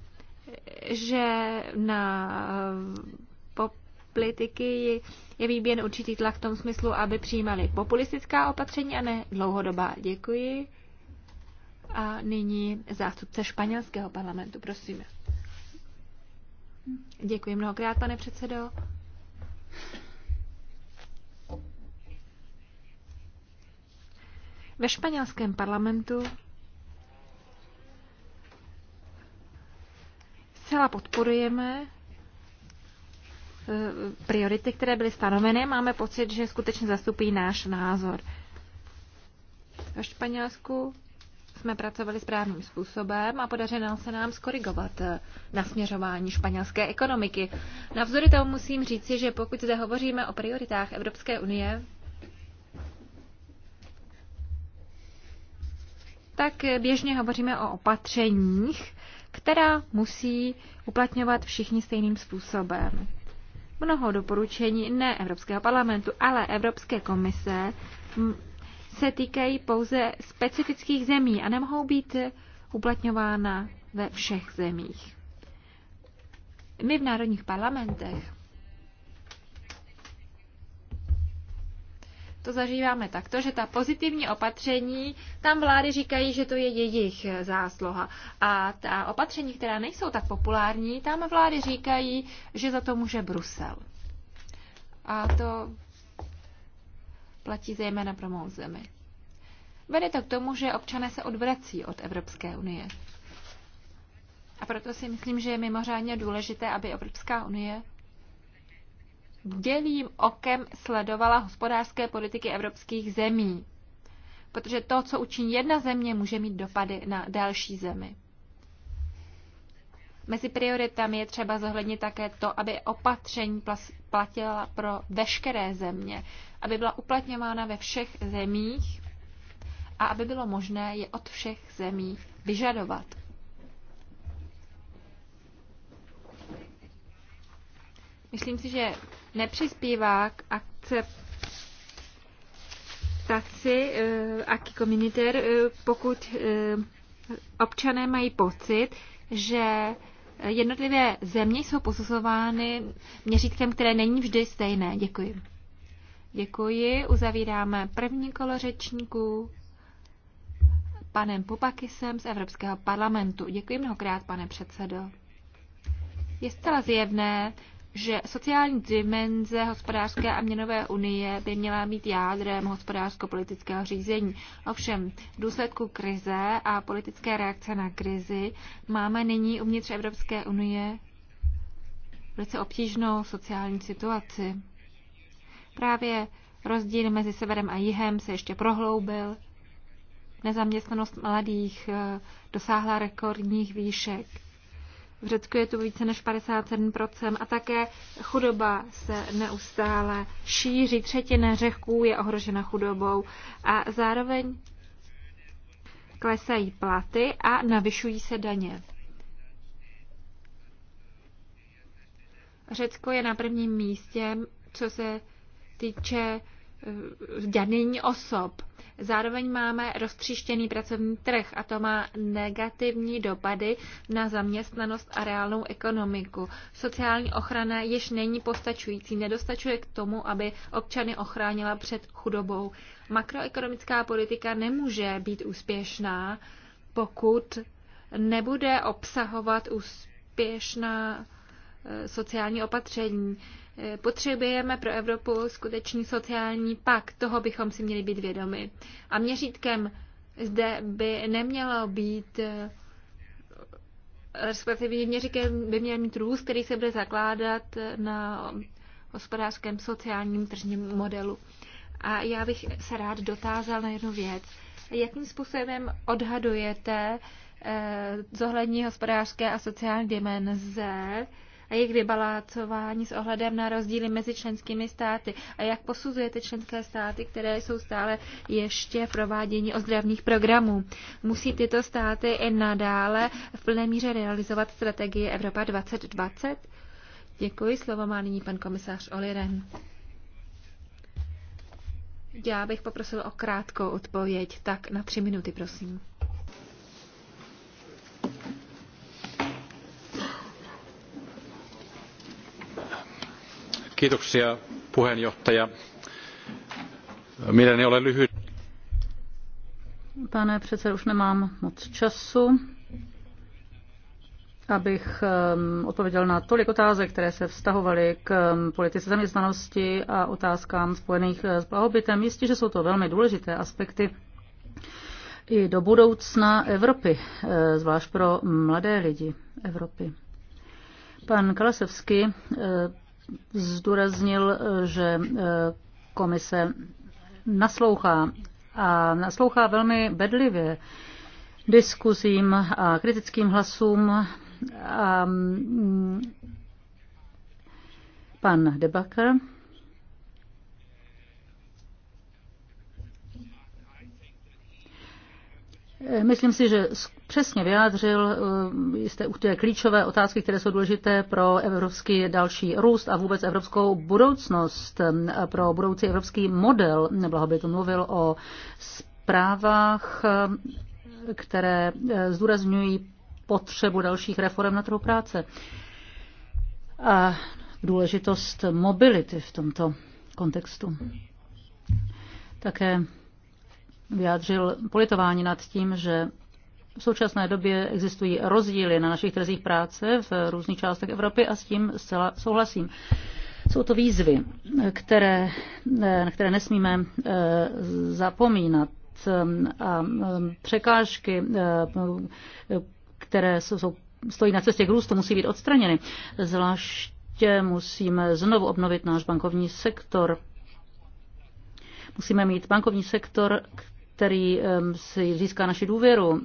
že na politiky je výběn určitý tlak v tom smyslu, aby přijímali populistická opatření a ne dlouhodobá. Děkuji. A nyní zástupce španělského parlamentu, prosím. Děkuji mnohokrát, pane předsedo. Ve španělském parlamentu zcela podporujeme e, priority, které byly stanoveny. Máme pocit, že skutečně zastupují náš názor. Ve Španělsku jsme pracovali správným způsobem a podařilo se nám skorigovat eh, nasměřování španělské ekonomiky. Navzory tomu musím říci, že pokud zde hovoříme o prioritách Evropské unie, tak eh, běžně hovoříme o opatřeních, která musí uplatňovat všichni stejným způsobem. Mnoho doporučení ne Evropského parlamentu, ale Evropské komise se týkají pouze specifických zemí a nemohou být uplatňována ve všech zemích. My v národních parlamentech to zažíváme takto, že ta pozitivní opatření, tam vlády říkají, že to je jejich zásloha. A ta opatření, která nejsou tak populární, tam vlády říkají, že za to může Brusel. A to platí zejména pro mou zemi. Vede to k tomu, že občané se odvrací od Evropské unie. A proto si myslím, že je mimořádně důležité, aby Evropská unie dělým okem sledovala hospodářské politiky evropských zemí. Protože to, co učiní jedna země, může mít dopady na další zemi. Mezi prioritami je třeba zohlednit také to, aby opatření platila pro veškeré země, aby byla uplatňována ve všech zemích a aby bylo možné je od všech zemí vyžadovat. Myslím si, že nepřispívá k akcept taci eh, aký komunitér, eh, pokud eh, občané mají pocit, že jednotlivé země jsou posuzovány měřítkem, které není vždy stejné. Děkuji. Děkuji. Uzavíráme první kolo řečníků panem Popakisem z Evropského parlamentu. Děkuji mnohokrát, pane předsedo. Je zcela zjevné, že sociální dimenze hospodářské a měnové unie by měla být jádrem hospodářsko-politického řízení. Ovšem, v důsledku krize a politické reakce na krizi máme nyní uvnitř Evropské unie velice obtížnou sociální situaci. Právě rozdíl mezi severem a jihem se ještě prohloubil. Nezaměstnanost mladých eh, dosáhla rekordních výšek v Řecku je to více než 57% a také chudoba se neustále šíří. Třetina Řeků je ohrožena chudobou a zároveň klesají platy a navyšují se daně. Řecko je na prvním místě, co se týče zdanění osob. Zároveň máme roztříštěný pracovní trh a to má negativní dopady na zaměstnanost a reálnou ekonomiku. Sociální ochrana již není postačující, nedostačuje k tomu, aby občany ochránila před chudobou. Makroekonomická politika nemůže být úspěšná, pokud nebude obsahovat úspěšná eh, sociální opatření. Potřebujeme pro Evropu skutečný sociální pakt, toho bychom si měli být vědomi. A měřítkem zde by nemělo být eh, respektive měřítkem by měl mít růst, který se bude zakládat na hospodářském sociálním tržním modelu. A já bych se rád dotázal na jednu věc. Jakým způsobem odhadujete eh, zohlední hospodářské a sociální dimenze a jejich vybalácování s ohledem na rozdíly mezi členskými státy? A jak posuzujete členské státy, které jsou stále ještě v provádění ozdravných programů? Musí tyto státy i nadále v plné míře realizovat strategii Evropa 2020? Děkuji, slovo má nyní pan komisář Oliren. Já bych poprosil o krátkou odpověď, tak na tři minuty, prosím. Pane předsedo, už nemám moc času, abych um, odpověděl na tolik otázek, které se vztahovaly k um, politice zaměstnanosti a otázkám spojených eh, s blahobytem. Jistě, že jsou to velmi důležité aspekty i do budoucna Evropy, eh, zvlášť pro mladé lidi Evropy. Pan Kalasevský eh, zdůraznil, eh, že eh, komise naslouchá a naslouchá velmi bedlivě diskuzím a kritickým hlasům. A mm, pan Debaker. Eh, myslím si, že přesně vyjádřil eh, jste u té klíčové otázky, které jsou důležité pro evropský další růst a vůbec evropskou budoucnost, eh, pro budoucí evropský model. to mluvil o zprávách, eh, které zdůrazňují potřebu dalších reform na trhu práce a důležitost mobility v tomto kontextu. Také vyjádřil politování nad tím, že v současné době existují rozdíly na našich trzích práce v různých částech Evropy a s tím zcela souhlasím. Jsou to výzvy, které, na které nesmíme eh, zapomínat eh, a eh, překážky, které jsou, stojí na cestě k růstu, musí být odstraněny. Zvláště musíme znovu obnovit náš bankovní sektor. Musíme mít bankovní sektor, který si získá naši důvěru,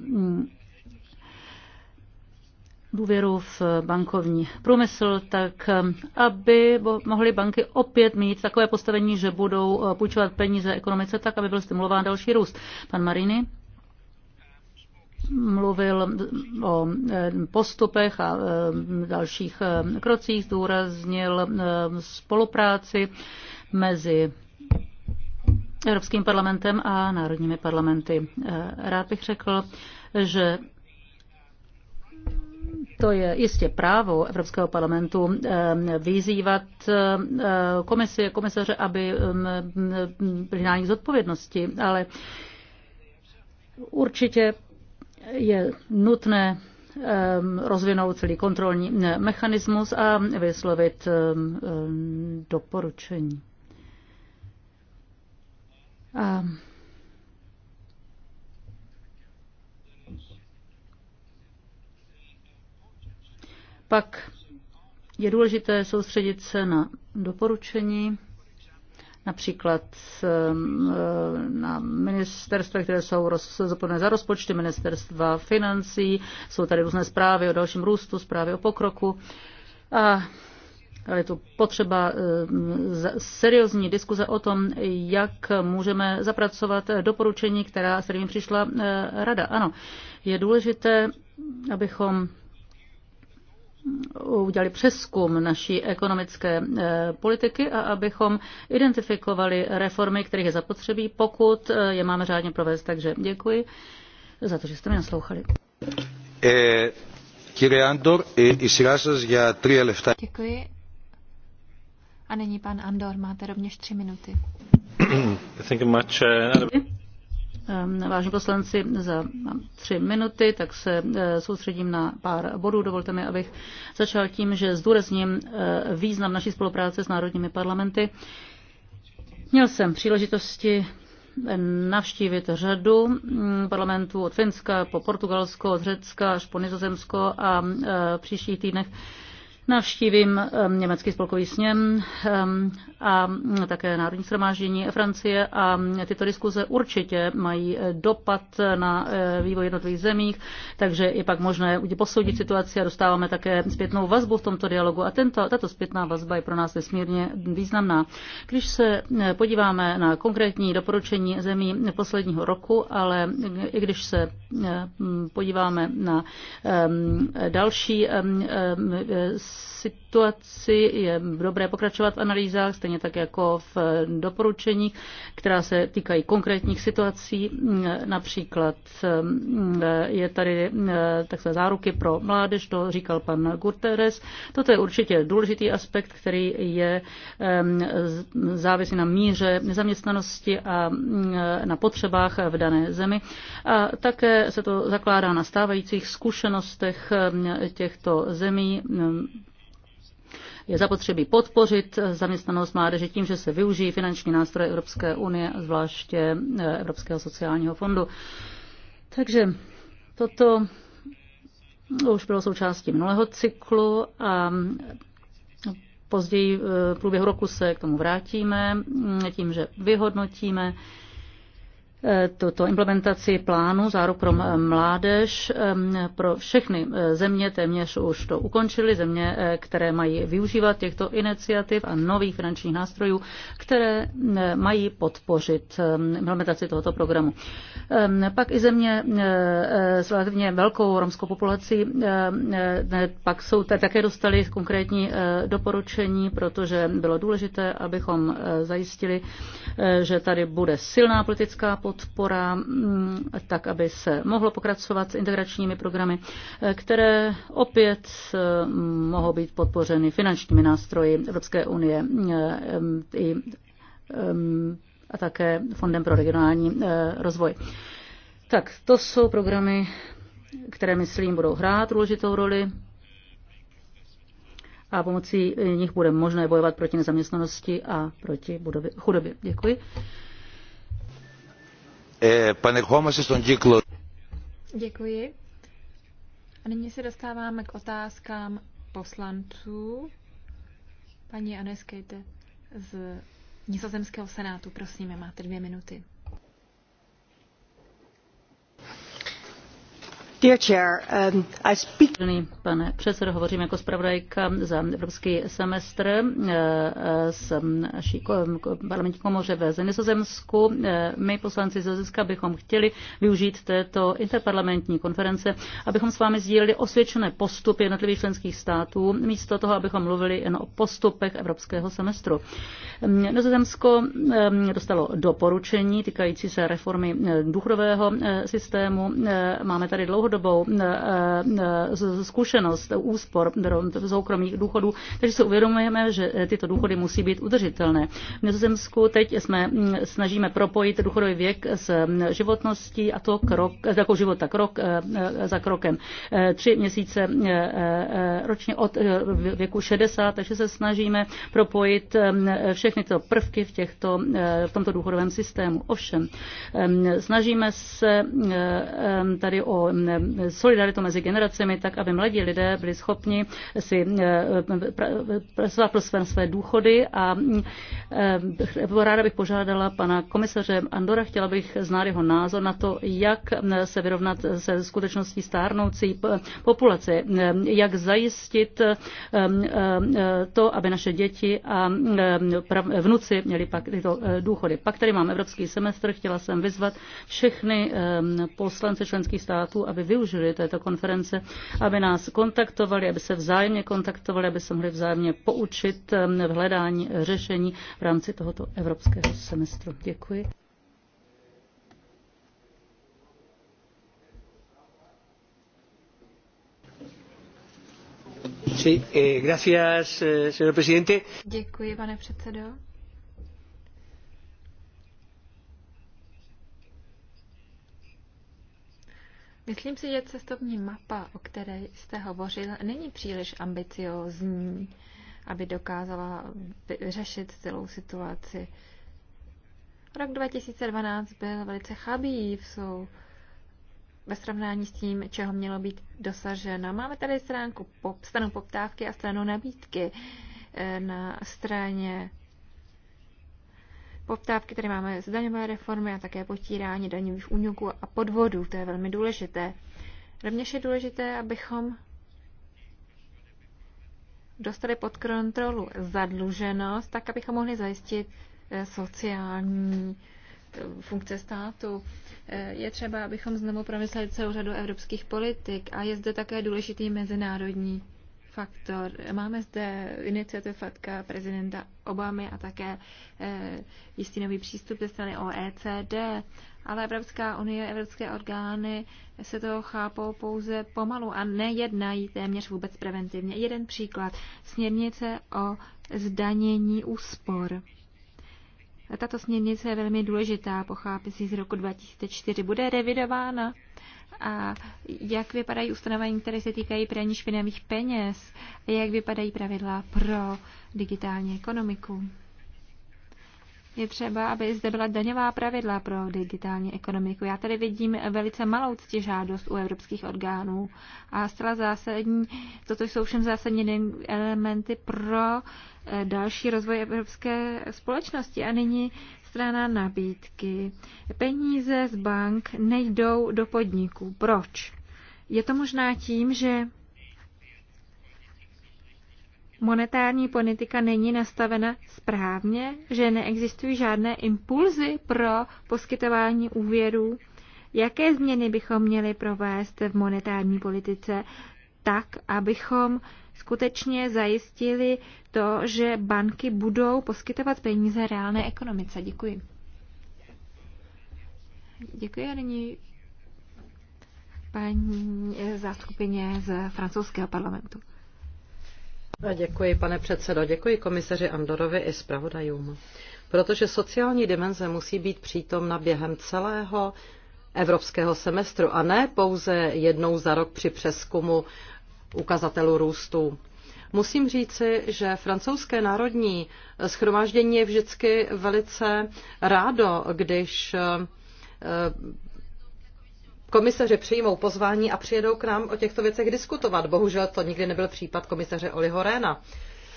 důvěru v bankovní průmysl, tak aby mohly banky opět mít takové postavení, že budou eh, půjčovat peníze ekonomice tak, aby byl stimulován další růst. Pan Marini? mluvil o postupech a dalších krocích, zdůraznil spolupráci mezi Evropským parlamentem a národními parlamenty. Eh, rád bych řekl, že to je jistě právo Evropského parlamentu eh, vyzývat eh, komisi, komisaře, aby nich zodpovědnosti, ale určitě je nutné rozvinout celý kontrolní mechanismus a vyslovit doporučení. A pak je důležité soustředit se na doporučení, například ehm, eh, na ministerstva, které jsou zodpovědné za rozpočty, ministerstva financí, jsou tady různé zprávy o dalším růstu, zprávy o pokroku. A ale je tu potřeba eh, seriózní diskuze o tom, jak můžeme zapracovat doporučení, která, s kterými přišla eh, rada. Ano, je důležité, abychom udělali přeskum naší ekonomické eh, politiky a abychom identifikovali reformy, kterých je zapotřebí, pokud je máme řádně provést. Takže děkuji za to, že jste mě naslouchali. Děkuji. A nyní pan Andor, máte rovněž tři minuty. Eh, ehm, vážení poslanci, za tři minuty, tak se eh, soustředím na pár bodů. Dovolte mi, abych začal tím, že zdůrazním eh, význam naší spolupráce s národními parlamenty. Měl jsem příležitosti navštívit řadu mm, parlamentů od Finska po Portugalsko, od Řecka až po Nizozemsko a v příštích týdnech Navštívím německý spolkový sněm a také Národní shromáždění Francie a tyto diskuze určitě mají eh, dopad na eh, vývoj jednotlivých zemích, takže je pak možné posoudit situaci a dostáváme také zpětnou vazbu v tomto dialogu a tento, tato zpětná vazba je pro nás nesmírně významná. Když se eh, podíváme na konkrétní doporučení zemí posledního roku, ale i když se podíváme na další situaci je dobré pokračovat v analýzách, stejně tak jako v doporučeních, která se týkají konkrétních situací. Například eh, je tady eh, takové záruky pro mládež, to říkal pan Guterres. Toto je určitě důležitý aspekt, který je závislý na míře nezaměstnanosti a eh, na potřebách v dané zemi. A také se to zakládá na stávajících zkušenostech těchto zemí, je zapotřebí podpořit zaměstnanost mládeže tím, že se využijí finanční nástroje Evropské unie, zvláště eh, Evropského sociálního fondu. Takže toto už bylo součástí minulého cyklu a později eh, v průběhu roku se k tomu vrátíme mm, tím, že vyhodnotíme Eh, tuto implementaci plánu záruk pro mládež pro všechny eh, země téměř už to ukončili, země, eh, které mají využívat těchto iniciativ a nových finančních nástrojů, které mají podpořit implementaci tohoto programu. Pak i země s relativně velkou romskou populací, pak jsou také dostali konkrétní doporučení, protože bylo důležité, abychom zajistili, že tady bude silná politická podpora, podpora, mm, tak aby se mohlo pokračovat s integračními programy, eh, které opět eh, mohou být podpořeny finančními nástroji Evropské unie eh, i a také Fondem pro regionální rozvoj. Tak to jsou programy, které, myslím, budou hrát důležitou roli a pomocí nich bude možné bojovat proti nezaměstnanosti a proti chudobě. Děkuji. Πανερχόμαστε eh, στον Děkuji. A nyní se dostáváme k otázkám poslanců. Paní Aneskejte z Nizozemského senátu, prosíme, máte dvě minuty. Dear um, Pane předsedo, hovořím jako zpravodajka za evropský semestr eh, eh, z naší parlamentní komoře ve Nizozemsku. Eh, my poslanci z Nizozemska bychom chtěli využít této interparlamentní konference, abychom s vámi sdíleli osvědčené postupy jednotlivých členských států, místo toho, abychom mluvili jen o postupech evropského semestru. Ehm, Nizozemsko ehm, dostalo doporučení týkající se reformy důchodového systému. Máme tady dlouho dlouhodobou eh, eh, zkušenost úspor v soukromých důchodů, takže si uvědomujeme, že eh, tyto důchody musí být udržitelné. V Nizozemsku teď jsme mm, snažíme propojit důchodový věk s mm, životností a to krok, jako života krok za krokem. Tři měsíce ročně od věku 60, takže se snažíme propojit mm, všechny tyto prvky v, těchto, v tomto důchodovém systému. Ovšem, snažíme se tady o solidaritu mezi generacemi, tak aby mladí lidé byli schopni si eh, pracovat pro své, své důchody a eh, ráda bych požádala pana komisaře Andora, chtěla bych znát jeho názor na to, jak eh, se vyrovnat se skutečností stárnoucí populace, jak zajistit to, aby naše děti a vnuci měli pak tyto důchody. Pak tady mám evropský semestr, chtěla jsem vyzvat všechny poslance členských států, aby využili této konference, aby nás kontaktovali, aby se vzájemně kontaktovali, aby se mohli vzájemně poučit v hledání řešení v rámci tohoto evropského semestru. Děkuji. Eh, gracias, eh, señor presidente. Děkuji, pane předsedo. Myslím si, že cestovní mapa, o které jste hovořil, není příliš ambiciózní, aby dokázala vyřešit celou situaci. Rok 2012 byl velice chabý v sou ve srovnání s tím, čeho mělo být dosaženo. Máme tady stránku pop, stranu poptávky a stranu nabídky. Eh, na straně poptávky, které máme z daňové reformy a také potírání daňových úniků a podvodů. To je velmi důležité. Rovněž je důležité, abychom dostali pod kontrolu zadluženost, tak abychom mohli zajistit eh, sociální eh, funkce státu. Eh, je třeba, abychom znovu promysleli celou řadu evropských politik a je zde také důležitý mezinárodní faktor. Máme zde iniciativu fatka prezidenta Obamy a také e, jistý nový přístup ze strany OECD, ale Evropská unie, evropské orgány se toho chápou pouze pomalu a nejednají téměř vůbec preventivně. Jeden příklad. Směrnice o zdanění úspor. Tato směrnice je velmi důležitá, si z roku 2004. Bude revidována a jak vypadají ustanovení, které se týkají praní špinavých peněz a jak vypadají pravidla pro digitální ekonomiku. Je třeba, aby zde byla daňová pravidla pro digitální ekonomiku. Já tady vidím velice malou ctižádost u evropských orgánů a zcela zásadní, toto jsou všem zásadní elementy pro eh, další rozvoj evropské společnosti. A nyní strana nabídky. Peníze z bank nejdou do podniků. Proč? Je to možná tím, že monetární politika není nastavena správně, že neexistují žádné impulzy pro poskytování úvěrů. Jaké změny bychom měli provést v monetární politice tak, abychom skutečně zajistili to, že banky budou poskytovat peníze reálné ekonomice. Děkuji. Děkuji nyní paní eh, zástupkyně z francouzského parlamentu. Děkuji, pane předsedo. Děkuji komisaři Andorovi i zpravodajům. Protože sociální dimenze musí být přítomna během celého evropského semestru a ne pouze jednou za rok při přeskumu ukazatelů růstu. Musím říci, že francouzské národní schromáždění je vždycky velice rádo, když eh, komisaři přijmou pozvání a přijedou k nám o těchto věcech diskutovat. Bohužel to nikdy nebyl případ komisaře Oliho Réna.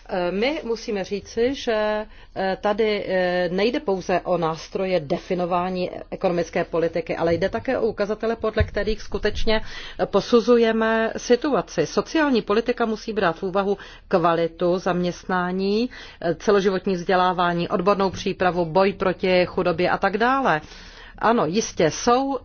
Eh, my musíme říci, že eh, tady eh, nejde pouze o nástroje definování ekonomické politiky, ale jde také o ukazatele, podle kterých skutečně posuzujeme situaci. Sociální politika musí brát v úvahu kvalitu zaměstnání, celoživotní vzdělávání, odbornou přípravu, boj proti chudobě a tak dále. Ano, jistě jsou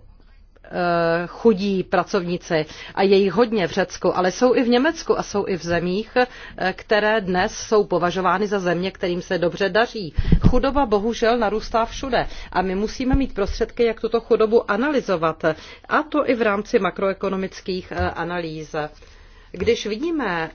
Eh, chudí pracovníci a je jich hodně v Řecku, ale jsou i v Německu a jsou i v zemích, eh, které dnes jsou považovány za země, kterým se dobře daří. Chudoba bohužel narůstá všude a my musíme mít prostředky, jak tuto chudobu analyzovat a to i v rámci makroekonomických eh, analýz. Když vidíme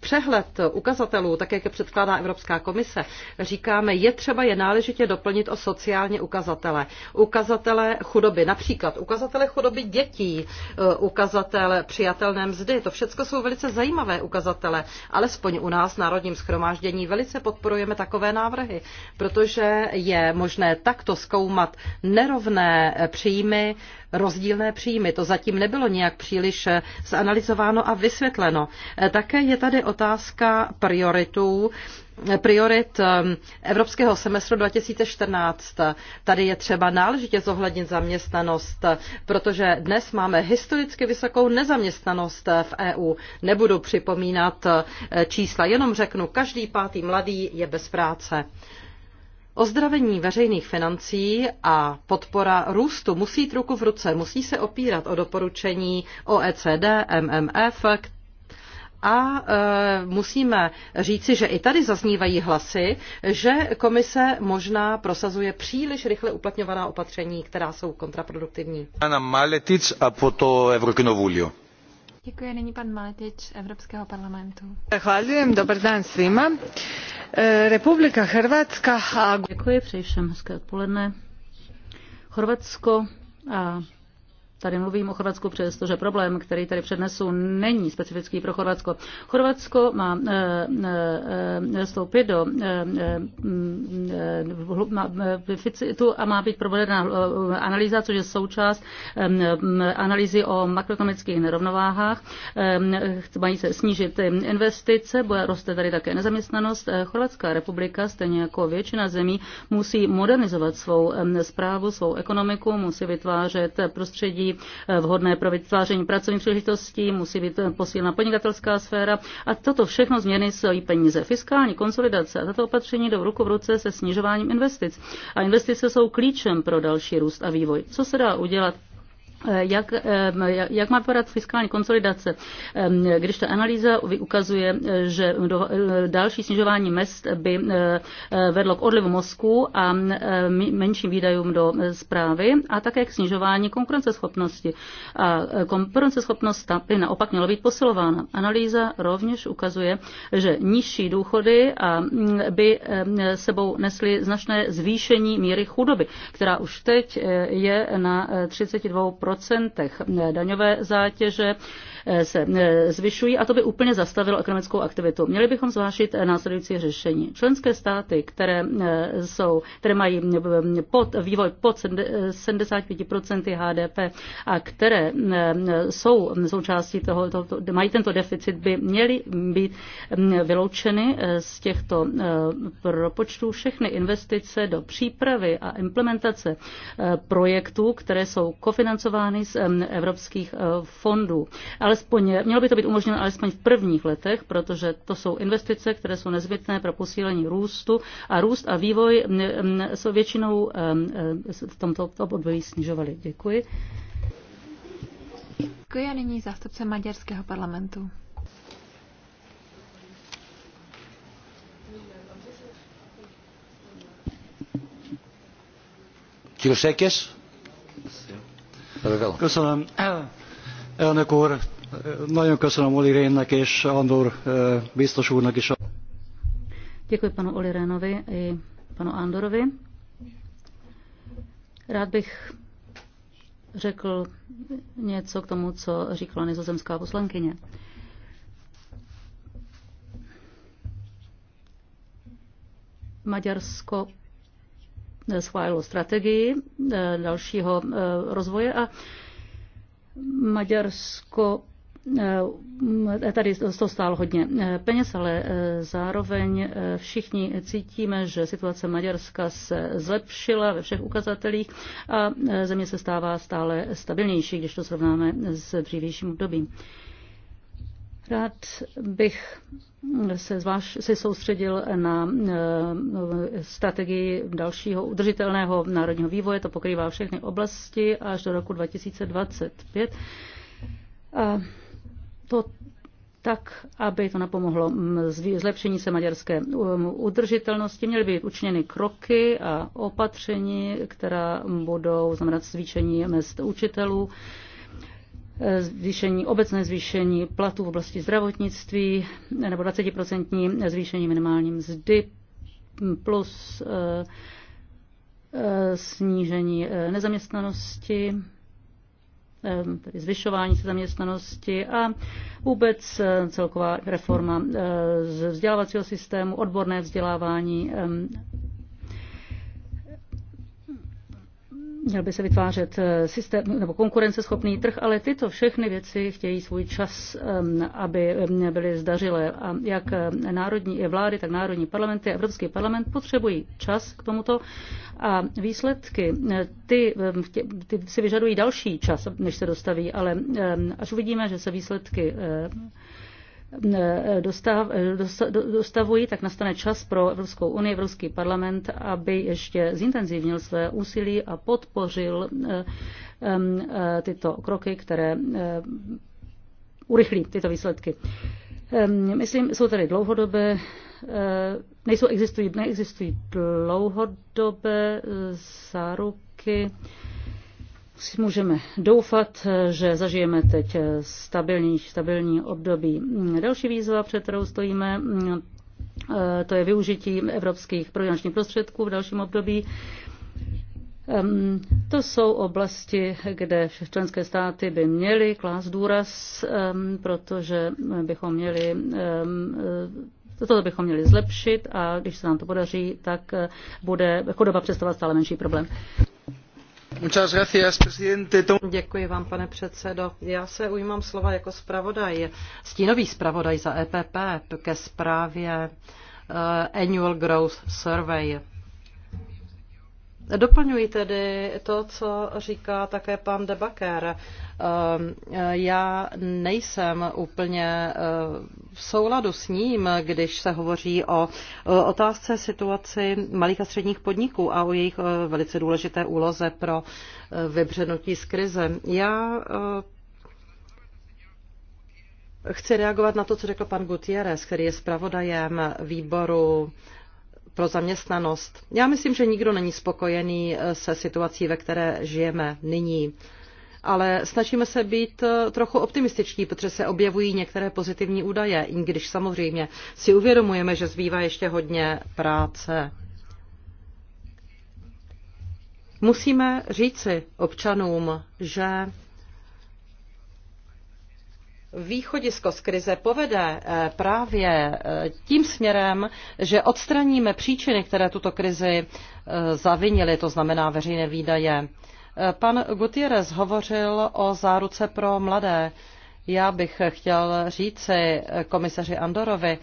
přehled ukazatelů, tak jak je předkládá Evropská komise, říkáme, je třeba je náležitě doplnit o sociálně ukazatele. Ukazatele chudoby, například ukazatele chudoby dětí, eh, ukazatele přijatelné mzdy, to všechno jsou velice zajímavé ukazatele. Alespoň u nás v Národním schromáždění velice podporujeme takové návrhy, protože je možné takto zkoumat nerovné příjmy rozdílné příjmy. To zatím nebylo nějak příliš eh, zanalizováno a vysvětleno. Eh, také je tady otázka prioritů eh, priorit Evropského semestru 2014. Tady je třeba náležitě zohlednit zaměstnanost, protože dnes máme historicky vysokou nezaměstnanost v EU. Nebudu připomínat čísla, jenom řeknu, každý pátý mladý je bez práce. Ozdravení veřejných financí a podpora růstu musí jít ruku v ruce, musí se opírat o doporučení OECD, MMF, a e, musíme říci, že i tady zaznívají hlasy, že komise možná prosazuje příliš rychle uplatňovaná opatření, která jsou kontraproduktivní. Anna Maletic a po to Děkuji, nyní pan Maletič Evropského parlamentu. Děkuji. dobrý den svýma. E, Republika Chorvatska a... Děkuji, přeji všem hezké odpoledne. Chorvatsko a Tady mluvím o Chorvatsku, přestože problém, který tady přednesu, není specifický pro Chorvatsko. Chorvatsko má eh, eh, eh, vstoupit do hm, hm, hm, deficitu a má být provedena analýza, což je součást analýzy o makroekonomických nerovnováhách. Mají se snížit investice, bude roste tady také nezaměstnanost. Chorvatská republika, stejně jako většina zemí, musí modernizovat svou zprávu, svou ekonomiku, musí vytvářet prostředí, Eh, vhodné pro vytváření pracovních příležitostí, musí být eh, posílena podnikatelská sféra a toto všechno změny stojí peníze. Fiskální konsolidace a tato opatření jdou ruku v ruce se snižováním investic. A investice jsou klíčem pro další růst a vývoj. Co se dá udělat Eh, jak, eh, jak má vypadat fiskální konsolidace, když ta analýza ukazuje, eh, že do, další snižování mest by vedlo k odlivu mozku a menším výdajům do zprávy a také k snižování konkurenceschopnosti. A konkurenceschopnost by naopak měla být posilována. Analýza rovněž ukazuje, že nižší důchody a mm, by sebou nesly značné zvýšení míry chudoby, která už teď je na 32 procentech daňové zátěže Eh, se eh, zvyšují a to by úplně zastavilo ekonomickou aktivitu. Měli bychom zvážit eh, následující řešení. Členské státy, které, jsou, které mají pod, vývoj pod 75% HDP a které jsou součástí toho, toho, toho, mají tento deficit, by měly být mm, vyloučeny z těchto propočtů všechny investice do přípravy a implementace projektů, které jsou kofinancovány z evropských fondů alespoň, mělo by to být umožněno alespoň v prvních letech, protože to jsou investice, které jsou nezbytné pro posílení růstu a růst a vývoj jsou většinou v tomto období snižovaly. Děkuji. Děkuji a nyní zástupce Maďarského parlamentu. Kiro Köszönöm. Elnök úr, Nagyon köszönöm Oli Rénnek és Andor eh, biztos úrnak is. Děkuji panu Oli Rénovi i panu Andorovi. Rád bych řekl něco k tomu, co říkala nizozemská poslankyně. Maďarsko eh, schválilo strategii eh, dalšího rozvoje a Maďarsko Eh, tady to stálo hodně eh, peněz, ale eh, zároveň všichni cítíme, že situace Maďarska se zlepšila ve všech ukazatelích a země se stává stále stabilnější, když to srovnáme s dřívějším obdobím. Rád bych se zvlášť se soustředil na strategii dalšího udržitelného národního vývoje. To pokrývá všechny oblasti až do roku 2025. A to tak, aby to napomohlo zlepšení se maďarské um, udržitelnosti. Měly být učiněny kroky a opatření, která budou znamenat zvýšení mest učitelů, eh, zvýšení, obecné zvýšení platů v oblasti zdravotnictví nebo 20% zvýšení minimální mzdy plus eh, eh, snížení nezaměstnanosti tedy zvyšování se zaměstnanosti a vůbec eh, celková reforma eh, vzdělávacího systému, odborné vzdělávání měl by se vytvářet eh, systém nebo konkurenceschopný trh, ale tyto všechny věci chtějí svůj čas, eh, aby eh, byly zdařilé. A jak národní vlády, tak národní parlamenty, Evropský parlament potřebují čas k tomuto a výsledky ty, ty si vyžadují další čas, než se dostaví, ale až uvidíme, že se výsledky dostavují, tak nastane čas pro Evropskou unii, Evropský parlament, aby ještě zintenzivnil své úsilí a podpořil eh, eh, tyto kroky, které eh, urychlí tyto výsledky. Myslím, jsou tady dlouhodobé, nejsou, existují, neexistují dlouhodobé záruky, můžeme doufat, že zažijeme teď stabilní, stabilní období. Další výzva, před kterou stojíme, to je využití evropských projenačních prostředků v dalším období. To jsou oblasti, kde členské státy by měly klást důraz, protože bychom měli toto bychom měli zlepšit a když se nám to podaří, tak bude chudoba jako představovat stále menší problém. Děkuji vám, pane předsedo. Já se ujímám slova jako stínový zpravodaj za ppe ke zprávě eh, Annual Growth Survey Doplňuji tedy to, co říká také pan Debaker. Ehm, já nejsem úplně eh, v souladu s ním, když se hovoří o otázce situaci malých a středních podniků a o jejich eh, velice důležité úloze pro eh, vybřednutí z krize. Já chci reagovat na to, co řekl pan Gutierrez, který je zpravodajem výboru pro zaměstnanost. Já myslím, že nikdo není spokojený eh, se situací, ve které žijeme nyní. Ale snažíme se být eh, trochu optimističtí, protože se objevují některé pozitivní údaje, i když samozřejmě si uvědomujeme, že zbývá ještě hodně práce. Musíme říci občanům, že východisko z krize povede eh, právě eh, tím směrem, že odstraníme příčiny, které tuto krizi eh, zavinily, to znamená veřejné výdaje. Pan Gutierrez hovořil o záruce pro mladé. Já bych chtěl říci komisaři Andorovi,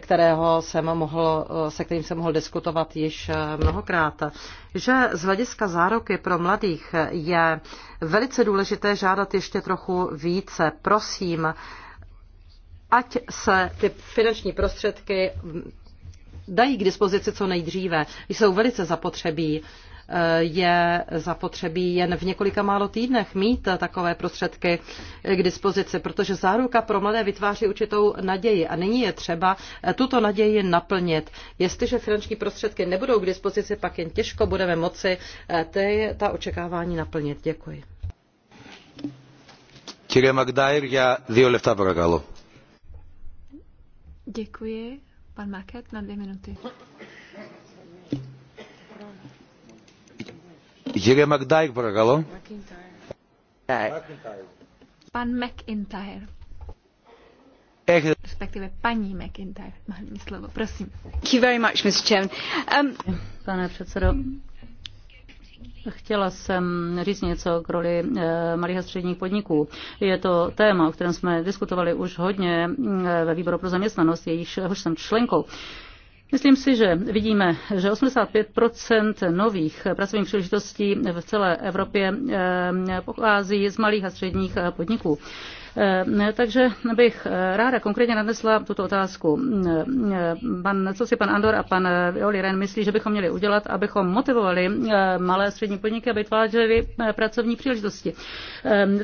kterého jsem mohl, se kterým jsem mohl diskutovat již mnohokrát, že z hlediska záruky pro mladých je velice důležité žádat ještě trochu více. Prosím, ať se ty finanční prostředky dají k dispozici co nejdříve. Jsou velice zapotřebí je zapotřebí jen v několika málo týdnech mít takové prostředky k dispozici, protože záruka pro mladé vytváří určitou naději a nyní je třeba tuto naději naplnit. Jestliže finanční prostředky nebudou k dispozici, pak jen těžko budeme moci eh, ty, ta očekávání naplnit. Děkuji. Kyrie Magdair, já dvě levta progalo. Děkuji. Pan Maket na dvě minuty. Κύριε Μακντάιρ, Pan McIntyre. Respektive paní McIntyre Máme slovo, prosím. Thank you very much, Mr. Chairman. Um... Pane předsedo, Chtěla jsem říct něco k roli eh, malých a středních podniků. Je to téma, o kterém jsme diskutovali už hodně mm, eh, ve výboru pro zaměstnanost, jejíž jsem členkou. Myslím si, že vidíme, že 85 nových pracovních příležitostí v celé Evropě eh, pochází z malých a středních eh, podniků. Eh, eh, takže bych eh, ráda konkrétně nadnesla tuto otázku. Pan, co si pan Andor a pan Joli Ren myslí, že bychom měli udělat, abychom motivovali malé a střední podniky, aby tvářili pracovní příležitosti.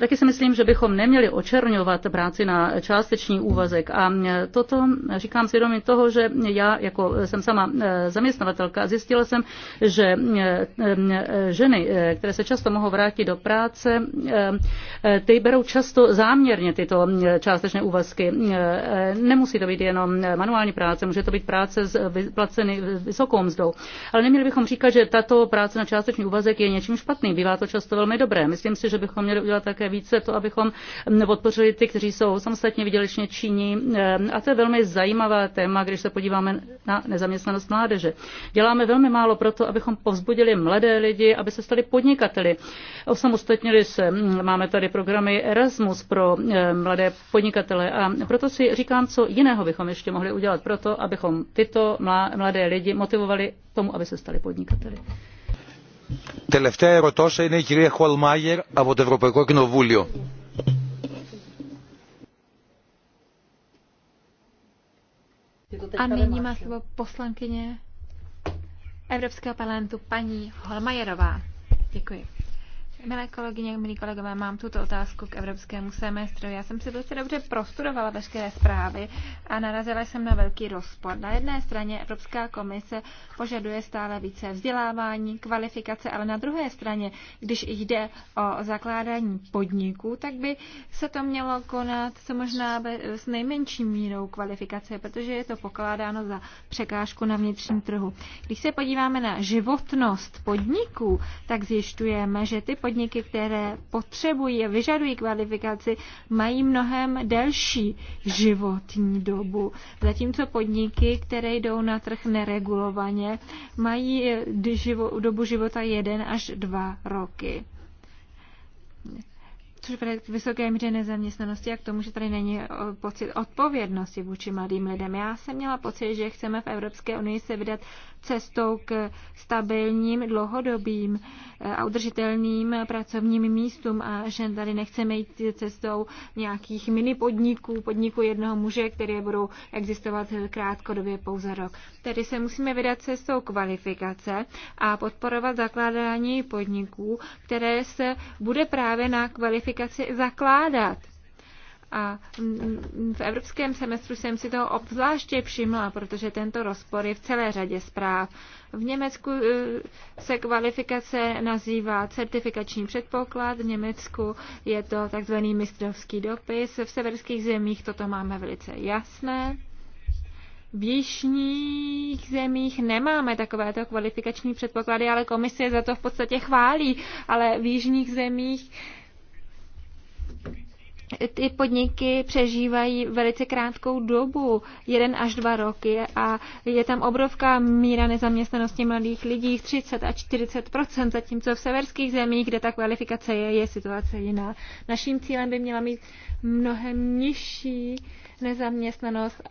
Taky si myslím, že bychom neměli očerňovat práci na částečný úvazek. A toto říkám svědomí toho, že já jako jsem sama zaměstnavatelka zjistila jsem, že ženy, které se často mohou vrátit do práce, ty berou často záměr poměrně tyto částečné úvazky. Nemusí to být jenom manuální práce, může to být práce s placeny vysokou mzdou. Ale neměli bychom říkat, že tato práce na částečný úvazek je něčím špatným. Bývá to často velmi dobré. Myslím si, že bychom měli udělat také více to, abychom podpořili ty, kteří jsou samostatně vydělečně činní. A to je velmi zajímavé téma, když se podíváme na nezaměstnanost mládeže. Děláme velmi málo pro to, abychom povzbudili mladé lidi, aby se stali podnikateli. Osamostatnili se. Máme tady programy Erasmus pro Eh, mladé podnikatele. A proto si říkám, co jiného bychom ještě mohli udělat proto, abychom tyto mladé lidi motivovali tomu, aby se stali podnikateli. Τελευταία ερωτώσα είναι η κυρία Χολμάγερ από το Ευρωπαϊκό Κοινοβούλιο. A nyní má slovo poslankyně Evropského parlamentu paní Holmajerová. Děkuji. Milé kolegyně, milí kolegové, mám tuto otázku k evropskému semestru. Já jsem si velice dobře prostudovala veškeré zprávy a narazila jsem na velký rozpor. Na jedné straně Evropská komise požaduje stále více vzdělávání, kvalifikace, ale na druhé straně, když jde o zakládání podniků, tak by se to mělo konat co možná s nejmenší mírou kvalifikace, protože je to pokládáno za překážku na vnitřním trhu. Když se podíváme na životnost podniků, tak zjišťujeme, že ty podniky, které potřebují a vyžadují kvalifikaci, mají mnohem delší životní dobu. Zatímco podniky, které jdou na trh neregulovaně, mají dobu života jeden až dva roky což je k vysoké míře nezaměstnanosti a k tomu, že tady není eh, pocit odpovědnosti vůči mladým lidem. Já jsem měla pocit, že chceme v Evropské unii se vydat cestou k stabilním, dlouhodobým eh, a udržitelným pracovním místům a že tady nechceme jít cestou nějakých mini podniků, podniků jednoho muže, které budou existovat krátkodobě pouze rok. Tedy se musíme vydat cestou kvalifikace a podporovat zakládání podniků, které se bude právě na kvalifikaci zakládat. A mm, v evropském semestru jsem si toho obzvláště všimla, protože tento rozpor je v celé řadě zpráv. V Německu eh, se kvalifikace nazývá certifikační předpoklad, v Německu je to takzvaný mistrovský dopis, v severských zemích toto máme velice jasné. V jižních zemích nemáme takovéto kvalifikační předpoklady, ale komise za to v podstatě chválí, ale v jižních zemích ty podniky přežívají velice krátkou dobu, jeden až dva roky a je tam obrovská míra nezaměstnanosti mladých lidí, 30 a 40 zatímco v severských zemích, kde ta kvalifikace je, je situace jiná. Naším cílem by měla mít mnohem nižší nezaměstnanost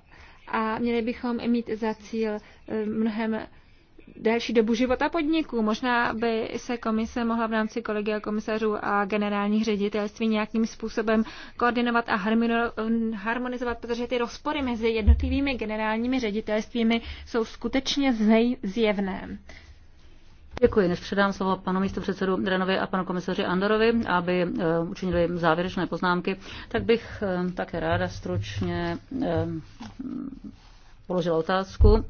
a měli bychom mít za cíl eh, mnohem delší dobu života podniků. Možná by se komise mohla v rámci kolegia komisařů a generálních ředitelství nějakým způsobem koordinovat a harmonizovat, protože ty rozpory mezi jednotlivými generálními ředitelstvími jsou skutečně zjevné. Děkuji. Než předám slovo panu předsedu Drenovi a panu komisaři Andorovi, aby eh, učinili závěrečné poznámky, tak bych eh, také ráda stručně eh, položila otázku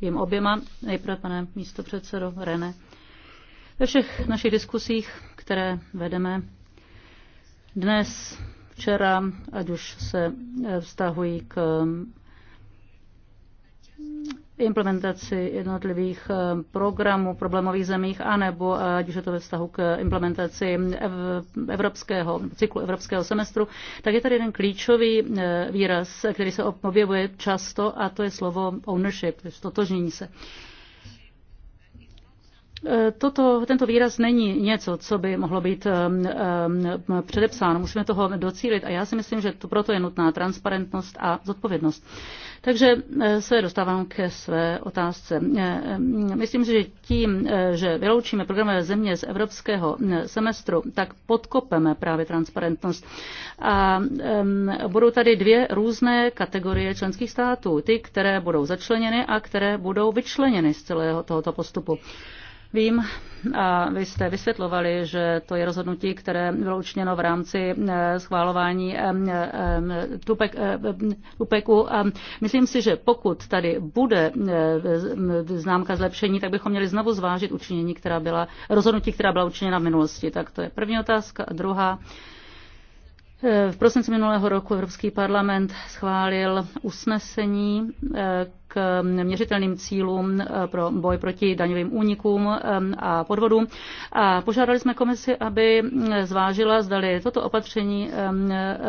jim oběma. Nejprve, pane předsedo René, ve všech našich diskusích, které vedeme dnes, včera, ať už se vztahují k implementaci jednotlivých eh, programů v problémových zemích, anebo eh, ať už je to ve vztahu k implementaci evropského cyklu evropského semestru, tak je tady jeden klíčový eh, výraz, který se objevuje často a to je slovo ownership, totožnění se. Toto, tento výraz není něco, co by mohlo být um, um, předepsáno. Musíme toho docílit a já si myslím, že to proto je nutná transparentnost a zodpovědnost. Takže eh, se dostávám ke své otázce. Eh, eh, myslím si, že tím, že vyloučíme programové země z evropského semestru, tak podkopeme právě transparentnost. A budou tady dvě různé kategorie členských států. Ty, které budou začleněny a které budou vyčleněny z celého tohoto postupu. Vím, a vy jste vysvětlovali, že to je rozhodnutí, které bylo učiněno v rámci e, schválování e, e, tupek, tupeku. Myslím si, že pokud tady bude známka zlepšení, tak bychom měli znovu zvážit učinění, která byla, rozhodnutí, která byla učiněna v minulosti. Tak to je první otázka. A druhá, v prosinci minulého roku Evropský parlament schválil usnesení eh, k měřitelným cílům eh, pro boj proti daňovým únikům eh, a podvodům a požádali jsme komisi, aby zvážila, zdali toto opatření,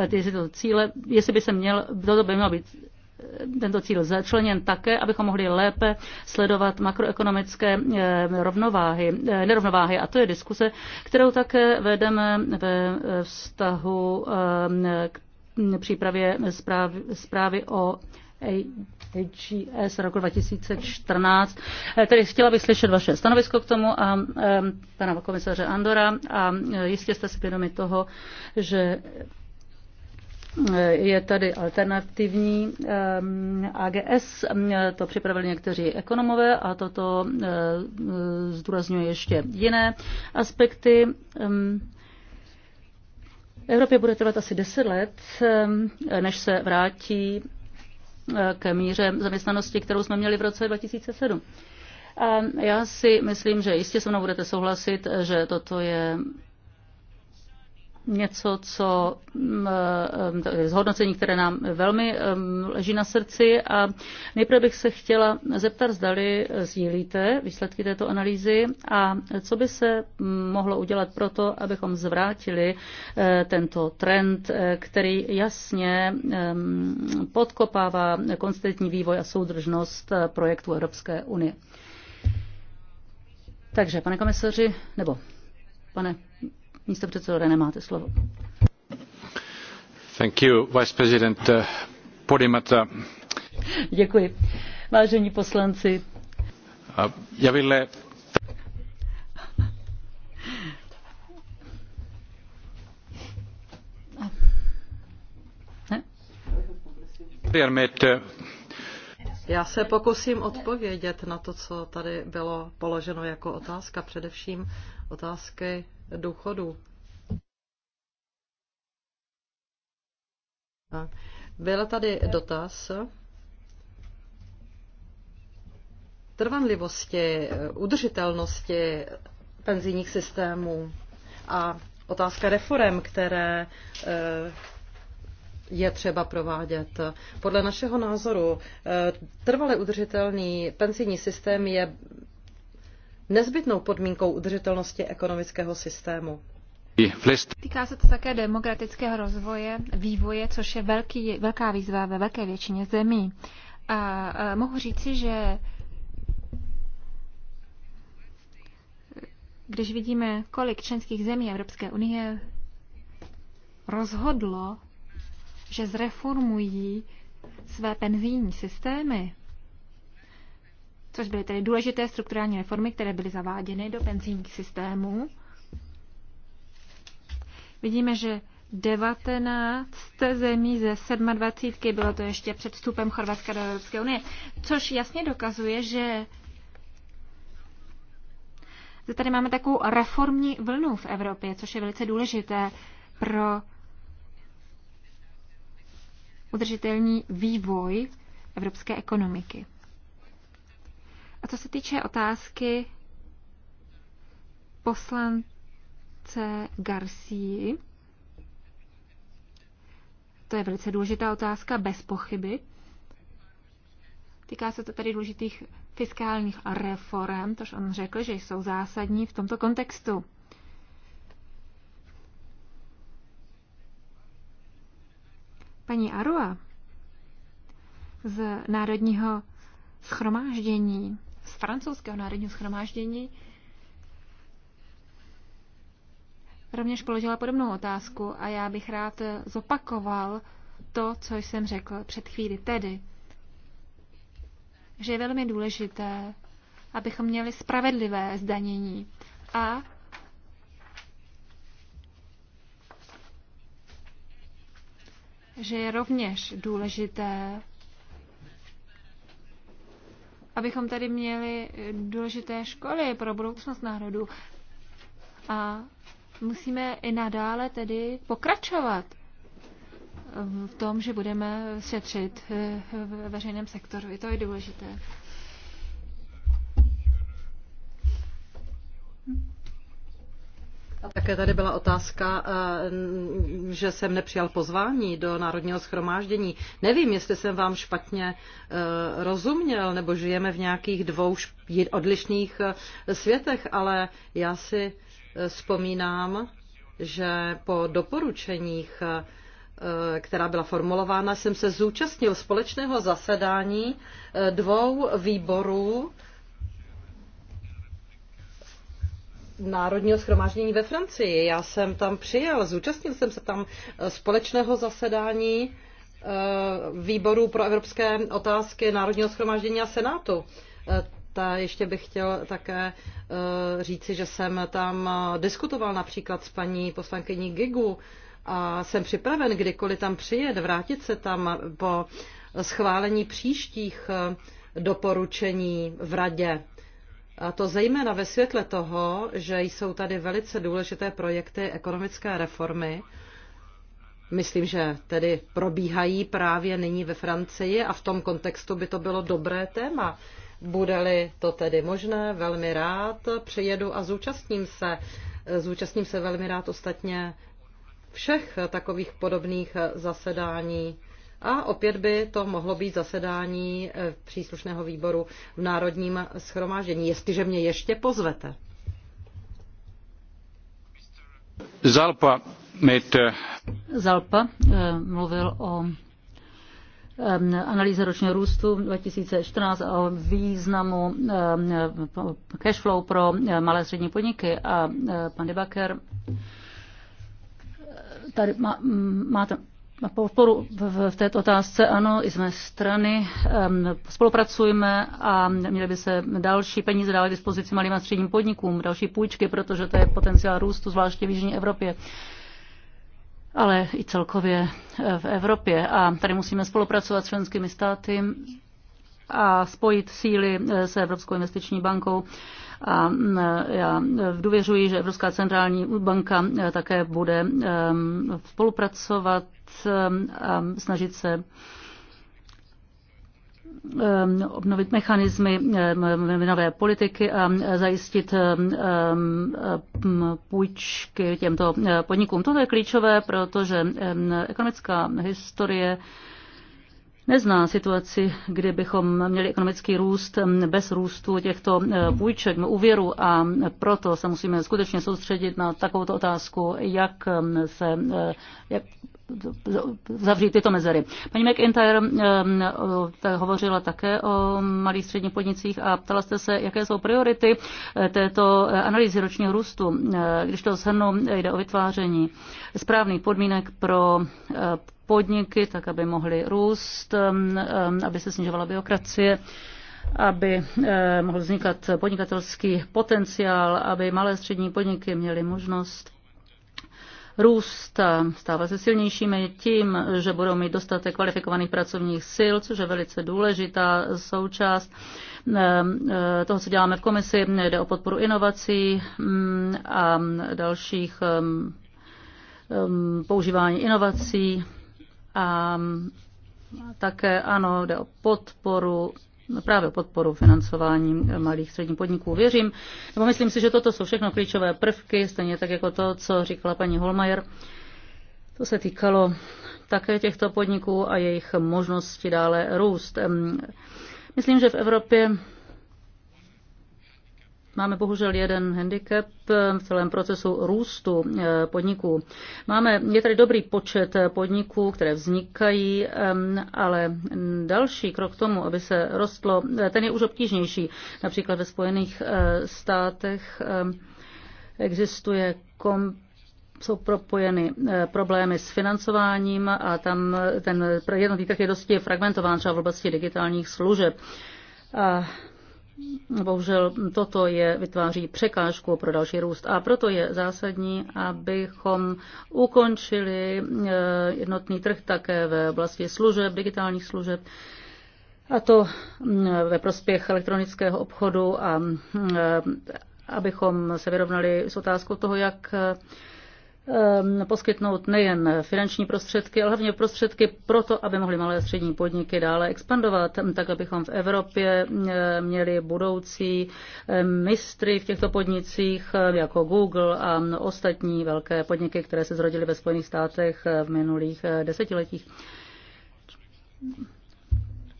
tyto cíle, jestli by se měl, toto by mělo být tento cíl začleněn také, abychom mohli lépe sledovat makroekonomické eh, rovnováhy, eh, nerovnováhy. A to je diskuse, kterou také vedeme ve vztahu eh, k přípravě zprávy, zprávy o AGS roku 2014. Tedy chtěla bych slyšet vaše stanovisko k tomu a pana komisaře Andora a jistě jste si vědomi toho, že je tady alternativní eh, AGS, to připravili někteří ekonomové a toto eh, zdůrazňuje ještě jiné aspekty. Eh, Evropě bude trvat asi 10 let, než se vrátí k míře zaměstnanosti, kterou jsme měli v roce 2007. A já si myslím, že jistě se mnou budete souhlasit, že toto je něco, co mm, mm, zhodnocení, které nám velmi mm, leží na srdci. A nejprve bych se chtěla zeptat, zdali sdílíte výsledky této analýzy a co by se mohlo udělat pro to, abychom zvrátili eh, tento trend, eh, který jasně podkopává konstantní vývoj a soudržnost eh, projektu Evropské unie. Takže, pane komisaři, nebo pane Místo předsedo René, máte slovo. Thank you, Vice President eh, Podimata. Děkuji. Vážení poslanci. já eh, Javille. Já se pokusím odpovědět na to, co tady bylo položeno jako otázka, především otázky důchodů. Byl tady dotaz trvanlivosti, udržitelnosti penzijních systémů a otázka reform, které eh, je třeba provádět. Podle našeho názoru eh, trvale udržitelný penzijní systém je nezbytnou podmínkou udržitelnosti ekonomického systému. Týká se to také demokratického rozvoje, vývoje, což je velký, velká výzva ve velké většině zemí. A, a mohu říci, že když vidíme, kolik členských zemí Evropské unie rozhodlo, že zreformují své penzijní systémy, což byly tedy důležité strukturální reformy, které byly zaváděny do penzijních systémů. Vidíme, že 19 zemí ze 27, bylo to ještě před vstupem Chorvatska do Evropské unie, což jasně dokazuje, že tady máme takovou reformní vlnu v Evropě, což je velice důležité pro udržitelný vývoj evropské ekonomiky. A co se týče otázky poslance Garcii, to je velice důležitá otázka, bez pochyby. Týká se to tady důležitých fiskálních reform, tož on řekl, že jsou zásadní v tomto kontextu. Paní Arua z Národního schromáždění francouzského národního schromáždění rovněž položila podobnou otázku a já bych rád zopakoval to, co jsem řekl před chvíli. Tedy, že je velmi důležité, abychom měli spravedlivé zdanění a že je rovněž důležité, abychom tady měli eh, důležité školy pro budoucnost národů. A musíme i nadále tedy pokračovat v tom, že budeme šetřit eh, ve veřejném sektoru. I to je důležité. Také tady byla otázka, eh, že jsem nepřijal pozvání do Národního schromáždění. Nevím, jestli jsem vám špatně eh, rozuměl, nebo žijeme v nějakých dvou odlišných eh, světech, ale já si vzpomínám, že po doporučeních, která byla formulována, jsem se zúčastnil společného zasedání dvou výborů národního schromáždění ve Francii. Já jsem tam přijel, zúčastnil jsem se tam eh, společného zasedání eh, výboru pro evropské otázky Národního schromáždění a Senátu. Eh, ta ještě bych chtěl také říci, že jsem tam diskutoval například s paní poslankyní Gigu a jsem připraven kdykoliv tam přijet, vrátit se tam po schválení příštích doporučení v radě a to zejména ve světle toho, že jsou tady velice důležité projekty ekonomické reformy. Myslím, že tedy probíhají právě nyní ve Francii a v tom kontextu by to bylo dobré téma. Bude-li to tedy možné, velmi rád přijedu a zúčastním se. Zúčastním se velmi rád ostatně všech takových podobných zasedání a opět by to mohlo být zasedání eh, příslušného výboru v Národním schromáždění, jestliže mě ještě pozvete. Zalpa, mit... Eh, Zalpa eh, mluvil o analýze ročního růstu 2014 a o významu cashflow pro malé a střední podniky. A pan Debaker, tady má, máte na podporu v této otázce. Ano, i z mé strany spolupracujeme a měly by se další peníze dále k dispozici malým a středním podnikům, další půjčky, protože to je potenciál růstu, zvláště v Jižní Evropě ale i celkově eh, v Evropě. A tady musíme spolupracovat s členskými státy a spojit síly eh, se Evropskou investiční bankou. A mm, eh, já důvěřuji, že Evropská centrální banka také bude spolupracovat a um, um, snažit se um, obnovit mechanismy měnové politiky a zajistit půjčky těmto uh, podnikům. Toto je klíčové, protože ekonomická historie nezná situaci, kdy bychom měli ekonomický růst bez růstu těchto uh, půjček, no, úvěru a proto se musíme skutečně soustředit na takovou otázku, jak se uh, jak zavřít tyto mezery. Paní McIntyre um, hovořila také o malých středních podnicích a ptala jste se, jaké jsou priority eh, této eh, analýzy ročního růstu. Eh, když to shrnu, jde o vytváření správných podmínek pro podniky, tak aby mohly růst, aby se snižovala byrokracie aby mohl vznikat podnikatelský potenciál, aby malé střední podniky měly možnost růst, stává se silnějšími tím, že budou mít dostatek kvalifikovaných pracovních sil, což je velice důležitá součást ehm, eh, toho, co děláme v komisi. Jde o podporu inovací mm, a dalších ehm, ehm, používání inovací mm, a také ano, jde o podporu No, právě podporu financování eh, malých středních podniků. Věřím, nebo myslím si, že toto jsou všechno klíčové prvky, stejně tak jako to, co říkala paní Holmajer. To se týkalo také těchto podniků a jejich možnosti dále růst. Myslím, že v Evropě Máme bohužel jeden handicap v celém procesu růstu eh, podniků. Máme, je tady dobrý počet eh, podniků, které vznikají, eh, ale další krok k tomu, aby se rostlo, ten je už obtížnější. Například ve Spojených státech existuje kom jsou propojeny problémy s financováním a tam ten jednotný trh je dosti fragmentován třeba v oblasti digitálních služeb. A bohužel toto je, vytváří překážku pro další růst. A proto je zásadní, abychom ukončili eh, jednotný trh také ve oblasti služeb, digitálních služeb, a to mm, ve prospěch elektronického obchodu a mm, eh, abychom se vyrovnali s otázkou toho, jak Ehm, poskytnout nejen finanční prostředky, ale hlavně prostředky pro to, aby mohly malé a střední podniky dále expandovat, tak abychom v Evropě ehm, měli budoucí ehm, mistry v těchto podnicích jako Google a ostatní velké podniky, které se zrodily ve Spojených státech v minulých desetiletích.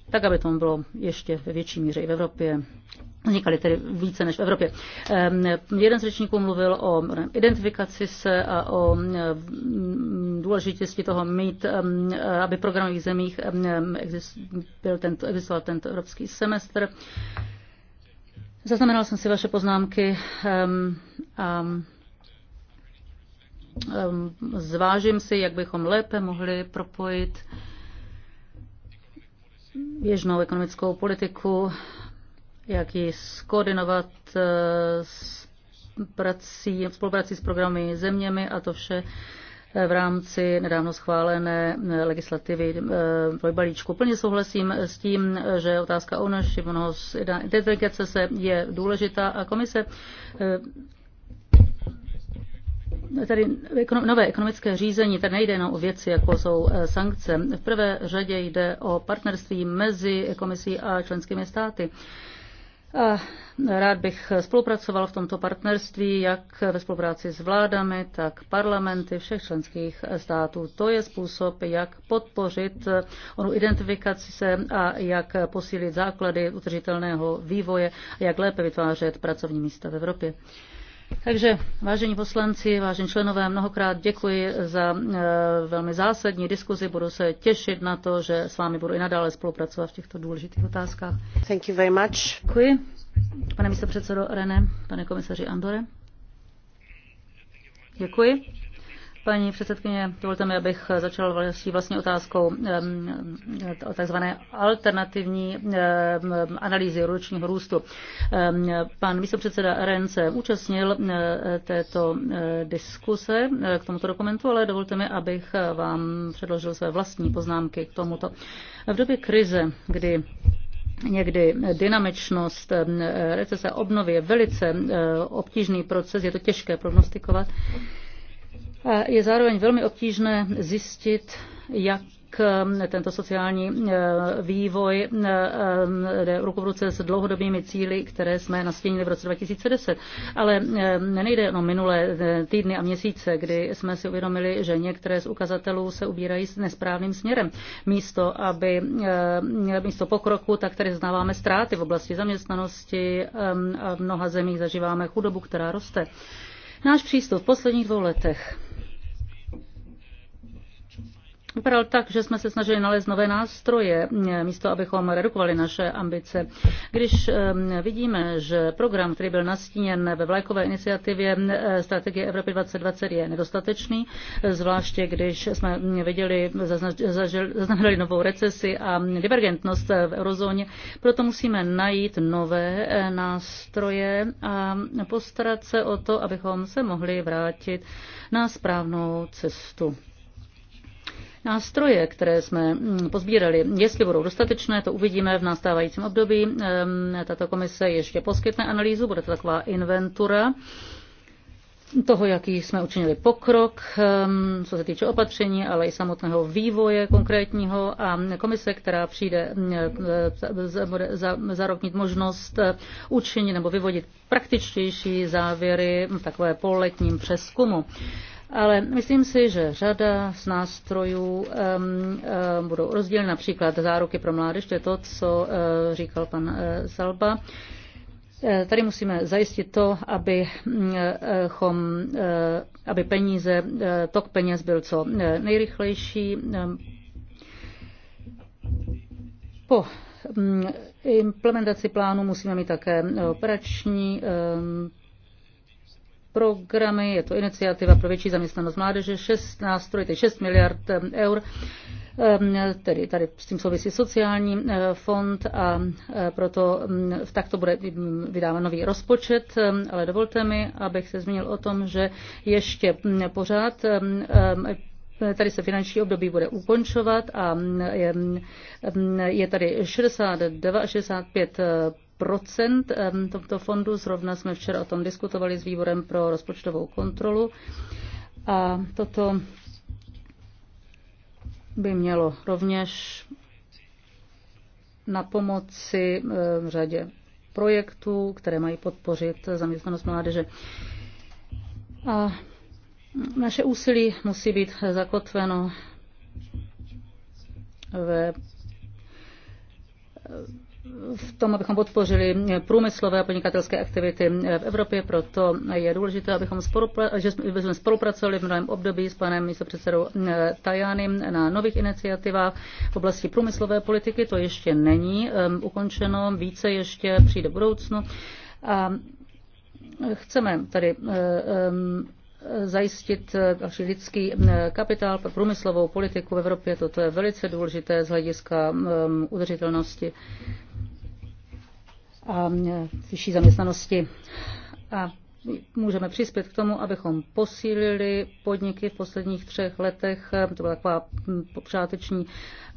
Tak, aby tomu bylo ještě ve větší míře i v Evropě. Vznikaly tedy více než v Evropě. Ehm, jeden z řečníků mluvil o identifikaci se a o mm, důležitosti toho mít, ehm, aby v programových zemích ehm, byl tento, existoval tento evropský semestr. Zaznamenal jsem si vaše poznámky a zvážím si, jak bychom lépe mohli propojit běžnou ekonomickou politiku jak ji skoordinovat eh, s prací, spolupráci s programy zeměmi a to vše eh, v rámci nedávno schválené eh, legislativy balíčku. Plně souhlasím s tím, že otázka ownership, identifikace se je důležitá a komise tady nové ekonomické řízení, tady nejde jenom o věci, jako jsou sankce. V prvé řadě jde o partnerství mezi komisí a členskými státy rád bych spolupracoval v tomto partnerství, jak ve spolupráci s vládami, tak parlamenty všech členských států. To je způsob, jak podpořit onu identifikaci se a jak posílit základy udržitelného vývoje a jak lépe vytvářet pracovní místa v Evropě. Takže, vážení poslanci, vážení členové, mnohokrát děkuji za e, velmi zásadní diskuzi. Budu se těšit na to, že s vámi budu i nadále spolupracovat v těchto důležitých otázkách. Thank you very much. Děkuji. Pane místopředsedo René, pane komisaři Andore. Děkuji. Paní předsedkyně, dovolte mi, abych začal vaší vlastní otázkou o takzvané alternativní analýzy ročního růstu. Pan místopředseda Ren se účastnil této diskuse eh, k tomuto dokumentu, ale dovolte mi, abych vám předložil své vlastní poznámky k tomuto. V době krize, kdy někdy dynamičnost recese obnovy je velice obtížný proces, je to těžké prognostikovat je zároveň velmi obtížné zjistit, jak um, tento sociální uh, vývoj uh, um, jde ruku v ruce s dlouhodobými cíly, které jsme nastínili v roce 2010. Ale um, nejde jenom minulé uh, týdny a měsíce, kdy jsme si uvědomili, že některé z ukazatelů se ubírají nesprávným směrem. Místo, aby, místo pokroku, tak tady znáváme ztráty v oblasti zaměstnanosti a v mnoha zemích zažíváme chudobu, která roste. Náš přístup v posledních dvou letech vypadal tak, že jsme se snažili nalézt nové nástroje, eh, místo abychom redukovali naše ambice. Když eh, vidíme, že program, který byl nastíněn ve vlajkové iniciativě eh, strategie Evropy 2020 je nedostatečný, zvláště když jsme viděli, zaznamenali novou recesi a divergentnost v eurozóně, proto musíme najít nové nástroje a postarat se o to, abychom se mohli vrátit na správnou cestu. Nástroje, které jsme mm, pozbírali, jestli budou dostatečné, to uvidíme v nastávajícím období. Tato komise ještě poskytne analýzu, bude to taková inventura toho, jaký jsme učinili pokrok, co se týče opatření, ale i samotného vývoje konkrétního a komise, která přijde, e, bude za, za rok mít možnost e, učinit nebo vyvodit praktičtější závěry v takové poletním přeskumu. Ale myslím si, že řada z nástrojů um, um, budou rozdíl, například záruky pro mládež, to je to, co uh, říkal pan uh, eh, Salba. Eh, tady musíme zajistit to, mm, chom, aby peníze, tok peněz byl co nejrychlejší. Po mm, implementaci plánu musíme mít také operační programy, je to iniciativa pro větší zaměstnanost mládeže, 6 nástrojů, to je 6 miliard um, eur, um, tedy tady s tím souvisí sociální uh, fond a uh, proto um, v takto bude vydáván nový rozpočet, ale dovolte mi, abych se zmínil o tom, že ještě pořád tady se finanční období bude ukončovat a je, je tady 62 65 procent tomto fondu. Zrovna jsme včera o tom diskutovali s výborem pro rozpočtovou kontrolu. A toto by mělo rovněž na pomoci v řadě projektů, které mají podpořit zaměstnanost mládeže. A naše úsilí musí být zakotveno ve v tom, abychom podpořili průmyslové a podnikatelské aktivity v Evropě, proto je důležité, abychom spolupra- že jsme spolupracovali v novém období s panem místopředsedou eh, Tajánem na nových iniciativách v oblasti průmyslové politiky. To ještě není um, ukončeno, více ještě přijde v budoucnu. A chceme tady um, zajistit eh, další lidský eh, kapitál pro průmyslovou politiku v Evropě. Toto je velice důležité z hlediska ehm, udržitelnosti a eh, vyšší zaměstnanosti. A můžeme přispět k tomu, abychom posílili podniky v posledních třech letech. To byla taková hm, počáteční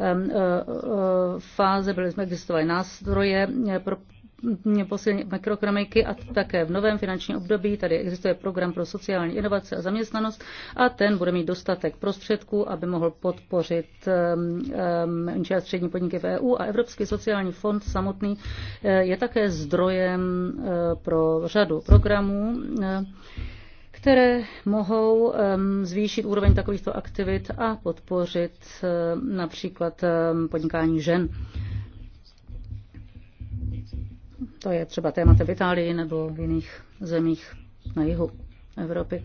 ehm, fáze, byly jsme existovali nástroje pro posílení makroekonomiky a také v novém finančním období tady existuje program pro sociální inovace a zaměstnanost a ten bude mít dostatek prostředků, aby mohl podpořit menší a střední podniky v EU a Evropský sociální fond samotný eh, je také zdrojem eh, pro řadu programů eh, které mohou zvýšit úroveň takovýchto aktivit a podpořit například podnikání žen. To je třeba tématem v Itálii nebo v jiných zemích na jihu Evropy.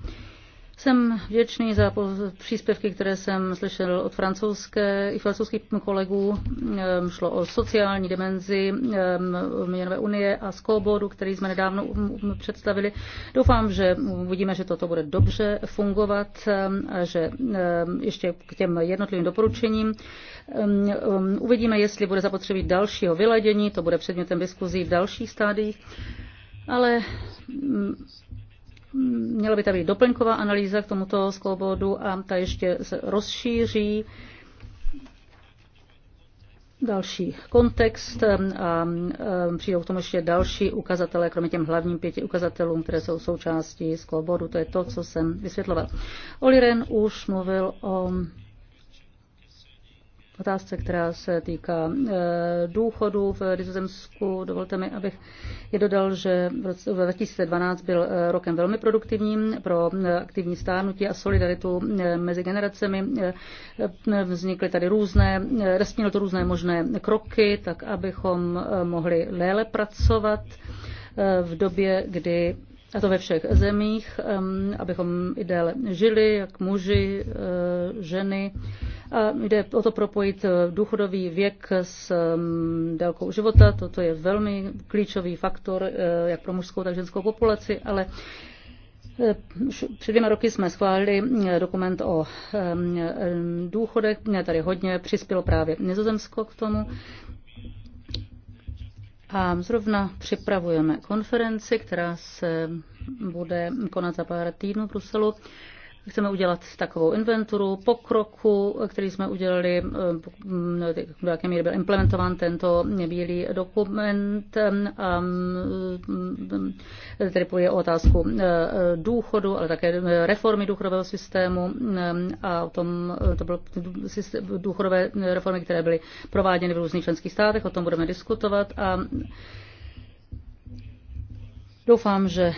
Jsem vděčný za příspěvky, které jsem slyšel od francouzské, i francouzských kolegů. Ehm, šlo o sociální dimenzi ehm, měnové unie a skóbodu, který jsme nedávno um, um, představili. Doufám, že uvidíme, že toto bude dobře fungovat, ehm, že ještě k těm jednotlivým doporučením Uvidíme, jestli bude zapotřebí dalšího vyladění, to bude předmětem diskuzí v dalších stádiích, ale mm, mm, měla by tam být doplňková analýza k tomuto skloubodu a ta ještě se rozšíří další kontext a přijdou k tomu ještě další ukazatele, kromě těm hlavním pěti ukazatelům, které jsou součástí sklobodu. To je to, co jsem vysvětloval. Oliren už mluvil o otázce, která se týká eh, důchodů v Rizozemsku. Dovolte mi, abych je dodal, že v roce 2012 byl eh, rokem velmi produktivním pro eh, aktivní stárnutí a solidaritu mezi generacemi. Vznikly tady různé, resmělo to různé možné kroky, tak abychom mohli léle pracovat v době, kdy a to ve všech zemích, abychom i déle žili, jak muži, eh, ženy. A jde o to propojit eh, důchodový věk s délkou života. Toto je velmi klíčový faktor eh, jak pro mužskou, tak ženskou populaci, ale před dvěma roky jsme schválili dokument o důchodech, mě tady hodně přispělo právě Nizozemsko k tomu. A zrovna připravujeme konferenci, která se bude konat za pár týdnů v Bruselu Chceme udělat takovou inventuru pokroku, který jsme udělali, eh, mm, eh, do jaké míry byl implementován tento bílý dokument, který eh, půjde o otázku důchodu, ale také reformy důchodového systému a o tom, to bylo důchodové reformy, které byly prováděny v různých členských státech, o tom budeme diskutovat a doufám, že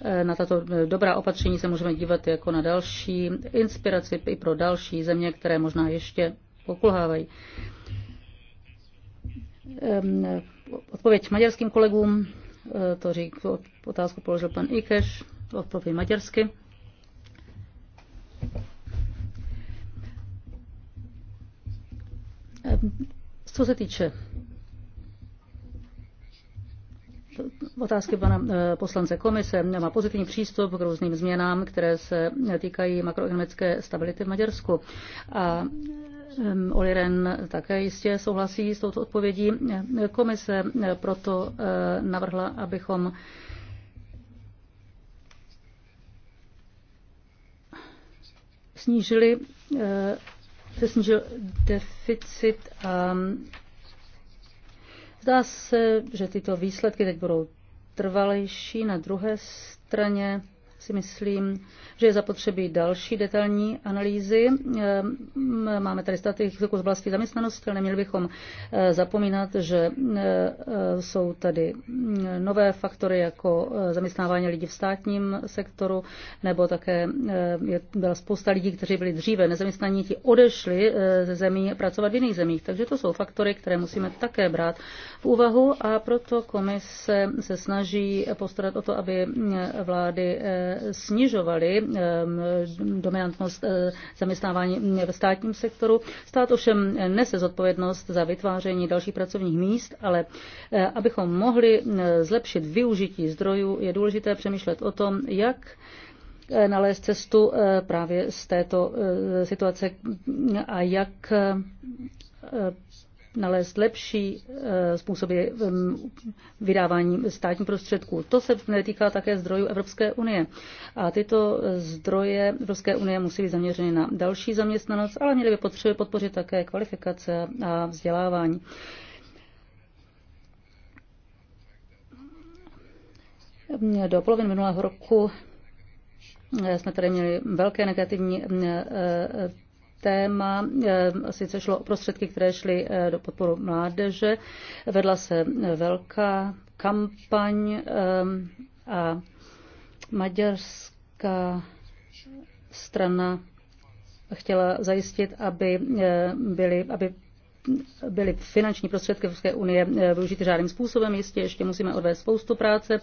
Eh, na tato eh, dobrá opatření se můžeme dívat jako na další inspiraci i pro další země, které možná ještě pokulhávají. Eh, odpověď maďarským kolegům, to řík, otázku položil pan Ikeš, odpověď maďarsky. Co se týče otázky pana eh, poslance komise má pozitivní přístup k různým změnám, které se týkají makroekonomické stability v Maďarsku. A eh, Oliren také jistě souhlasí s touto odpovědí. Eh, komise proto navrhla, abychom snížili, se snížil deficit a Zdá se, že tyto výsledky teď budou trvalejší na druhé straně si myslím, že je zapotřebí další detailní analýzy. Ehm, máme tady statistiku z oblasti zaměstnanosti, ale neměli bychom eh, zapomínat, že eh, jsou tady mm, nové faktory jako eh, zaměstnávání lidí v státním sektoru, nebo také byla spousta lidí, kteří byli dříve nezaměstnaní, ti odešli ze zemí pracovat v jiných zemích. Takže to jsou faktory, které musíme také brát v úvahu a proto komise se snaží postarat o to, aby vlády snižovaly ehm, dominantnost eh, zaměstnávání ve státním sektoru. Stát ovšem nese zodpovědnost za vytváření dalších pracovních míst, ale eh, abychom mohli eh, zlepšit využití zdrojů, je důležité přemýšlet o tom, jak nalézt cestu právě z této situace a jak nalézt lepší eh, způsoby vydávání státních prostředků. To se netýká také zdrojů Evropské unie. A tyto zdroje Evropské unie musí být zaměřeny na další zaměstnanost, ale měly by potřeby podpořit také kvalifikace a vzdělávání. Do poloviny minulého roku eh, jsme tady měli velké negativní eh, téma. Eh, sice šlo o prostředky, které šly eh, do podporu mládeže. Vedla se eh, velká kampaň a maďarská strana chtěla zajistit, aby, byly, aby byly finanční prostředky Evropské unie eh, využity žádným způsobem. Jistě ještě musíme odvést spoustu práce.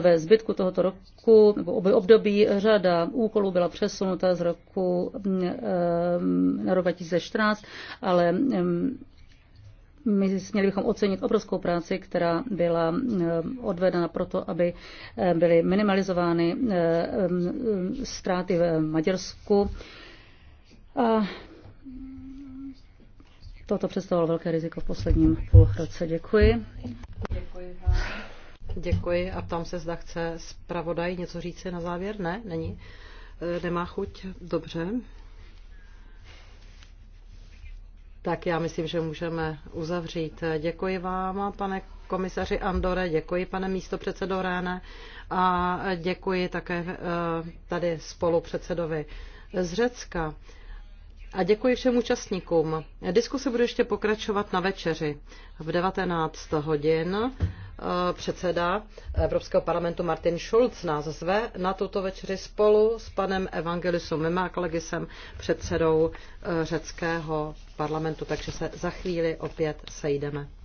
Ve zbytku tohoto roku nebo období řada úkolů byla přesunuta z roku eh, na rok 2014, ale eh, my měli bychom ocenit obrovskou práci, která byla odvedena proto, aby byly minimalizovány ztráty v Maďarsku. A Toto představovalo velké riziko v posledním půlroce. Děkuji. Děkuji vám. Děkuji a ptám se, zda chce zpravodaj něco říci na závěr. Ne, není. E, nemá chuť? Dobře. Tak já myslím, že můžeme uzavřít. Děkuji vám, pane komisaři Andore, děkuji, pane místopředsedo Réne a děkuji také e, tady spolupředsedovi z Řecka a děkuji všem účastníkům. Diskuse bude ještě pokračovat na večeři v 19 hodin. Eh, předseda Evropského parlamentu Martin Schulz nás zve na tuto večeři spolu s panem Evangelisem Mimáklegisem, předsedou eh, řeckého parlamentu, takže se za chvíli opět sejdeme.